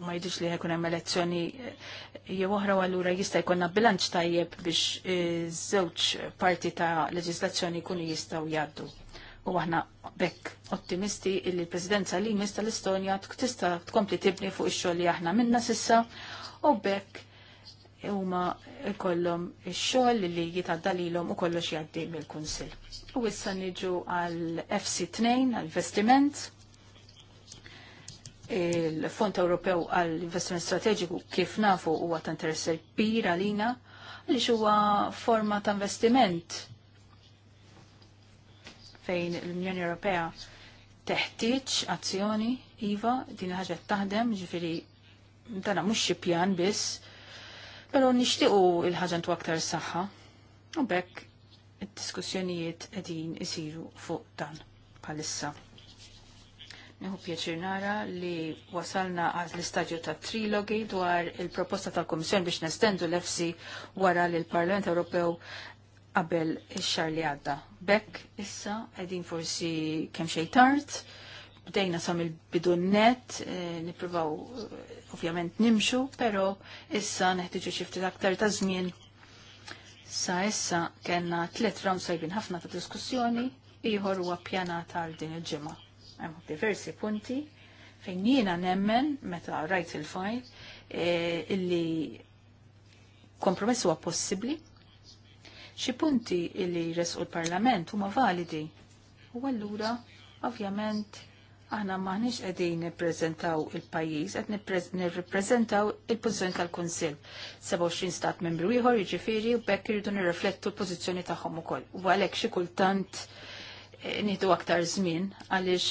ma jidux li jekun hemm elezzjoni eh, jew oħra allura jista' jkollna bilanċ tajjeb biex eh, żewġ parti ta' leġislazzjoni jkunu jistgħu jgħaddu. U aħna bekk ottimisti illi l-Presidenza li mis tal-Estonja tista' tkompli tibni fuq ix-xogħol li aħna minna sissa u bekk huma kollhom ix-xogħol li jitgħadda lilhom u kollox jgħaddi mill-Kunsill. U issa niġu għal FC2 għal vestiment il-Fond Ewropew għall-Investiment Strateġiku kif nafu huwa ta' interess kbir għalina li huwa forma ta' investiment fejn l-Unjoni Ewropea teħtieġ azzjoni iva din ħaġa taħdem ġifieri dana mhux xi pjan biss, però nixtiequ il-ħaġa ntu aktar saħħa. U bekk id-diskussjonijiet qegħdin isiru fuq dan bħalissa. Nħu pjaċir nara li wasalna għaz l-istadju ta' trilogi dwar il-proposta tal komissjon biex nestendu l-EFSI wara li l-Parlament Ewropew qabel ix-xar li għadda. Bekk issa qegħdin forsi kemm xejn tard, bdejna sam il-bidu net, eh, nippruvaw eh, ovvjament nimxu, però issa neħtieġu xi ftit aktar ta' żmien Sa issa kena tliet rawn sajbin ħafna ta' diskussjoni ieħor huwa pjanata għal din il-ġimgħa hemm diversi punti fejn jiena nemmen meta rajt il-fajl eh, illi kompromess huwa possibbli. Xi punti illi resqu l-Parlament huma validi. U allura ovvjament aħna maħniex qegħdin nippreżentaw il-pajjiż, qed nirrappreżentaw il-pożizzjoni tal-Kunsill. 27 stat membru ieħor jiġifieri u bekk iridu nirriflettu l-pożizzjoni tagħhom ukoll. U għalhekk xi kultant eh, nieħdu aktar żmien għaliex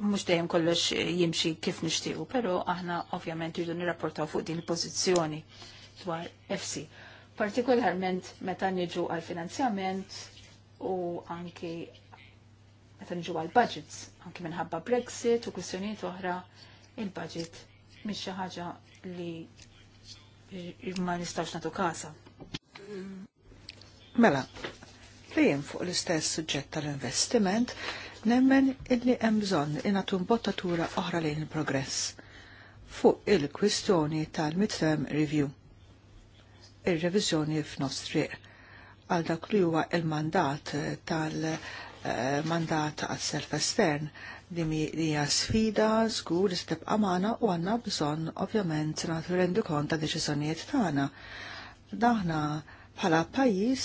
mux dejjem kollox jimxi kif nixtiequ, pero aħna ovvjament rridu nirrapportaw fuq din il-pożizzjoni dwar FC. Partikolarment meta niġu għal finanzjament u anki meta niġu għal budgets, anki minħabba Brexit u kwistjonijiet oħra, il-budget mhix xi ħaġa li ma nistax nagħtu kasa. Mela, dejjem fuq l-istess suġġett tal-investiment, Nemmen illi hemm bżonn inatu bottatura oħra lejn il-progress fuq il-kwistjoni tal-midterm review. Ir-reviżjoni f'nofs triq għal dak li huwa il-mandat tal-mandat għas self estern li hija sfida żgur istibqa' magħna u għandna bżonn ovvjament nagħtu rendu kont ta' deċiżjonijiet tagħna. Daħna bħala pajjiż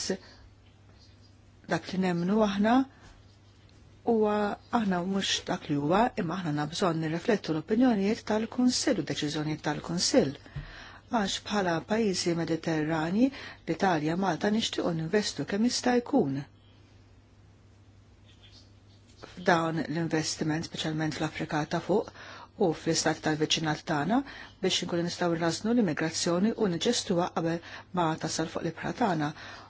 dak li nemmnu aħna huwa aħna mhux dak li huwa imma aħna nabżon nirreflettu l-opinjonijiet tal-Kunsill u deċiżjonijiet tal-Kunsill. Għax bħala pajjiżi mediterrani l-Italja Malta nixtiequ ninvestu kemm jista' jkun f'dawn l-investiment speċjalment fl-Afrika ta' fuq u fl-istat tal-veċinat tagħna biex inkunu nistgħu nrażnu l-immigrazzjoni u niġestuha qabel ma tasal fuq l-ibħra tagħna.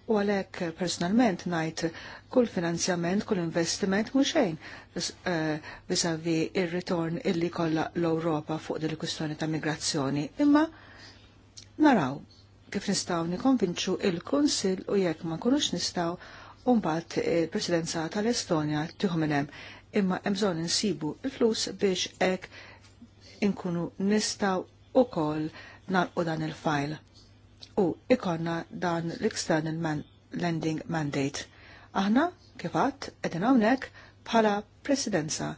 U għalhekk personalment ngħid kull finanzjament, kull investiment mhux xejn eh, viżavi il ritorn illi kollha l-Ewropa fuq dil kustjoni ta' migrazzjoni. Imma naraw kif nistgħu nikonvinċu il-Kunsill u jekk ma kunux nistgħu Umbat il-presidenza tal-Estonja tiħu minnem imma emżon insibu il-flus biex ek inkunu nistaw u kol narqu dan il-fajl. U ikonna dan l-external man lending mandate. Aħna, kifat, edin hawnhekk bħala presidenza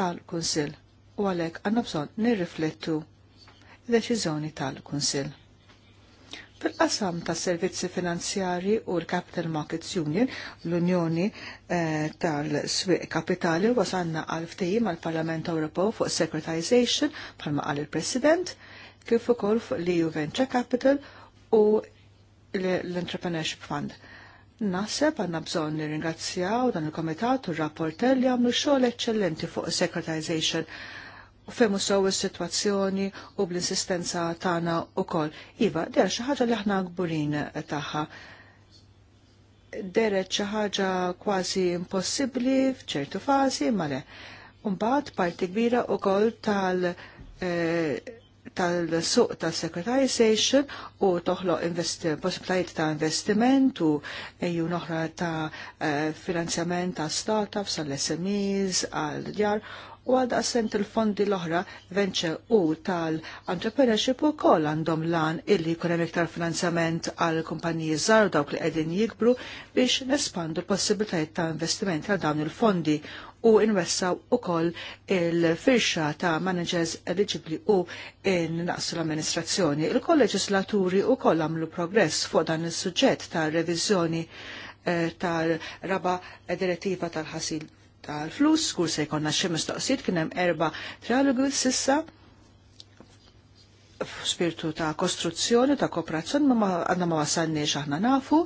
tal-Kunsil u għalek għannabson nirriflettu deċiżjoni tal-Kunsil. Fil-qasam ta' servizzi finanzjari u l-Capital Markets Union, l-Unjoni eh, tal-Swiq Kapitali wasanna għal-ftejim għal-Parlament Ewropew fuq Secretization bħalma għal il-President, kif ukoll fuq l-EU Venture Capital u l-Entrepreneurship Fund. Naseb għanna bżon nirringrazzjaw dan il-Komitat u r-rapporter li għamlu xogħol eċċellenti fuq Secretization femu sew is-sitwazzjoni u bl-insistenza tagħna wkoll. Iva, der xi ħaġa li aħna gburin tagħha. Deret xi ħaġa kważi impossibbli f'ċertu fażi, ma le. Mbagħad parti kbira wkoll tal- eh, tal-suq tal-secretization u toħloq possibilitajiet ta' investiment u eju noħra ta' eh, finanzjament ta' startups, għall smes għal-djar u għal daqsent il-fondi l-oħra venture u tal-entrepreneurship u kol għandhom lan illi kunem iktar finanzjament għal kumpaniji żgħar dawk li qegħdin jikbru biex nespandu l-possibilitajiet ta' investimenti għal dawn il-fondi u inwessaw u koll il-firxa ta' managers eligibli u naqsu l-amministrazzjoni. Il-kolleġislaturi u koll għamlu progress fuq dan il sujġet ta' revizjoni eh, ta' raba direttiva tal-ħasil tal-flus, kur se jkonna xie mistoqsijiet kien hemm erba' trialogu sissa spirtu ta' kostruzzjoni, ta' kooperazzjoni, ma għanna ma wasalniex aħna nafu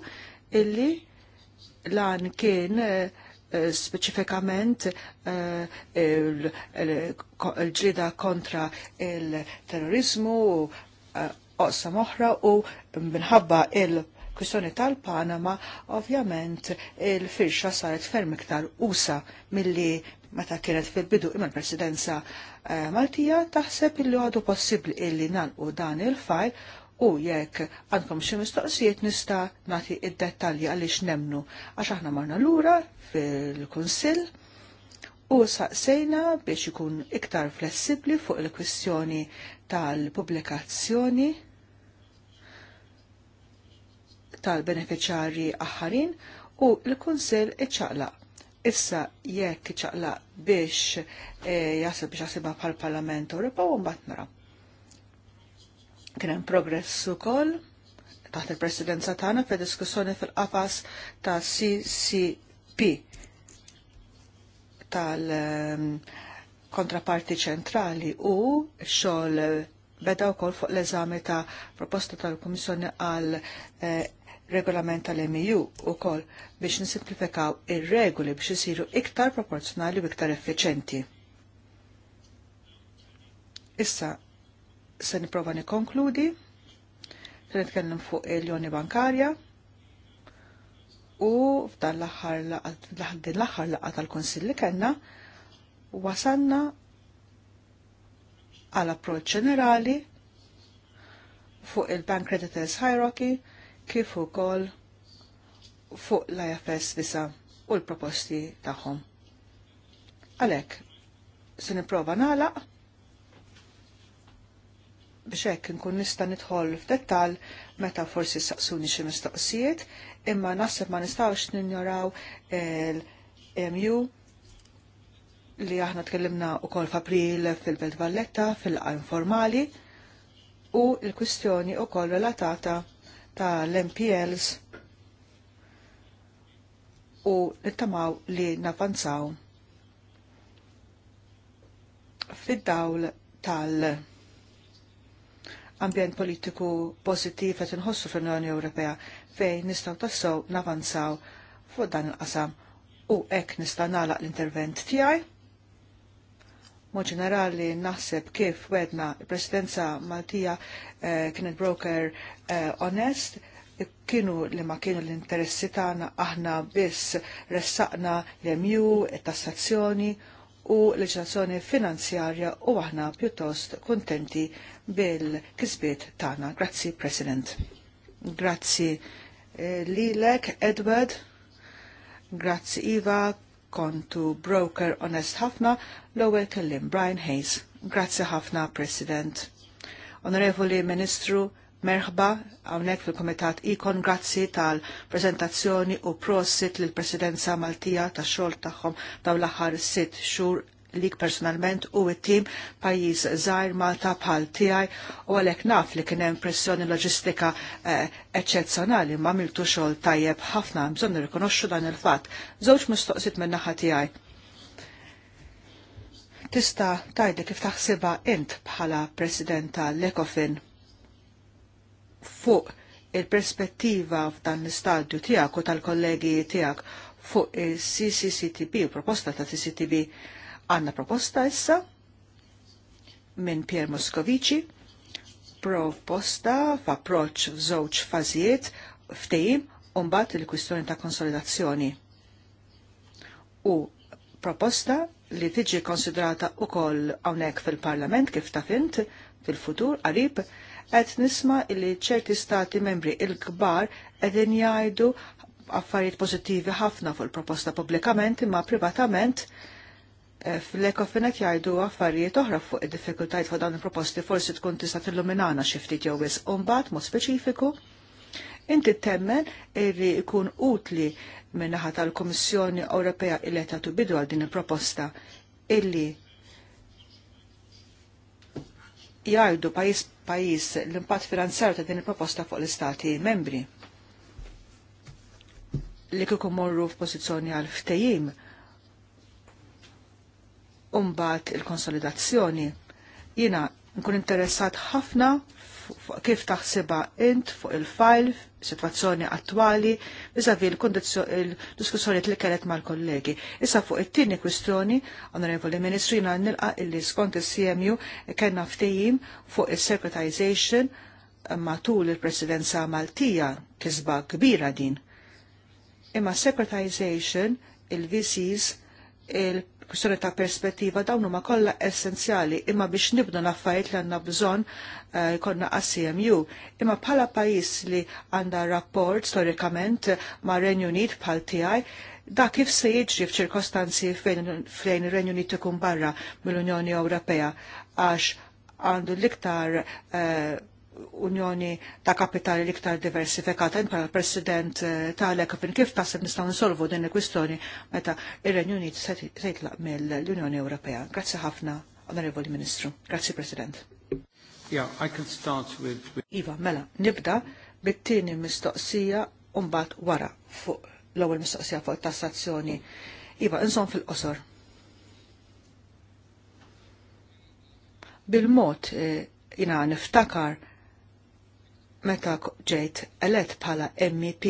illi lan kien eh, eh, speċifikament eh, il-ġlida kontra il-terrorizmu oqsam oħra u minħabba il- kwistjoni tal-Panama ovvjament il-firxa saret ferm iktar usa milli meta kienet fil-bidu imma l-presidenza eh, Maltija taħseb illi għadu possibli illi nalqu dan il-fajl u jekk għandkom xi mistoqsijiet nista' nagħti id-dettalji għaliex nemnu għax aħna marna lura fil-Kunsill u saqsejna biex ikun iktar flessibli fuq il-kwistjoni tal-pubblikazzjoni tal-beneficjarji aħħarin u l-Kunsill iċċaqlaq. Issa jekk iċċaqlaq biex eh, jasib biex jasibha bħal Parlament Ewropew u mbagħad nara. Kien hemm progress ukoll taħt il-presidenza tagħna fid diskussjoni fil-qafas ta' CCP tal ehm, kontraparti ċentrali u xogħol beda wkoll kol fuq l-eżami ta' proposta tal-Komissjoni għal eh, regolament tal-MU e u kol biex nisimplifikaw ir-regoli biex isiru iktar proporzjonali u iktar effiċenti. Issa, se niprofa nikonkludi, se nitkellem fuq il-joni bankarja u f'dan l-aħħar laqgħa tal-Konsill li kellna wasanna għal approċ ġenerali fuq il-Bank Creditors Hierarchy kif ukoll fuq l-IFS visa u l-proposti tagħhom. Għalhekk, se nipprova nagħlaq biex hekk inkun nista' nidħol f'dettall meta forsi saqsuni xi mistoqsijiet, imma naħseb ma nistgħux ninjoraw l-EMU li aħna tkellimna wkoll f'April fil-Belt Valletta fil-qa informali u l-kwistjoni wkoll relatata tal-MPLs u nittamaw li navanzaw fid-dawl tal- ambjent politiku pozittiv qed inħossu fl-Unjoni Ewropea fejn nistgħu tassew navanzaw fuq dan il-qasam u hekk nista' nagħlaq l-intervent tiegħi Mod ġenerali naħseb kif wedna il-Presidenza Maltija eh, kienet broker eh, onest, kienu li ma kienu l-interessi tagħna aħna biss ressaqna l-MU, tassazzjoni u leġislazzjoni finanzjarja u aħna pjuttost kontenti bil-kisbiet tagħna. Grazzi President. Grazzi eh, lilek Edward. Grazzi Iva, kontu broker onest ħafna l-ewwel kellim Brian Hayes. Grazzi ħafna, President. Onorevoli Ministru, merħba hawnhekk fil-Kumitat Ikon grazzi tal-prezentazzjoni u prosit lill presidenza Maltija tax xogħol tagħhom dawn l-aħħar sitt xhur lik personalment u it-tim pajjiż żgħir Malta bħal tiegħi u għalhekk naf li kien hemm pressjoni loġistika eh, eċċezzjonali ma miltu xogħol tajjeb ħafna bżonn nirrikonoxxu dan il-fatt. Żewġ mistoqsit minn naħa tiegħi. Tista' tgħidli kif taħsiba int bħala Presidenta Lekofin ekofin fuq il-perspettiva f'dan l-istadju tiegħek u tal-kollegi tiegħek fuq il-CCCTB, proposta ta' CCTB Għanna proposta issa minn Pier Moscovici, proposta f'approċċ f'żewġ fażijiet ftehim u mbagħad il-kwistjoni ta' konsolidazzjoni. U proposta li tiġi konsidrata wkoll hawnhekk fil-Parlament kif ta' fint fil-futur qarib qed nisma li ċerti stati membri il-kbar qegħdin jgħidu affarijiet pożittivi ħafna fuq il-proposta pubblikament imma privatament Eh, fl-ekofinet jgħidu affarijiet oħra fuq id difikultajt fuq dawn il-proposti forsi tkun tista' tilluminana xi ftit jew wis mbagħad mod speċifiku. Inti temmen irri jkun utli minnaħa tal-Kummissjoni Ewropea il-leta tubidu għal din il-proposta illi jgħidu pajis pajis l-impatt finanzjar ta' din il-proposta fuq l-istati membri li kikun morru f'pożizzjoni għal ftejim umbat il-konsolidazzjoni. Jina nkun interessat ħafna kif taħsiba int fuq il-fajl, situazzjoni attwali, vizavi il-diskussjoni li kellet mal-kollegi. Issa fuq it-tieni kwistjoni, Onorevoli Ministru, jina nilqa illi skont il-CMU kena ftejim fuq il-secretization matul il-presidenza Maltija, kisba kbira din. Imma secretization il-VCs il kwistjoni ta' perspettiva dawn huma kollha essenzjali imma biex nibdu naffajt li għandna bżonn eh, jkollna uh, għas-CMU. Imma bħala pajjiż li għandha rapport storikament ma' Renju Unit bħal tiegħi, da kif se jiġri f'ċirkostanzi fejn ir-Renju Unit ikun barra mill-Unjoni Ewropea għax għandu l-iktar uh, unjoni ta' kapitali liktar diversifikata. Inta l-President eh, tal-ek fin kif tasib nistaw nsolvu din il-kwistjoni meta il renju Unit se mill-Unjoni Ewropea. Grazzi ħafna, Onorevoli Ministru. Grazzi, President. Yeah, I can start with... Iva, mela, nibda bit-tieni mistoqsija umbat wara fuq l-ewwel mistoqsija fuq tassazzjoni. Iva, insom fil-qosor. Bil-mod eh, jina niftakar meta ġejt elett bħala MEP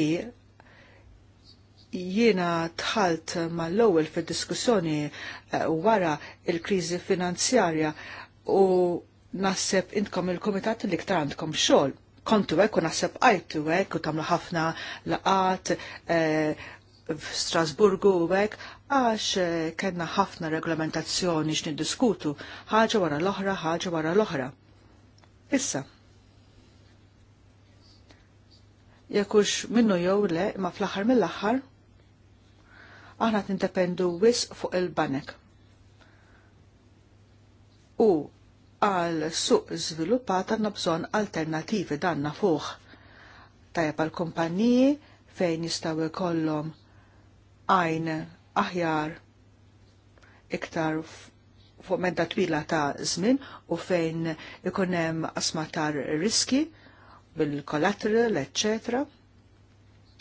jiena tħalt mal-ewwel fid-diskussjoni eh, wara il-kriżi finanzjarja u nasseb intkom il-komitat li ktar għandkom xogħol. Kontu hekk u naħseb għajtu hekk u tagħmlu ħafna laqat eh, f'Strasburgu u hekk għax eh, kellna ħafna regolamentazzjoni x'niddiskutu ħaġa wara l-oħra, ħaġa wara l-oħra. Issa, jekux minnu jew le ma fl-aħħar mill-aħħar aħna t-independu wis fuq il-banek. U għal suq zviluppat għanna bżonn alternativi danna fuq. Tajab għal kompanniji fejn jistgħu jkollhom għajn aħjar iktar fuq medda twila ta' żmien u fejn ikun hemm asma riski bil-collateral, eccetera,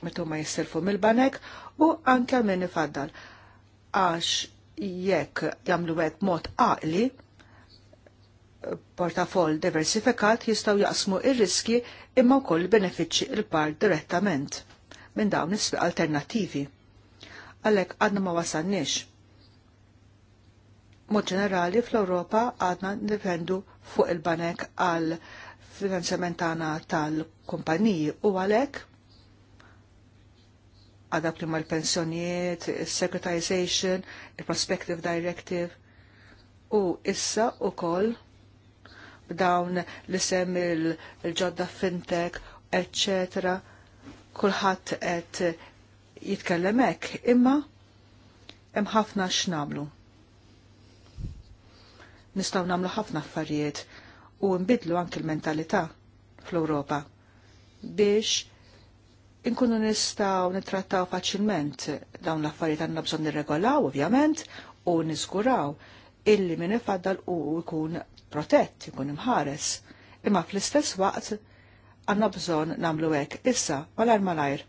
metu ma jisselfu mill-banek u anke għal min ifaddal. Għax jekk jamlu għek mod għaqli, portafol diversifikat jistaw jaqsmu il riski imma wkoll benefiċċi il-part direttament minn dawn is alternativi. Għalek għadna ma wasannix. Mod ġenerali fl-Europa għadna nifendu fuq il-banek għal finanzjament tagħna tal-kumpaniji u għalhekk għadha li mal-pensjonijiet, il-securitization, il-prospective directive u issa u koll b'dawn li sem il-ġodda fintech, etc. Kulħadd qed jitkellem hekk, imma hemm ħafna x'namlu. Nistgħu nagħmlu ħafna affarijiet u nbidlu anki l-mentalità fl-Ewropa biex inkunu nistaw nitrattaw faċilment dawn l-affarijiet għandna bżonn nirregolaw ovvjament u niżguraw illi min ifaddal u jkun protett, jkun imħares. Imma fl-istess waqt għandna bżonn nagħmlu hekk issa malajr malajr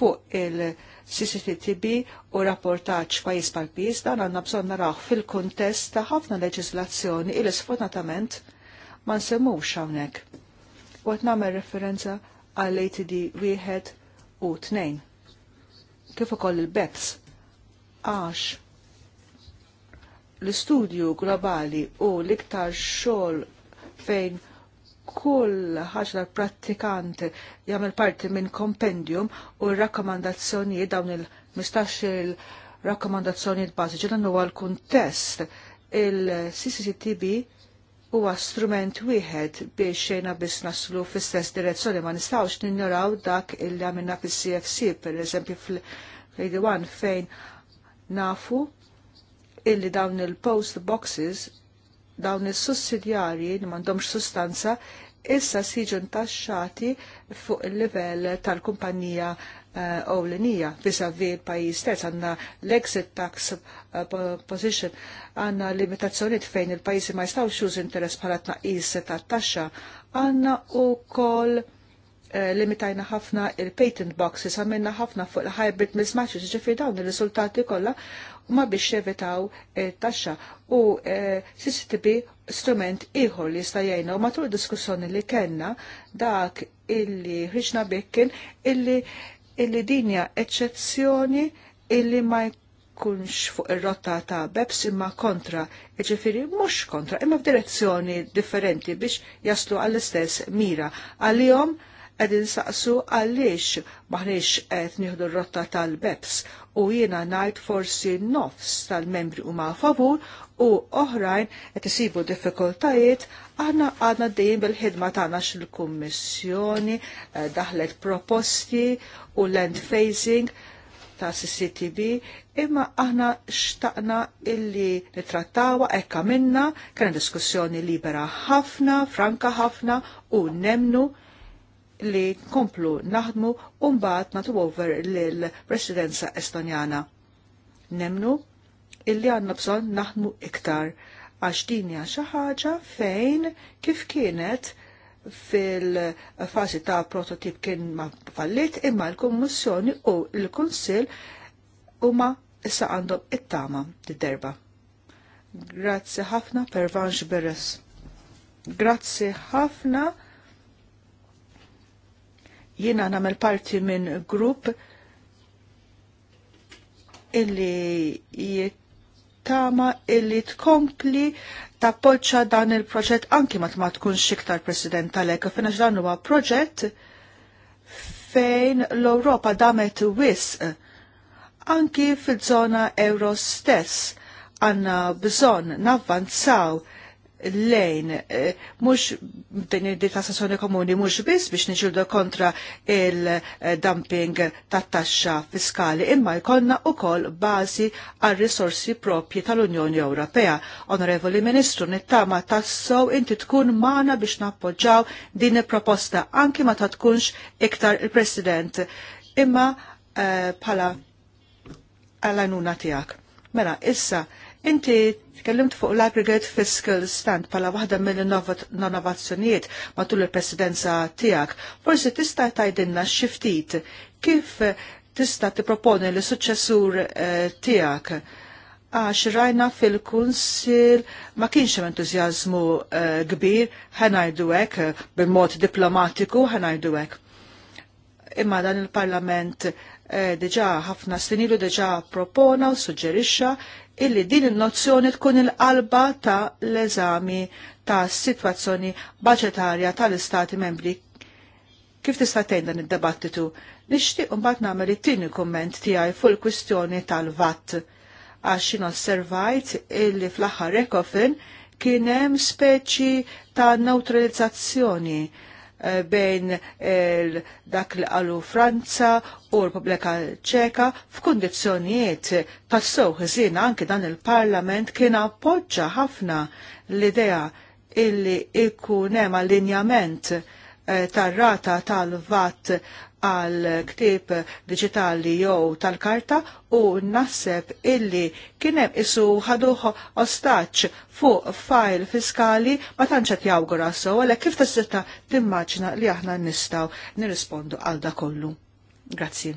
fuq il-CCTB u rapportaċ pajis pal pajis dan għanna bżonn naraw fil-kontest ta' ħafna leġislazzjoni il sfortunatament ma nsemmux hawnhekk. U nagħmel referenza għal ATD wieħed u tnejn. Kif ukoll il-BEPS għax l-istudju globali u l-iktar xogħol fejn kull ħaġa prattikant jagħmel parti minn kompendium u r-rakkomandazzjonijiet dawn il-15 il-rakkomandazzjonijiet bażiċi dan huwa l-kuntest il-CCCTB huwa strument wieħed biex xejna biss naslu fl-istess direzzjoni ma nistgħux ninnoraw dak illi għamilna fis-CFC, pereżempju fl ad fejn nafu illi dawn il-post boxes dawn is-sussidjarji li m'għandhomx sustanza issa siġu ntaxxati fuq il-livell tal-kumpanija Eh, ewlenija vis-a-vis il-pajjiż stess għandna l-exit tax eh, position għandna limitazzjonijiet fejn il-pajjiżi ma jistgħux już interess bħala tnaqqis tat-taxxa għandna wkoll eh, limitajna ħafna il-patent boxes, għamilna ħafna fuq il-hybrid mismatches, ġifir dawn il-risultati kollha ma biex jevitaw taxxa u CCTB strument ieħor li jista' jgħinna u matul diskussjoni li kellna dak illi ħriġna bekkin illi illi dinja eċċezzjoni illi ma jkunx fuq ir-rotta ta' BEPS imma kontra, ġifiri mhux kontra, imma f'direzzjoni differenti biex jaslu għall-istess mira. Għalihom qegħdin saqsu għaliex maħniex qed nieħdu r-rotta tal-BEPS u jiena ngħid forsi nofs tal-membri huma favur u oħrajn qed isibu diffikultajiet aħna għadna dejjem bil-ħidma tagħna x'il-Kummissjoni eh, daħlet proposti u land phasing ta' CCTV, imma aħna xtaqna illi nitrattawa ekka minna, kena diskussjoni libera ħafna, franka ħafna u nemnu li komplu naħdmu umbat natu over l-presidenza estonjana. Nemnu illi għanna bżon naħdmu iktar għax dinja xi ħaġa fejn kif kienet fil-fasi ta' prototip kien ma fallit imma l-Kommissjoni u l u huma issa għandhom it-tama id-derba. Grazzi ħafna per Vanġ Beres. Grazzi ħafna Jiena nagħmel parti minn grupp illi jittama illi tkompli tappoġġa dan il-proġett anki ma ma tkunx iktar President tal-ek fina dan huwa proġett fejn l-Ewropa damet wisq anki fil-żona euro stess għanna bżon navvanzaw lejn, eh, mux din tassazzjoni komuni, mux biss biex niġildu kontra il-dumping tat taxxa fiskali, imma jkollna u koll bazi għal risorsi propji tal-Unjoni Ewropea. Onorevoli Ministru, nittama tassow inti tkun mana biex nappoġġaw din il-proposta, anki ma ta' tkunx iktar il-President, imma eh, bħala għal-għanuna tijak. Mela, issa, Inti tkellimt fuq l-aggregate fiscal stand pala waħda mill-innovazzjonijiet matul il-presidenza tiegħek. Forsi tista' tgħidilna xiftit kif tista' tipproponi l suċċessur eh, tiegħek għax rajna fil-kunsil ma kienx hemm entużjażmu eh, kbir ħanajdu hekk b'mod diplomatiku ħanajdu hekk. Imma dan il-Parlament eh, diġa ħafna snin sinilu diġa propona u suġġerixxa illi din il-nozzjoni tkun il-qalba ta' l-eżami ta' situazzjoni budgetarja tal-istati membri. Kif tista' tgħin dan id-dibattitu? Nixtieq mbagħad nagħmel it-tieni kumment tiegħi fuq il-kwistjoni tal-VAT għax osservajt illi fl-aħħar rekofin kien hemm speċi ta' neutralizzazzjoni Eh, bejn eh, dak li qalu Franza u Repubblika Ċeka f'kundizzjonijiet tassew ħżin anke dan il-Parlament kien appoġġa ħafna l-idea illi ikun hemm allinjament eh, tar-rata tal-vat għal ktib digitali jew tal-karta u nasseb illi kienem isu ħaduħ ostaċ fuq fajl fiskali ma tanċet jawgura so, għale kif tista timmaġna li aħna nistaw nirrispondu għal da kollu. Grazzi.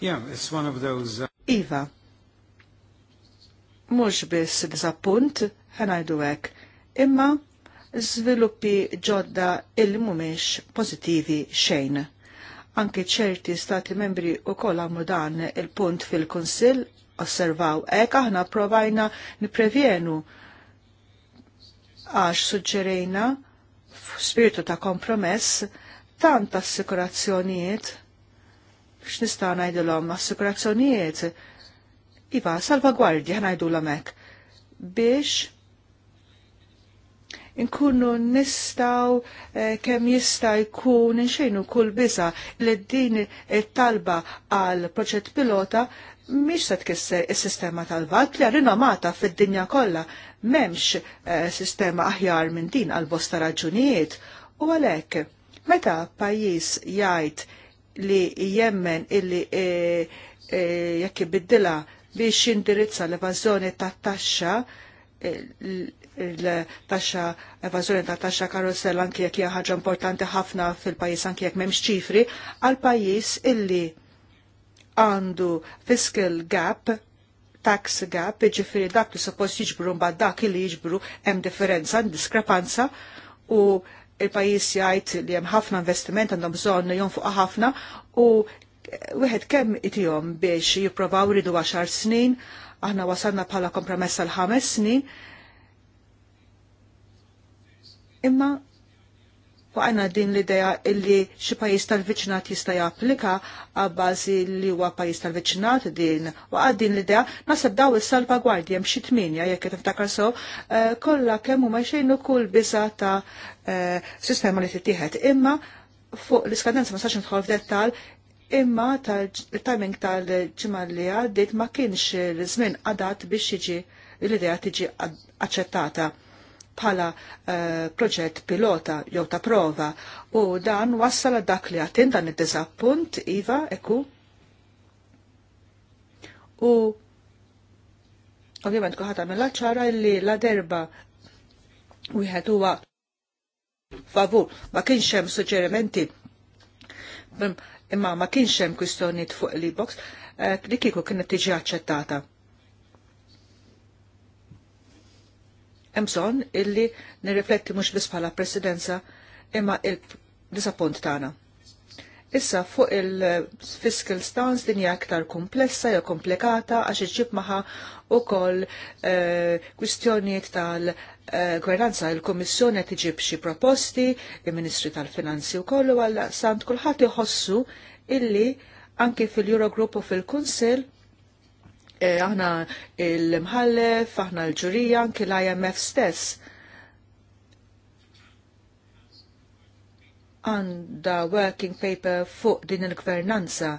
Yeah, it's one of those... Uh, iva, mux biss disappunt, ħanajdu hekk, imma żviluppi ġodda il mhumiex pożittivi xejn. Anke ċerti stati membri u kolla mudan dan il-punt fil-Konsil osservaw ek aħna provajna niprevjenu għax suġġerejna f'spiritu ta' kompromess tant assikurazzjonijiet x'nista' ngħidilhom assikurazzjonijiet iva salvagwardja ngħidulhom l hekk biex nkunu nistaw eh, kem jista jkun nxejnu kull biza li din talba għal proġett pilota miex se tkisser is-sistema tal-valk li rinomata fid-dinja kollha m'hemmx eh, sistema aħjar minn din għal bosta raġunijiet u għalhekk meta pajjiż jgħid li jemmen illi eh, jekk ibiddilha biex jindirizza l-evażjoni tat-taxxa il-taxxa evażjoni ta' taxxa karosell anke jekk hija ħaġa importanti ħafna fil-pajjiż anke jekk m'hemmx ċifri għal pajjiż illi għandu fiscal gap tax gap, ġifiri dak li suppost jiġbru mbagħad dak li jiġbru hemm differenza, diskrepanza u il-pajjiż jgħid li hemm ħafna investiment għandhom bżonn jonfuqa ħafna u wieħed kemm itihom biex jipprovaw ridu għaxar snin, aħna wasalna bħala kompromess għal ħames snin, Imma waqna din l-idea illi xi pajjiż tal-viċinat jista' japplika għabbażi li huwa pajjiż tal-viċinat din waqa' din l-idea nasab daw salva salvagwardja hemm xi tminja jekk qed niftakar so, eh, kollha kemm huma xejnu kull biza ta' eh, sistema li titieħed. Imma fuq l-iskadenza ma sax nidħol f'dettall imma tal-timing tal-ġimgħa li għaddiet ma kienx l-żmien qadat biex jiġi l-idea tiġi aċċettata bħala uh, proġett pilota jew ta' prova u dan wassal dak li għatin dan id-disappunt iva eku u ovvjament kuħata mill ċara li la derba u jħed huwa favur ma kienx hemm suġġerimenti imma ma kienx hemm kwistjonijiet fuq li box box eh, li kieku kienet tiġi aċċettata emson illi nirrifletti mux bis bħala presidenza imma il disappunt tana. Issa fuq il-fiscal stance din hija aktar komplessa jew komplikata għax iġib maħa u eh, kwistjonijiet kwistjoniet tal-gvernanza il-Kummissjoni qed iġib xi proposti, il-Ministri tal-Finanzi wkoll għal sant kulħadd iħossu illi anke fil-Eurogroup u fil-Kunsill Eh, aħna il-mħallef, aħna l-ġurija, anki l-IMF stess. Għanda working paper fuq din il-gvernanza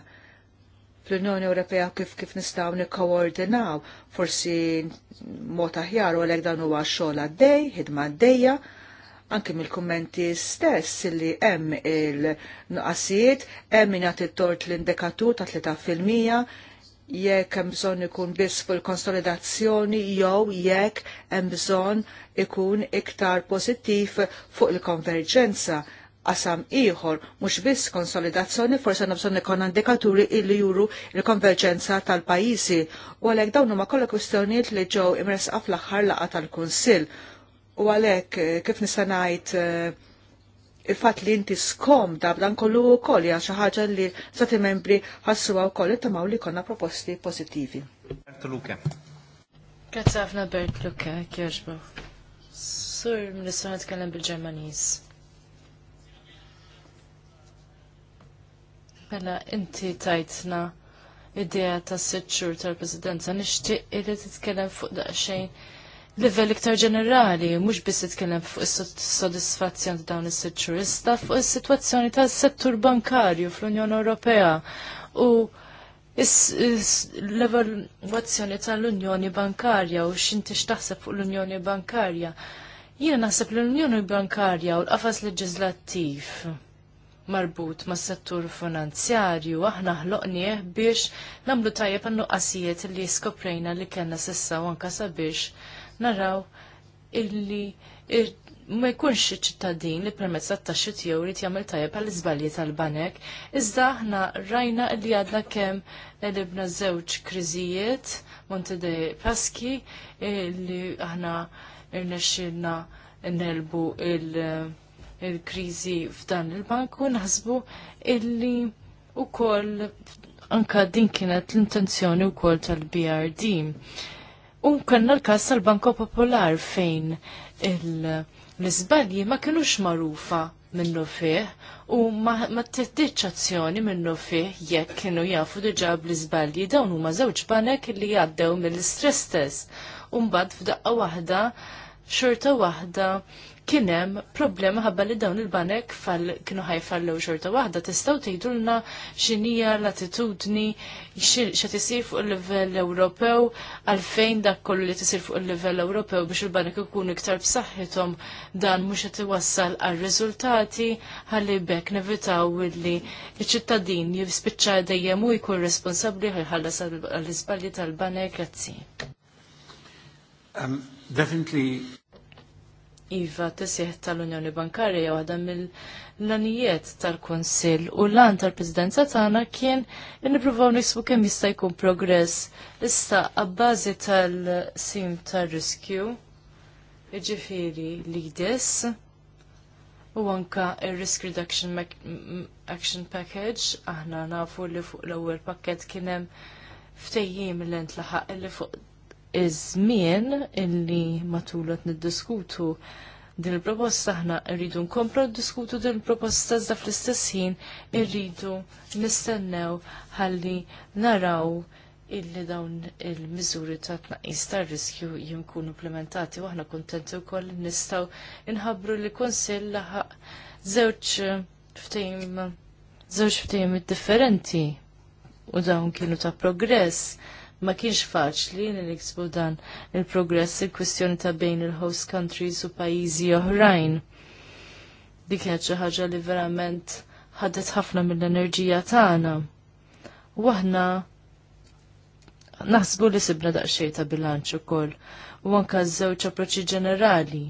fl-Unjoni Ewropea kif kif nistgħu nikkoordinaw forsi mod aħjar u għalhekk dan huwa xogħol għaddej, ħidma għaddejja, anke mill-kummenti stess li hemm il nuqasijiet hemm min jagħti tort l-indikatur ta' 3 jekk hemm bżonn ikun biss fil konsolidazzjoni jew jekk hemm bżonn ikun iktar pożittiv fuq il-konverġenza qasam ieħor mhux biss konsolidazzjoni forsi għandna bżonn ikun indikaturi illi juru l-konverġenza tal-pajjiżi u għalhekk dawn huma kollha kwistjonijiet li ġew imresqa fl-aħħar laqgħa tal-Kunsill. U għalhekk eh, kif nista' ngħid eh, il-fat li inti skom da b'dan kollu u koll ja xaħġa li stati membri ħassuwa u koll tamaw li konna proposti pozitivi. Bert Luke. Grazie għafna Bert Luke, kjerġbu. Sur, ministru nitkellem bil-Ġermanis. Mela, inti tajtna deja ta' sitxur tal-presidenza, nishtiq li titkellem fuq daqxejn livell iktar ġenerali, mhux biss itkellem fuq is-sodisfazzjon ta' dawn is sitturista fuq is-sitwazzjoni tas-settur bankarju fl-Unjoni Ewropea u l-evalwazzjoni tal-Unjoni Bankarja u x'inti x'taħseb fuq l-Unjoni Bankarja. Jiena naħseb l-Unjoni Bankarja u l-qafas leġislattiv marbut ma' settur finanzjarju aħna ħloqnieh biex namlu tajjeb għan nuqqasijiet li skoprejna li kellna sissa u anka sabiex naraw illi ma jkunx ċittadin li permezz ta' taxxi tiegħu jrid jagħmel tajjeb għall iżbalji tal-banek, iżda aħna rajna li għadna kemm edibna żewġ kriżijiet Monte Paski Paschi li aħna rnexxilna nelbu il-kriżi f'dan il-bank u naħsbu illi wkoll anka din kienet l-intenzjoni wkoll tal-BRD Unkanna l kassa tal-Banko Popolar fejn l-izbalji ma kienux marufa minnu fih u ma t-tittiċ azzjoni minnu fih jekk kienu jafu diġa bl-izbalji dawn huma żewġ banek li jgħaddew mill-istress test. Umbad f'daqqa waħda, xorta waħda, kienem problema ħabba li dawn il-banek fall kienu ħajfallew xorta waħda tistaw tgħidulna x'inhija l-attitudni xa tisir fuq il-livell Ewropew għalfejn dak kollu li tisir fuq il-livell Ewropew biex il-banek ikunu iktar b'saħħithom dan mhux qed iwassal għal riżultati ħalli bekk nevitaw li ċ-ċittadin jispiċċa dejjem u jkun responsabbli ħallas għall-iżbalji tal-banek grazzi. Um, definitely Iva tisjeħ tal-Unjoni Bankarja għadha mill-lanijiet tal-Konsil u l-lan tal-Presidenza tagħna kien li nippruvaw nisbu kemm jista' jkun progress issa għabbazi tal-sim tal riskju jiġifieri l-idis, e u anka il-Risk Reduction Action Package aħna nafu li fuq l-ewwel pakket kien hemm ftejjim l-ent laħaq li fuq iż-żmien illi matul qed niddiskutu din il-proposta aħna rridu nkomplu diskutu din il-proposta iżda fl-istess ħin irridu nistennew ħalli naraw illi dawn il-miżuri ta' tnaqqis tar riskju jinkunu implementati u aħna kuntenti wkoll nistgħu inħabbru li kunsill laħaq żewġ ftehim żewġ ftehim differenti u dawn kienu ta' progress ma kienx faċli li niksbu dan il-progress il-kwestjoni ta' bejn il-host countries u pajjiżi oħrajn. Dik kienet xi ħaġa li verament ħadet ħafna mill-enerġija tagħna. U aħna naħsbu li sibna daqsxejn ta' bilanċ ukoll u anke żewġ approċċi ġenerali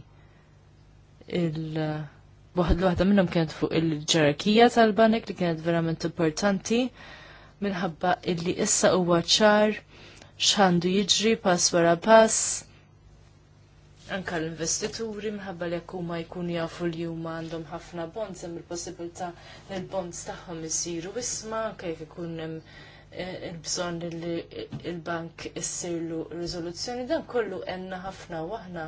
il- Waħad l-waħda minnhom kienet fuq il-ġerarkija tal-banek li kienet verament importanti minħabba illi issa huwa ċar xandu jiġri pass wara pass. Anka l-investituri mħabba li huma jkun jafu li huma għandhom ħafna bonds hemm il-possibilità li l-bonds tagħhom jisiru isma' kif ikun hemm eh, il-bżonn li l-bank issirlu riżoluzzjoni dan kollu għenna ħafna waħna.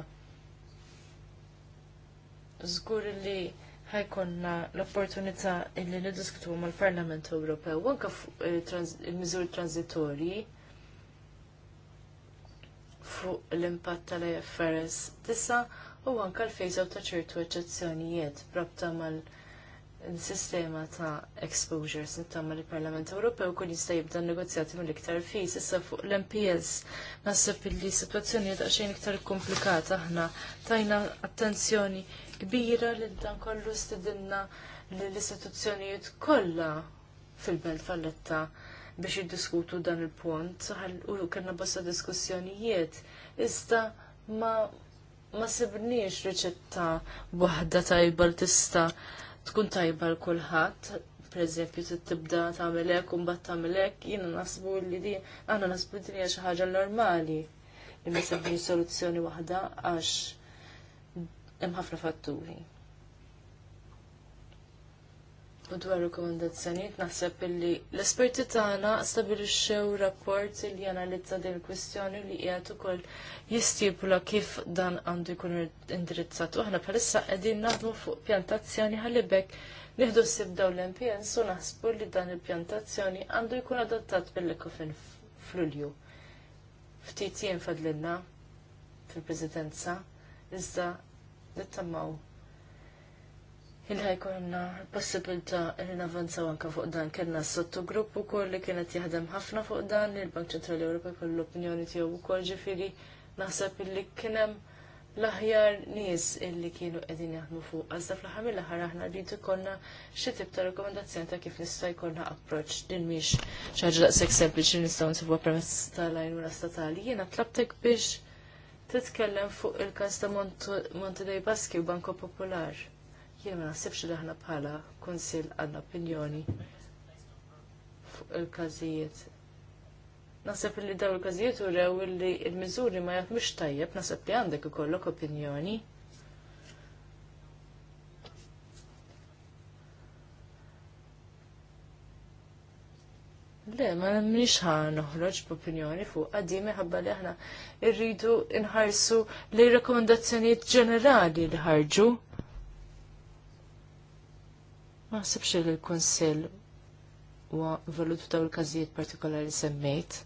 Zgur li ħajkonna l-opportunità li niddiskutu mal-Parlament Ewropew anke eh, il-miżur transitorji fuq l-impatt tal-IFRS 9 u anke l-fejżaw ta' ċertu eċċezzjonijiet brabta mal- sistema ta' exposures nittamma li parlament Ewropew kun jista' jibda negozjati mill-iktar fis issa fuq l-MPS. Naħseb li situazzjoni ta' xejn iktar komplikata aħna tajna attenzjoni kbira li dan kollu stidinna l-istituzzjonijiet kollha fil-belt falletta biex jiddiskutu dan il-punt u kellna bosta diskussjonijiet. Iżda ma ma sibniex riċetta waħda tajba tista tkun tajba l kulħadd pereżempju tibda tagħmelek u mbagħad tagħmelek, jiena naħsbu li di aħna naħsbu li hija xi ħaġa normali li ma sibniex soluzzjoni waħda għax hemm ħafna fatturi u dwar rekomendazzjoniet naħseb illi l-esperti tagħna stabilixxew rapport li analizza din il-kwistjoni li qiegħed ukoll jistipula kif dan għandu jkun indirizzat. U aħna bħalissa qegħdin naħdmu fuq pjantazzjoni ħalibek nieħdu ssib l-MPNs u naħsbu li dan il-pjantazzjoni għandu jkun adattat bil-ekofin f'Lulju. Ftit jien fadlilna fil-Presidenza iżda nittammaw il konna possibilta li navanzaw anka fuq dan kena sottogrupp ukoll li kienet jaħdem ħafna fuq dan il-Bank Ċentrali Ewropej kol l-opinjoni tiegħu wkoll ġifieri naħseb illi kien hemm l-aħjar nies illi kienu qegħdin jaħdmu fuq. Għażda fl-aħħar mill-aħħar aħna rridu konna xi tip ta' rekomendazzjoni ta' kif nista' jkollna approċċ din mhix xi ħaġa daqshekk sempliċi nistgħu nsibuha permezz tal-għajnuna statali. Jiena tlabtek biex titkellem fuq il-każ ta' Montidej Baski u Banko Popolar. Jien ma naħsibx li aħna bħala kunsill għandna opinjoni fuq il-każijiet. Naħseb li dawn il-każijiet urew li l-miżuri ma jagħmux tajjeb, naħseb li għandek ikollok opinjoni. Le, ma nix ħan noħroġ b'opinjoni fuq għadimi ħabba li aħna irridu nħarsu li rekomendazzjoniet ġenerali li ħarġu. Ma ħsibx li l-Konsill huwa involut f'daw il-każijiet partikolari semmejt.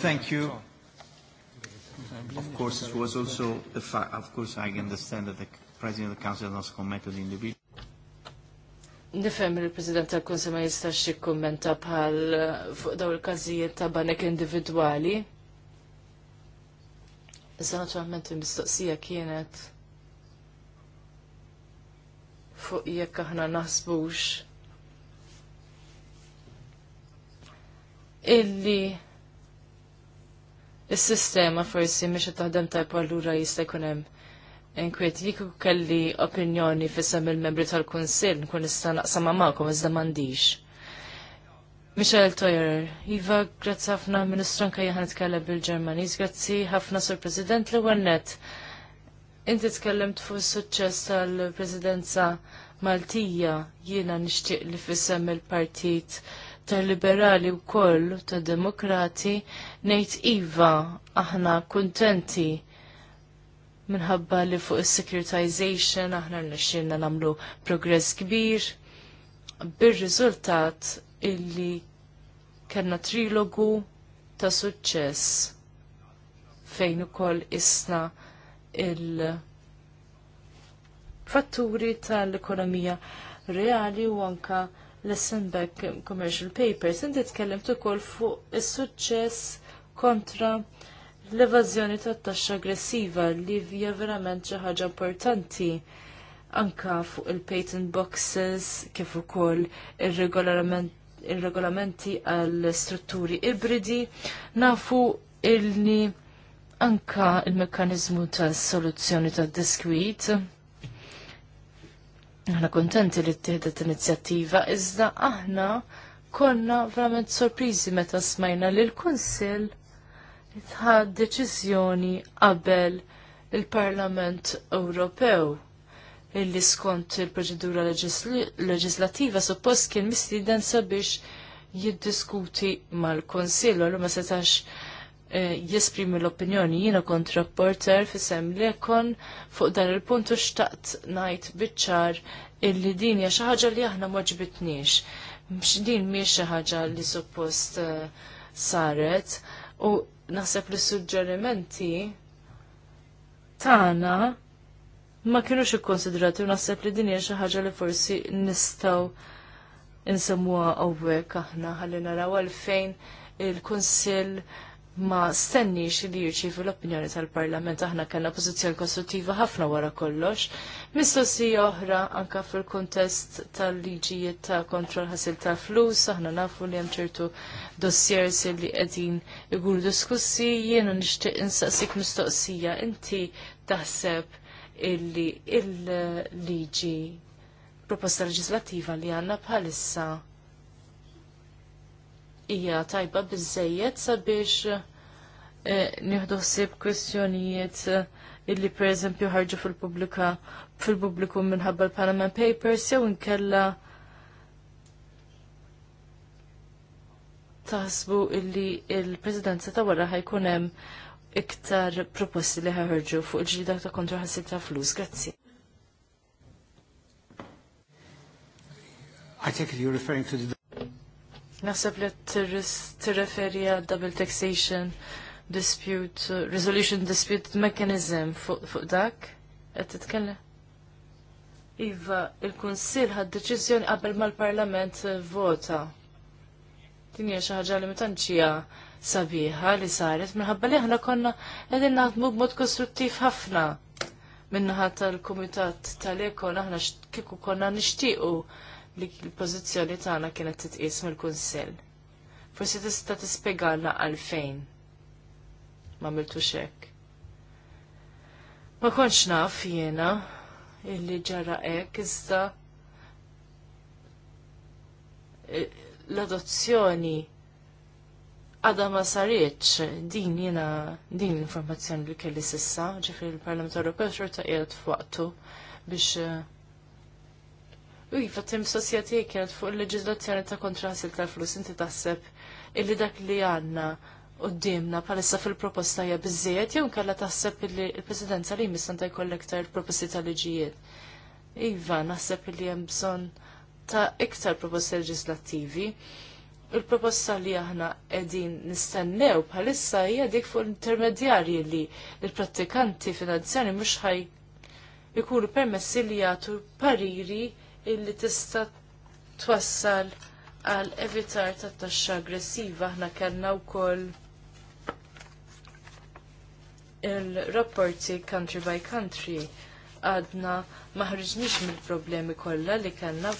Thank you. Of course, it was also the fact, of course, I understand that the President of the Council has commented in the bill. Nifhem il-President tal-Kunsel ma jistax jikkummenta bħal fuq daw il-każijiet ta' banek individwali. Iżda naturalment il-mistoqsija kienet fuq jekk aħna naħsbux illi is-sistema forsi mhix qed taħdem tajb allura jista' jkun hemm inkwiet jiku kelli opinjoni fissam il-membri tal-Kunsill nkun nista' naqsam magħkom iżda m'għandix. Michel Toyer, Iva, grazzi ħafna ministran kaj jahan tkellem bil-Ġermaniż, grazzi ħafna sur President li għannet. Inti tkellimt fuq is-suċċess tal-Presidenza Maltija jiena nixtieq li fissem il-Partit tal-Liberali wkoll tad-Demokrati ngħid iva aħna kuntenti minħabba li fuq is-securitization aħna nixxilna nagħmlu progress kbir bir-riżultat illi kellna trilogu ta' suċċess fejn ukoll isna il-fatturi tal-ekonomija reali u anka l back Commercial Papers. Inti tkellem ukoll fuq is-suċċess kontra l-evażjoni tat-taxxa aggressiva li hija verament xi ħaġa importanti anka fuq il-patent boxes kif ukoll ir regolarment il-regolamenti għal strutturi ibridi, nafu il-ni anka il mekanizmu ta' soluzzjoni ta' diskwit. Aħna kontenti li t-tihdet inizjattiva, iżda aħna konna verament sorprizi meta smajna li l-Kunsill tħad deċiżjoni qabel il-Parlament Ewropew illi skont il-proċedura leġislativa suppost kien mistieden sabiex jiddiskuti mal konsil għallu ma setax eh, jesprimi l-opinjoni jiena kont rapporter li kon fuq dan il-punt u xtaqt najt bitċar illi din hija xi ħaġa li aħna moġbitniex. Din miex xi ħaġa li suppost eh, saret u naħseb li suġġerimenti tagħna ma kienux ikkonsidrati u naħseb li din hija xi ħaġa li forsi nistgħu insemmuha hawnhekk aħna ħalli naraw għalfejn il-Kunsill ma stennix li jirċivu l-opinjoni tal-Parlament aħna kellna pożizzjoni konstruttiva ħafna wara kollox. Mistoqsija oħra anka fil-kontest tal-liġijiet ta' kontrol ħasil ta' flus, aħna nafu li hemm ċertu dossiers li qegħdin iguru diskussi, jiena nixtieq insaqsik mistoqsija inti taħseb illi il-liġi proposta legislativa li għanna bħalissa hija tajba bizzejiet sabiex eh, nieħdu ħsieb kwestjonijiet eh, illi pereżempju ħarġu fil-pubblika fil-pubbliku minħabba l-Panama Papers jew inkella taħsbu illi il-Presidenza ta' wara ħajkun hemm iktar proposti li ħarġu fuq il-ġlida ta' kontra ħassib ta' flus. Grazzi. I take it you're referring to the... Naħseb li t-referi għal double taxation dispute, resolution dispute mechanism fuq dak? Għed t-tkellem? Iva, il-Kunsil ħad deċiżjoni qabel mal-Parlament vota. Tinja xaħġa xi ħaġa li ma sabiħa li saret minħabba li aħna konna qegħdin naħdmu b'mod kostruttiv ħafna minnaħat tal-Kumitat tal eko naħna kiku konna nixtiequ li l-pożizzjoni tagħna kienet titqies mill kunsell Forsi tista' tispjegalna għalfejn ma miltux hekk. Ma konx naf jiena illi ġara hekk iżda eh, l-adozzjoni għada ma sarieċ din jena din l-informazzjoni li kelli sissa ġifri l parlament Ewropew xorta qiegħed fuqtu biex u uh, jifa tim sosjeti kienet fuq il-leġizlazzjoni ta' kontrasil tal-flus inti taħseb illi dak li għanna d-dimna palissa fil-proposta hija bizziet jew inkella taħseb illi l-Presidenza li ta' jkollektar il-proposti tal-liġijiet. Iva, naħseb illi hemm bżonn ta' iktar proposti leġislattivi il-proposta li aħna edin nistennew bħalissa hija dik fuq l-intermedjarji li l-prattikanti finanzjari mhux ħaj ikunu permessi li jagħtu pariri illi tista' twassal għal evitar ta' taxxa aggressiva aħna kellna wkoll il-rapporti country by country għadna maħriġniex mill-problemi kollha li kellna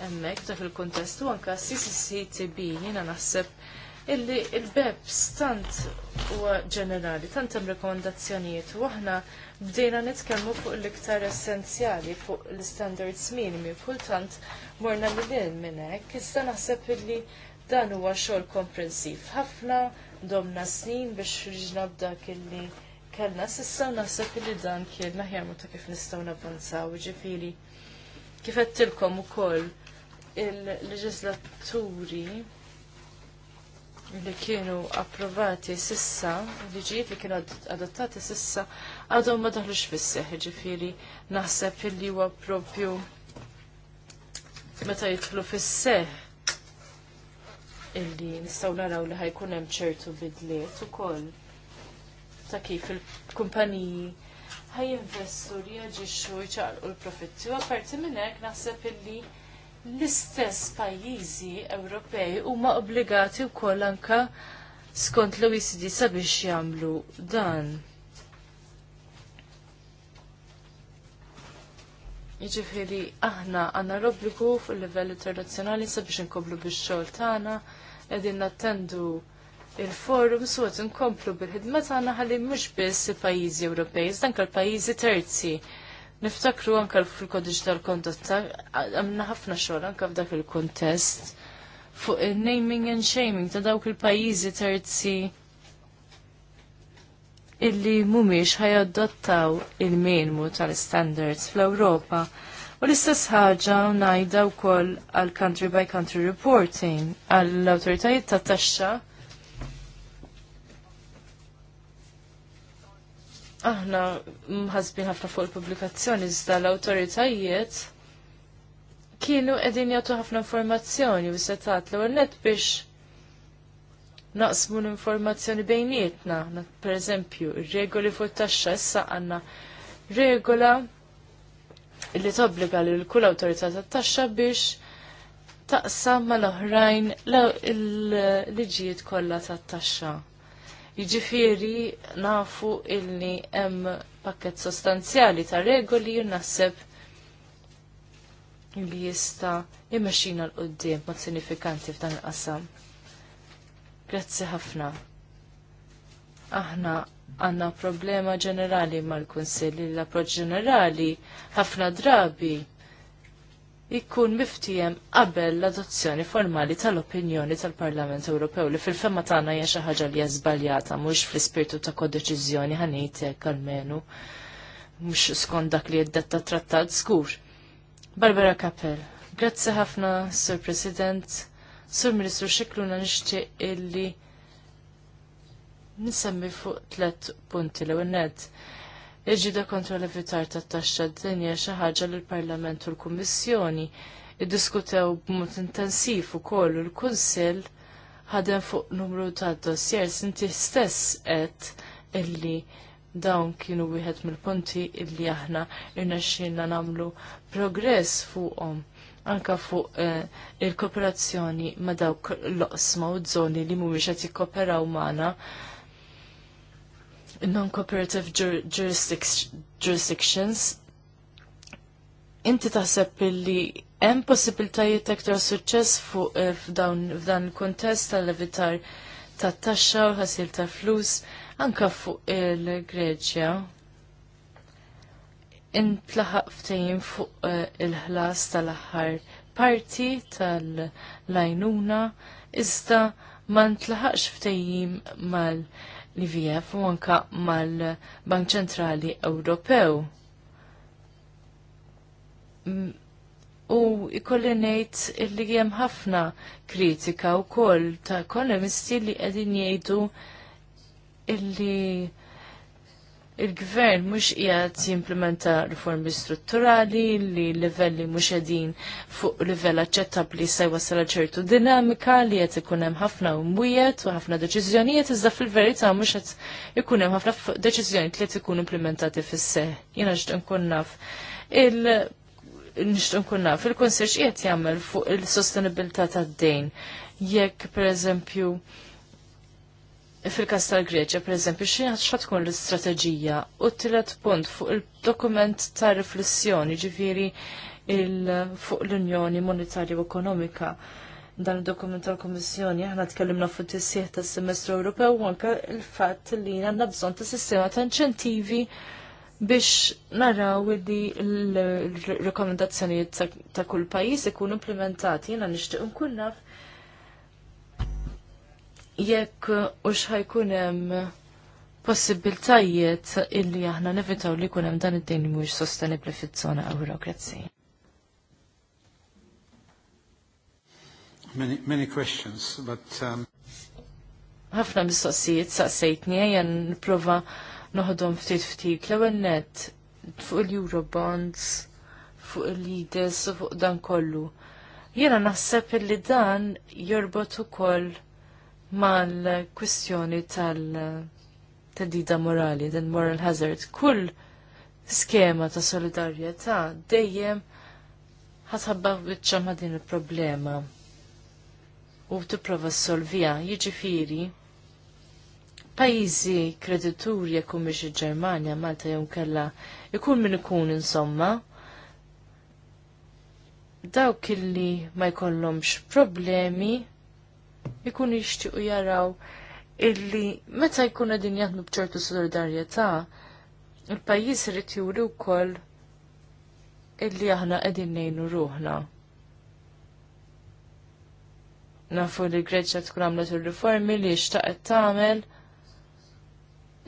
hemmhekk ta' fil u anka CCCTB jiena naħseb illi il-BEPS stant huwa ġenerali, tant hemm rekomandazzjonijiet u aħna bdejna nitkellmu fuq l-iktar essenzjali fuq l-standards minimi kultant morna lil minn hekk, iżda naħseb illi dan huwa xogħol komprensiv ħafna, domna snin biex riġna b'dak illi kellna s'issa naħseb illi dan kien naħjarmu ta' kif nistgħu navvanzaw, ġifieri kif għettilkom u koll il-leġislaturi li kienu approvati sissa, liġijiet li kienu adottati sissa, għadhom ma daħlux fis ġifiri naħseb li huwa propju meta jidħlu fis-seħ illi nistgħu naraw li ħajkun hemm ċertu bidliet ukoll ta' kif il-kumpaniji ħajinvestu li jaġixxu jċaqlqu l-profitti u apparti minn hekk naħseb illi l-istess pajjiżi Ewropej huma obbligati wkoll anke skont l-OECD sabiex jagħmlu dan. Jiġifieri aħna għandna l-obbligu fil livell internazzjonali sabiex inkomplu bix-xogħol tagħna qegħdin nattendu il-forum suqet inkomplu bil-ħidma tagħna ħalli mhux biss il-pajjiżi Ewropej, iżda anke l-pajjiżi terzi Niftakru anka fil-kodiċ tal-kondotta, għamna ħafna xogħol anka f'dak il-kontest fuq il-naming and shaming ta' dawk il-pajjiżi terzi illi mhumiex ħajadottaw il-minmu tal-standards fl-Ewropa. U l-istess ħaġa ngħidha wkoll għal country by country reporting għall awtoritajiet ta' taxxa aħna mħazbin ħafna fuq il-publikazzjoni iżda l-awtoritajiet kienu qegħdin jagħtu ħafna informazzjoni u setat l net biex naqsmu l-informazzjoni bejnietna. Per eżempju, regoli fuq taxxa issa għandna regola li tobbliga lil kull awtorità tat-taxxa biex taqsam mal-oħrajn l-liġijiet kollha tat-taxxa. Jiġifieri nafu illi hemm pakket sostanzjali ta' regoli u naħseb li jista' jimmexxina l qudiem mod sinifikanti f'dan il-qasam. Grazzi ħafna. Aħna għandna problema ġenerali mal-Kunsill l-approċ ġenerali ħafna drabi jkun miftijem qabel l-adozzjoni formali tal-opinjoni tal-Parlament Ewropew li fil-femma tagħna hija xi ħaġa li hija żbaljata mhux fl-ispirtu ta' kodeċiżjoni ħanejt hekk almenu mhux skont dak li jiddetta trattat skur. Barbara Kappel, grazzi ħafna Sur President, Sur Ministru Xikluna nixtieq illi nisemmi fuq tlet punti l-ewwel il-ġida kontra l-evitar ta' taxxa d-dinja xaħġa l-Parlament u l-Kummissjoni iddiskutew b'mod intensiv u kollu l-Kunsill ħadem fuq numru ta' dossiers inti stess qed illi dawn kienu wieħed mill-punti illi aħna xinna nagħmlu progress fuqhom anka fuq eh, il-kooperazzjoni ma' dawk l-oqsma u d-żoni li mhumiex qed jikkoperaw magħna non-cooperative jurisdictions, inti taħseb li hemm possibiltajiet aktar suċċess fuq eh, f'dan il-kuntest tal-levitar tat-taxxa u ħasil ta' flus anka fuq il-Greċja intlaħaq ftehim fuq eh, il-ħlas tal-aħħar parti tal-lajnuna iżda ma ntlaħaqx ftejjim mal li ivf u anka mal-Bank Ċentrali Ewropew. Mm, u ikolli ngħid li hemm ħafna kritika wkoll ta' ekonomisti li qegħdin jgħidu illi il-gvern mhux qiegħed jimplementa riformi strutturali li livelli mhux qegħdin fuq livell aċċettabbli se jwassal ċertu dinamika li qed ikun hemm ħafna imwiet u ħafna deċiżjonijiet iżda fil-verità mhux qed ikun hemm ħafna deċiżjonijiet li qed ikun implementati fis seħħ Jiena nixtieq nkun naf il nixtieq nkun naf il-konsirx qiegħed jagħmel fuq il-sostenibilità tad-dejn. Jekk pereżempju eżempju fil-kas tal-Greċja, per eżempju, xi tkun l-istrateġija u t-tielet punt fuq il-dokument ta' riflessjoni, ġifieri fuq l-Unjoni Monetarja u Ekonomika. Dan il-dokument tal-Kommissjoni aħna tkellimna fuq is-sieħ tas-Semestru Ewropew u anke l-fatt li għandna bżonn ta' sistema ta' inċentivi biex naraw li l-rekomendazzjonijiet ta' kull pajjiż ikunu implementati, jiena nixtieq nkun naf jekk u xħajkun hemm possibiltajiet illi aħna nevitaw li kunem dan id-dejn li mhux sostenibbli fiż-żona Eurokrazzi. Many, many questions, but... Um, Ħafna mistoqsijiet saqsejtni jen niprofa noħodhom ftit ftit l-ewwel net fuq il-Eurobonds, fuq il-Leaders, fuq dan kollu. Jiena naħseb li dan jorbot ukoll koll mal-kwistjoni tal-tedida morali, dan moral hazard. Kull skema ta' solidarjetà dejjem ħatħabba bieċa ma' din il-problema u t-prova s-solvija, jieġifiri, pajizi kredituri jekun biex il-Germania, Malta jew kalla, ikun minn ikun insomma, dawk illi ma jkollhomx problemi ikunu jixtiequ jaraw illi meta jkunu din jaħdmu bċertu solidarjetà, il-pajjiż irid juri wkoll illi aħna qegħdin ngħinu ruħna. Nafu li Greċja tkun għamlet ir reformi li għed tagħmel.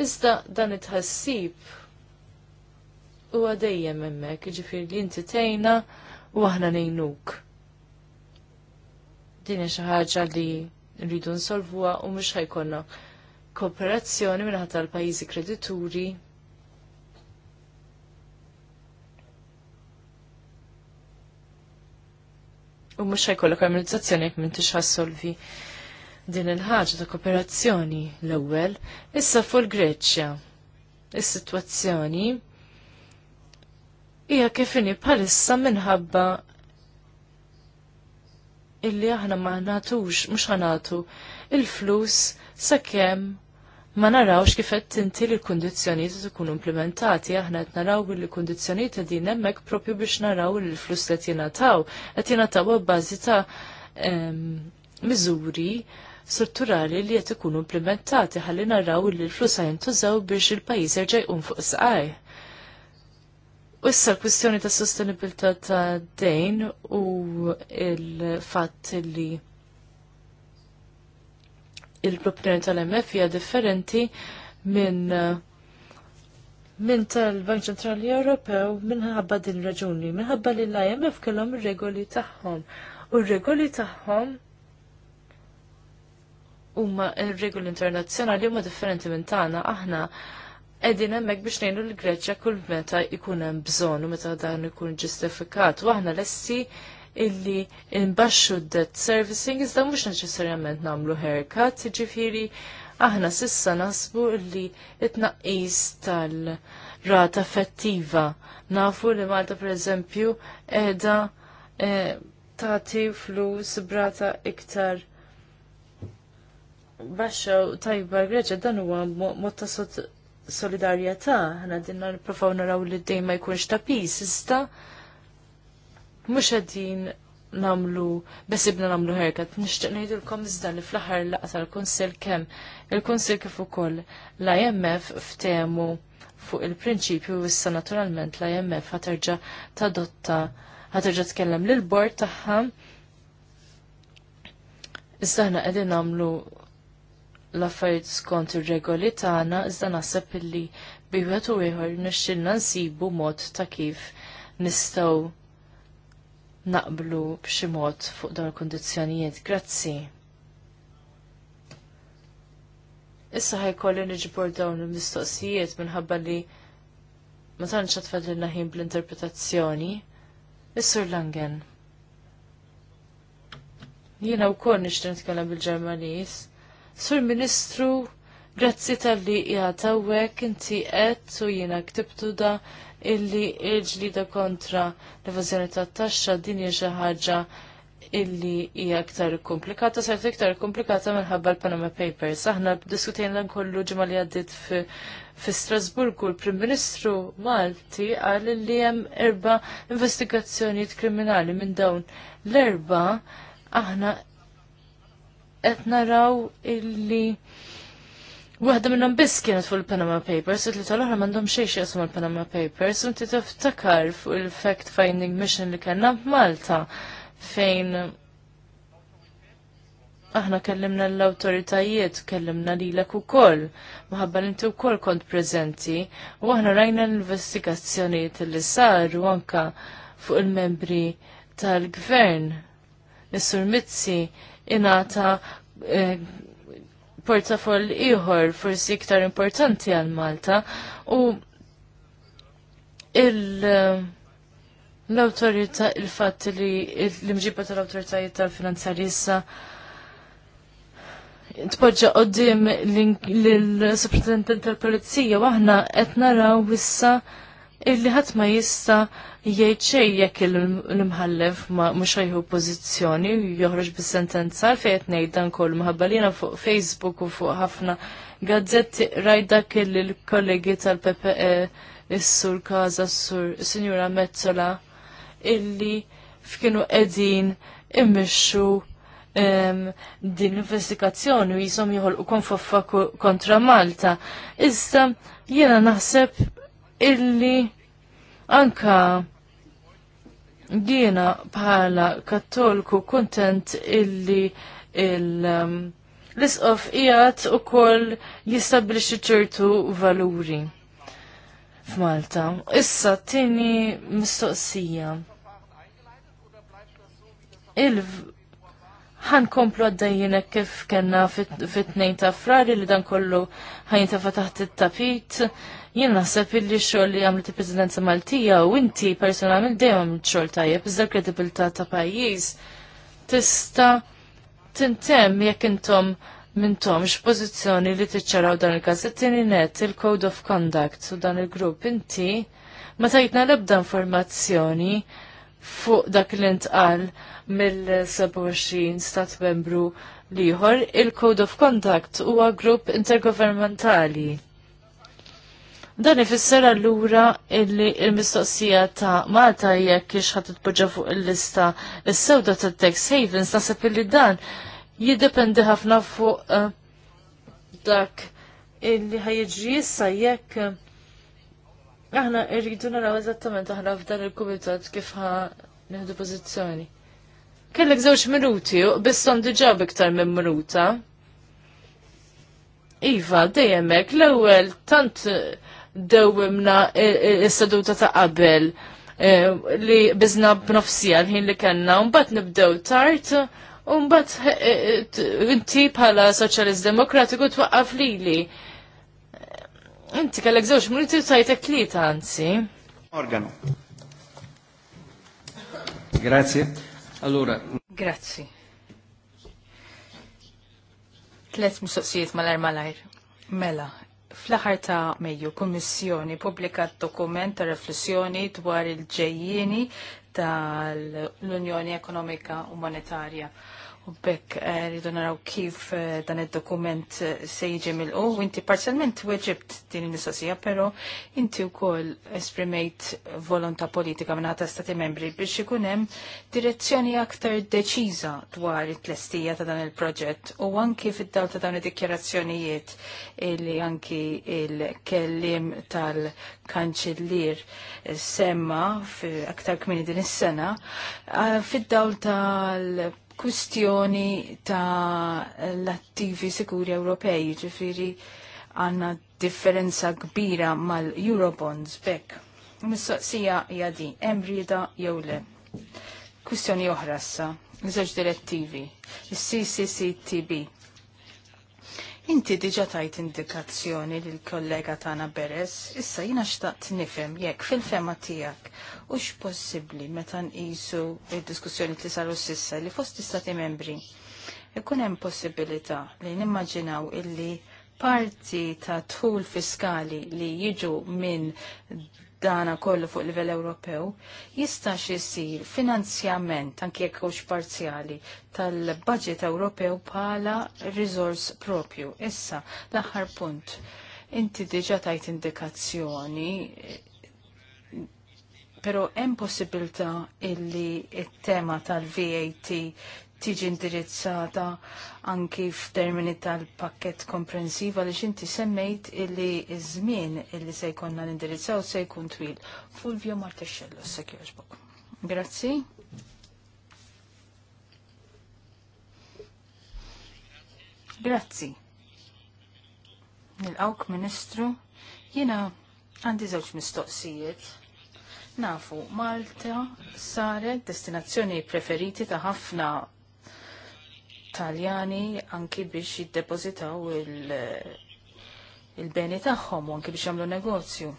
Iżda dan it-ħassib huwa dejjem hemmhekk, jiġifieri li jinti tejna u aħna nejnuk din xi ħaġa li rridu nsolvuha u mhux ħajkonna kooperazzjoni minn ħadd tal-pajjiżi kredituri U mux ħajkollok armonizzazzjoni jekk minn ħassolvi din il-ħaġa ta' kooperazzjoni l-ewwel. Issa fuq il-Greċja. Is-sitwazzjoni hija kif inhi bħalissa minħabba illi aħna ma natux, mux ħanatu, il-flus sakjem ma narawx kifet tinti li l-kondizjoniet ikunu implementati, aħna qed naraw li l-kondizjoniet din hemmhekk propju biex naraw li l-flus qed jingħataw, qed jingħataw b'bażi ta' ehm, miżuri strutturali li qed ikunu implementati ħalli naraw li l-flus jintużaw biex il-pajjiż jerġa' jqum fuq saqaj. Wissa issa l-kwistjoni ta' sostenibilità ta' dejn u il-fatt li il-proprjetà tal-MF hija differenti minn min tal-Bank Ċentrali Ewropew minħabba din raġuni, minħabba li l-IMF kellhom ir-regoli tagħhom. U r-regoli tagħhom huma r-regoli internazzjonali huma differenti minn tagħna aħna edin hemmhekk biex nejnu l-Greċja kull meta ikunem hemm bżonn u meta dan ikun ġustifikat. U aħna lessi illi nbaxxu d-debt servicing iżda mhux neċessarjament nagħmlu haircut, jiġifieri aħna sissa nasbu illi itnaqis tnaqqis tal-rata effettiva. Nafu li Malta pereżempju qiegħda eh, tagħti flus brata iktar baxxa tajba l-Greċja dan huwa mod solidarjetà, ħana dinna n-profaw naraw li d ma jkunx ta' pis, iżda mhux qegħdin namlu besibna namlu herkat. Nixtieq kom iżda li fl-aħħar laqta l-Kunsill kemm il-Kunsill kif ukoll l-IMF ftemu fuq il-prinċipju issa naturalment l-IMF ħaterġa' tadotta ħaterġa' tkellem lil bord tagħha. Iżda ħna qegħdin namlu l-affarijiet skont ir-regoli tagħna iżda naħseb illi wieħed u ieħor nixxilna nsibu mod ta' kif nistgħu naqblu b'xi mod fuq dawn il-kundizzjonijiet. Grazzi. Issa ħajkolli niġbor dawn il-mistoqsijiet minħabba li ma tantx tfadlilna ħin bl-interpretazzjoni. Missur Langen. Jiena wkoll nixtieq nitkellem bil-Ġermaniż. Sur Ministru, grazzi tal-li jgħatawek inti għed u jina ktibtu da illi il da kontra l-evazjoni ta' taxxa din hija xi ħaġa illi hija aktar komplikata, sart iktar komplikata minħabba l-Panama Papers. Aħna diskutejna kollu ġimgħa li għaddit fi Strasburgu l-Prim Ministru Malti qal li hemm erba' investigazzjonijiet kriminali minn dawn l-erba' aħna qed naraw illi Waħda minnhom biss kienet fuq il-Panama Papers, it-li tal-oħra m'għandhom xejn jaqsmu l-Panama Papers, u inti tiftakar fuq il-fact finding mission li kellna f'Malta fejn aħna kellimna l-autoritajiet, kellimna lilek ukoll, maħabba inti wkoll kont preżenti, u aħna rajna l-investigazzjonijiet li saru anka fuq il-membri tal-gvern. Nissur Mizzi inata e, portafoll ieħor forsi iktar importanti għal Malta u il e, l autorita il fat li l-imġiba tal-autoritajiet tal finanzarissa tpoġġa qoddim l-sopratentent tal-polizija waħna qed naraw issa illi ħadd ma jista' jgħid jekk jekk l-imħallef mhux ħajħu pożizzjoni joħroġ bis-sentenza fejn qed ngħid dan kollu fuq Facebook u fuq ħafna gazzetti rajda kelli l-kollegi tal-PPE is-sur Kaza, s-sur Sinjura Mezzola illi f'kienu qegħdin immixxu din l-investigazzjoni jisom jħol u konfuffa kontra Malta. Iżda jena naħseb illi anka jiena bħala kattolku kontent illi il um, l-isqof ijat u koll jistabliċi ċertu valuri f'Malta. Issa tini mistoqsija. Il ħan komplu għaddajjina kif kena fit-nejn ta' frari li dan kollu ħajn ta' fataħt it-tapit Jien naħseb illi xogħol li għamlet il-Presidenza Maltija u inti personalment dejjem xogħol tajjeb iżda kredibilità ta' pajjiż tista' tintemm jekk intom mintomx pożizzjoni li tiċċaraw dan il-gazzettini net il-Code of Conduct u dan il-grupp inti ma tajtna l-ebda informazzjoni fuq dak li ntqal mill-27 stat membru liħor il-Code of Conduct huwa grupp intergovernmentali. Dan ifisser allura illi il-mistoqsija ta' Malta jekk kiex ħadd poġġa fuq il-lista is-sewda ta' tax havens nasab illi dan jiddependi ħafna fuq eh, dak illi ħajġri issa jekk eh, aħna rridu naraw eżattament aħna f'dan il-kumitat kif ħa neħdu pożizzjoni. Kellek żewġ minuti, u għandi diġà iktar minn minuta. Iva, hekk, l-ewwel tant dewimna is-seduta ta' qabel e, li bizna b'nofsija l-ħin li kellna, mbagħad nibdew tard u mbagħad e, e, inti bħala Soċjalist Demokratiku twaqqaf lili. Inti kellek żewġ minuti tajtek tlieta anzi. Organo. Grazie. Allora. Mm. Grazie. Tlet mistoqsijiet mal-ar mal-ar. Mela, Fl-aħħar ta' Mejju, Kummissjoni pubblikat dokument ta' riflessjoni dwar il-ġejjieni tal-Unjoni Ekonomika u Monetarja U bekk eh, rridu naraw kif eh, dan id-dokument eh, se jiġi milqu, u inti parzialment weġibt din il-mistoqsija, però inti wkoll esprimejt volontà politika minn ta' stati membri biex ikun hemm direzzjoni aktar deċiża dwar it-tlestija ta' dan il-proġett u anki fid-dawl ta' dawn id dikjarazzjonijiet li anki il-kellim tal-kanċillier semma aktar kmini din is-sena fid-dawl tal kustjoni ta' l-attivi sikuri Ewropej, ġifiri għanna differenza kbira mal-Eurobonds bekk. Mistoqsija hija jadi, embrida jew le. Kustjoni oħra issa, żewġ direttivi, il ccctb Inti diġa tajt indikazzjoni l kollega Tana Beres, issa jina xtaqt nifhem jekk fil-fema tiegħek hux possibbli meta nqisu il diskussjoni li saru sissa li fost istati membri ikun hemm possibilità li nimmaġinaw illi parti ta' tħul fiskali li jiġu minn dana kollu fuq livell Ewropew, jista' jisir finanzjament anke jekk hux parzjali tal-budget Ewropew bħala resource propju. Issa, l-aħħar punt, inti diġa tajt indikazzjoni pero hemm possibilità illi it-tema tal-VAT tiġi indirizzata anki f'termini tal-pakket komprensiva għaliex inti semmejt illi iż-żmien illi se jkollna nindirizzaw se jkun twil. Fulvio Martexxello, se jogħġbok. Grazzi. Grazzi. awk Ministru. Jiena għandi żewġ mistoqsijiet. Nafu, Malta saret destinazzjoni preferiti ta' ħafna Taljani anki biex jiddepozitaw il-beni tagħhom u anki biex jagħmlu negozju.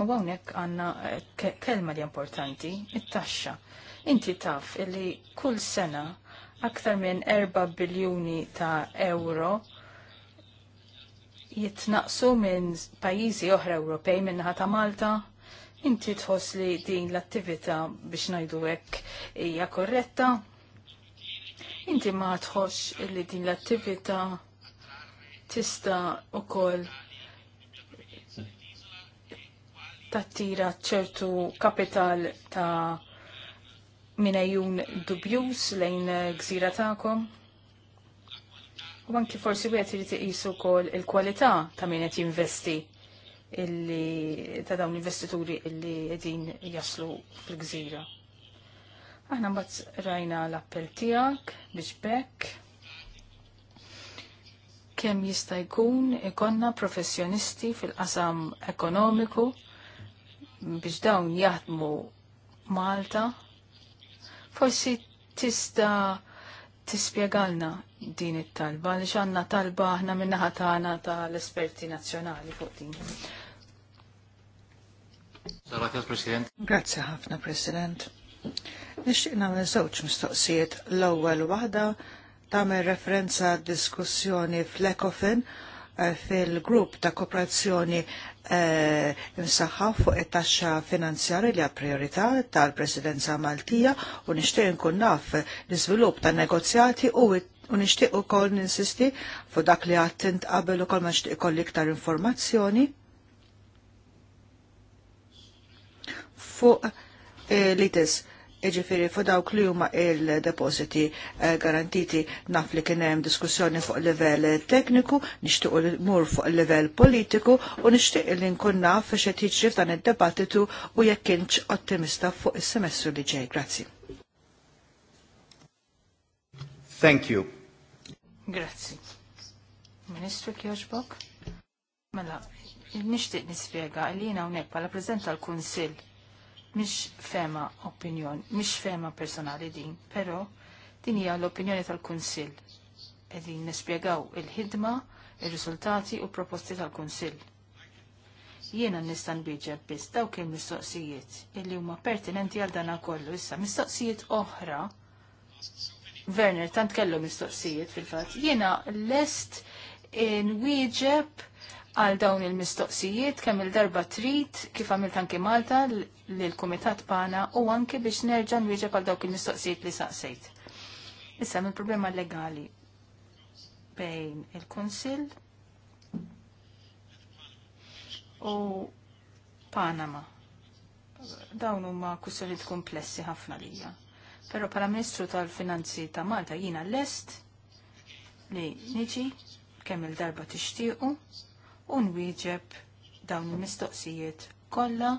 U hawnhekk għandna eh, kelma li importanti, it-taxxa. Inti taf illi kull sena aktar minn 4 biljuni ta' euro jitnaqsu minn pajjiżi oħra Ewropej minnaħa ta' Malta, Inti tħoss li din l-attività biex najdu hekk hija korretta? inti ma tħoss li din l-attività tista ukoll tattira ċertu kapital ta' minajun dubjus lejn gżira ta'kom. U anki forsi u għet irriti jisu kol il kualita ta' min qed jinvesti illi ta' dawn investituri illi edin jaslu fil-gżira. Aħna mbagħad rajna l-appell tiegħek biex bekk kemm jista' jkun ikonna professjonisti fil-qasam ekonomiku biex dawn jaħdmu Malta. Forsi tista' tispjegalna din it-talba li xanna talba aħna minnaħa tagħna tal-esperti nazzjonali fuq din. Grazie ħafna, President. Nixtieq nagħmel żewġ mistoqsijiet. L-ewwel waħda tagħmel referenza diskussjoni fl-Ecofin eh, fil-grupp ta' kooperazzjoni eh, msaħħa fuq it-taxxa finanzjarja li priorità tal-Presidenza Maltija u nixtieq inkun naf l-iżvilupp ta' negozjati u u nixtieq ukoll ninsisti fuq dak li għattint qabel ukoll ma nixtieq ikoll iktar informazzjoni fuq eh, l-itis Iġifiri, fu dawk li huma il-depositi eh, garantiti naf li kien hemm diskussjoni fuq livell tekniku, nixtiequ li mur fuq level politiku u nixtieq li nkun naf x'qed jiġri f'dan id debattitu u jekk kienx ottimista fuq is-semestru li ġej. Grazzi. Thank you. Grazzi. Ministru Kjoġbok? Mela, nixtieq nispjega li jina hawnhekk bħala prezenta l-Kunsill Mish fema opinjon, mish fema personali din, pero din hija l-opinjoni tal-Kunsill. Edin nispjegaw il-ħidma, il-riżultati u proposti tal-Kunsill. Jiena nistan biġeb biss dawk il-mistoqsijiet illi huma pertinenti għal dan kollu issa mistoqsijiet oħra. Werner tant kellu mistoqsijiet fil-fatt. Jiena lest in wieġeb għal dawn il-mistoqsijiet kemm il-darba trid kif għamilt anki Malta lill-Kumitat Pana u anki biex nerġa' nwieġeb għal dawk il-mistoqsijiet li saqsejt. Issa mill problema legali bejn il-Kunsill u Panama. Dawn huma kwistjonijiet komplessi ħafna lija. Però bħala Ministru tal-Finanzi ta' Malta jiena lest li niġi kemm il-darba tixtiequ u nwieġeb dawn il-mistoqsijiet kollha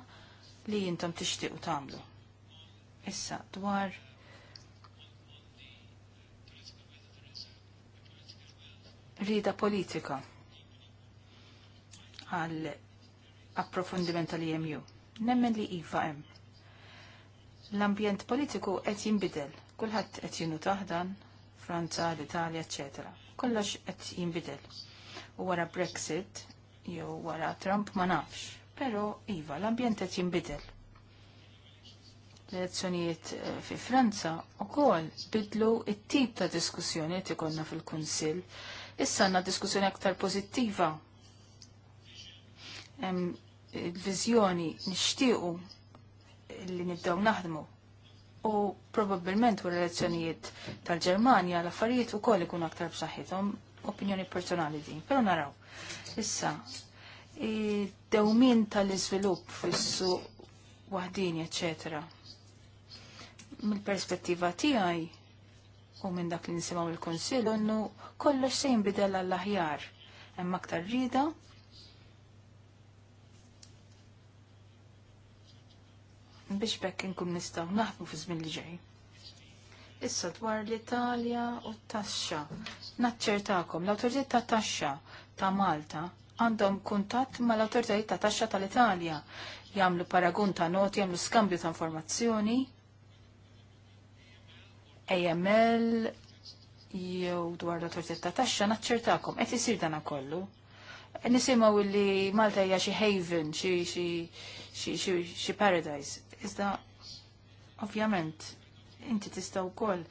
li jintom tixtiequ tagħmlu. Issa dwar rida politika għal approfondiment tal jemju Nemmen li iva hemm. L-ambjent politiku qed jinbidel, kulħadd qed jinu taħdan, Franza, l-Italja, eccetera. Kollox qed jinbidel. U wara Brexit, jew wara Trump ma nafx. Pero iva, l-ambjent qed jinbidel. L-elezzjonijiet eh, fi Franza wkoll bidlu it-tip ta' diskussjoni li konna fil-Kunsill. Issa għandna diskussjoni aktar pożittiva. Il-viżjoni nixtiequ li nibdew naħdmu u probabbilment wara l-elezzjonijiet tal-Ġermanja l-affarijiet ukoll ikun aktar b'saħħithom opinjoni personali din, pero naraw. Issa, dewmin tal izvilup fissu wahdini, eccetera. Mill-perspettiva tiegħi u minn dak li nisimgħu il konsil unnu kollox se jinbidel għall-aħjar hemm aktar rida biex bekk inkun nistgħu naħdmu fi żmien li ġej. Issa dwar l-Italja u t-taxxa. Naċċertakom, l-autoritet ta' taxxa ta' Malta għandhom kuntatt ma' l-autoritet ta' taxxa tal-Italja. Jamlu paragun ta' noti, jamlu skambju ta' informazzjoni. AML, jew dwar l-autoritet ta' taxxa, naċċertakom, qed isir dan kollu. Nisimgħu li Malta hija xi haven, xi paradise. Iżda ovvjament inti tista' wkoll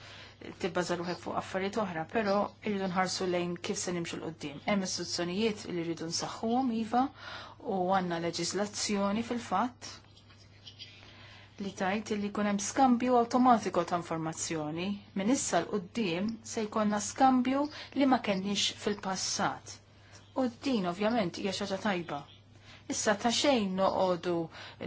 tibbaża ruħek fuq affarijiet oħra, però irridu nħarsu lejn kif se nimxu l-qoddim. Hemm istituzzjonijiet li rridu nsaħħuhom iva u għandna leġiżlazzjoni fil-fatt li tajt li jkun hemm skambju awtomatiku ta' informazzjoni minn issa l-qoddim se jkollna skambju li ma kenniex fil-passat. U din ovvjament hija xaġa tajba Issa ta' xejn noqogħdu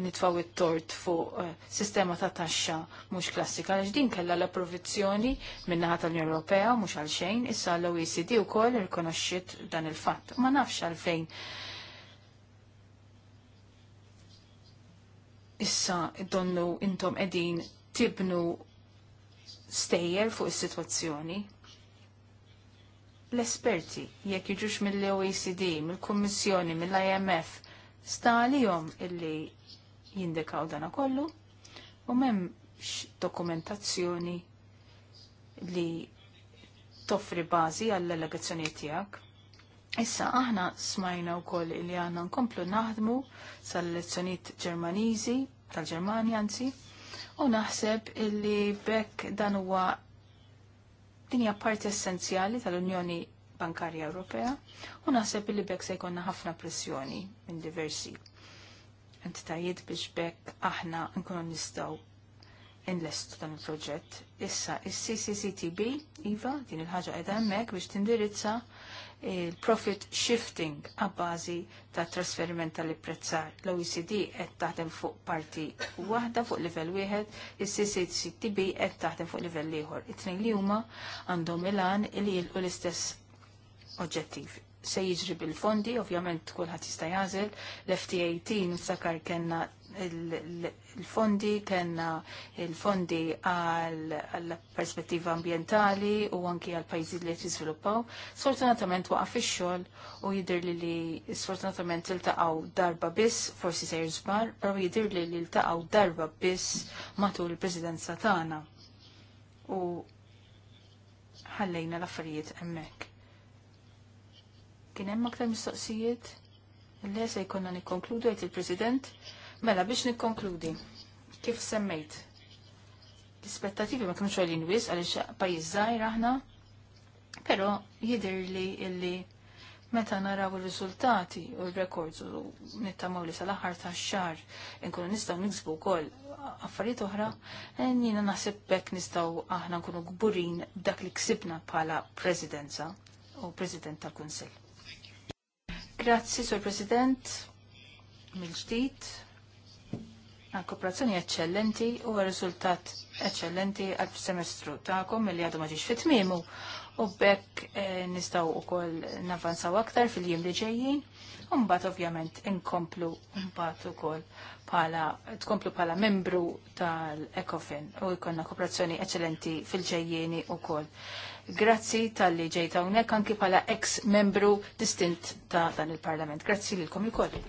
nitfaw it-tort fuq eh, sistema ta' taxxa mhux klassika għaliex din kellha l-approvizzjoni min-naħa tal-Unjoni Ewropea mhux għal xejn, issa l-OECD wkoll irkonoxxiet dan il-fatt. Ma nafx għalfejn. Issa donnu intom qegħdin tibnu stejjer fuq is-sitwazzjoni l-esperti jekk jiġux mill-OECD, mill-Kummissjoni, mill-IMF, sta illi jindikaw dana kollu u m'hemmx dokumentazzjoni li toffri bażi għall-allegazzjonijiet tiegħek. Issa aħna smajna wkoll li għandna nkomplu naħdmu sal lezzjoniet Ġermaniżi tal ġermani anzi u naħseb illi bekk dan huwa dinja parti essenzjali tal-Unjoni Bankarja Ewropea u naħseb li bekk se jkollna ħafna pressjoni minn diversi entitajiet biex bekk aħna nkunu nistgħu inlestu dan il-proġett. Issa, il-CCCTB, Iva, din il-ħagġa edha hemmhekk biex tindirizza il-profit shifting għabbażi ta' trasferiment tal-prezzar. L-OECD qed taħdem fuq parti waħda fuq livell wieħed, il-CCCTB qed taħdem fuq livell ieħor. It-tnejn li huma għandhom il-għan li jilqu l-istess oġġettiv. Se jiġri bil-fondi, ovvjament kulħadd jista' jażel, l-FT18 sakar kellna il-fondi, kellna il-fondi għal perspettiva ambientali u anki għal pajjiżi li qed jiżviluppaw. Sfortunatament waqaf ix-xogħol u jidher li li sfortunatament iltaqgħu darba biss, forsi se jirżbar, però jidher li li iltaqgħu darba biss matul il-presidenza tagħna. U ħallejna l-affarijiet hemmhekk. Kien hemm aktar mistoqsijiet? Le se jkollna nikkonkludu għajt il-President. Mela biex nikkonkludi. Kif semmejt? L-ispettativi ma kienux għalin wis għaliex pajjiż żgħir aħna, però jidher li illi meta naraw ir riżultati u l-rekords u nittamaw li sal-aħħar tax-xahar inkunu nistgħu niksbu wkoll affarijiet oħra, eh, jiena naħseb hekk nistgħu aħna nkunu gburin dak li ksibna bħala presidenza u president tal-Kunsill. Grazzi, Sur President, mill-ġdid, għal kooperazzjoni eccellenti u għal-rizultat eccellenti għal-semestru ta'kom mill-li għadu maġiġ fit-tmimu u bekk eh, nistaw u koll aktar fil-jiem li ġejjin Umbat ovvjament inkomplu umbat kol pala tkomplu pala membru tal-ECOFIN u jkollna kooperazzjoni eċċellenti fil-ġejjieni kol. Grazzi tal-li ġejta hawnhekk anki pala ex membru distint ta' dan il-Parlament. Grazzi lilkom ukoll.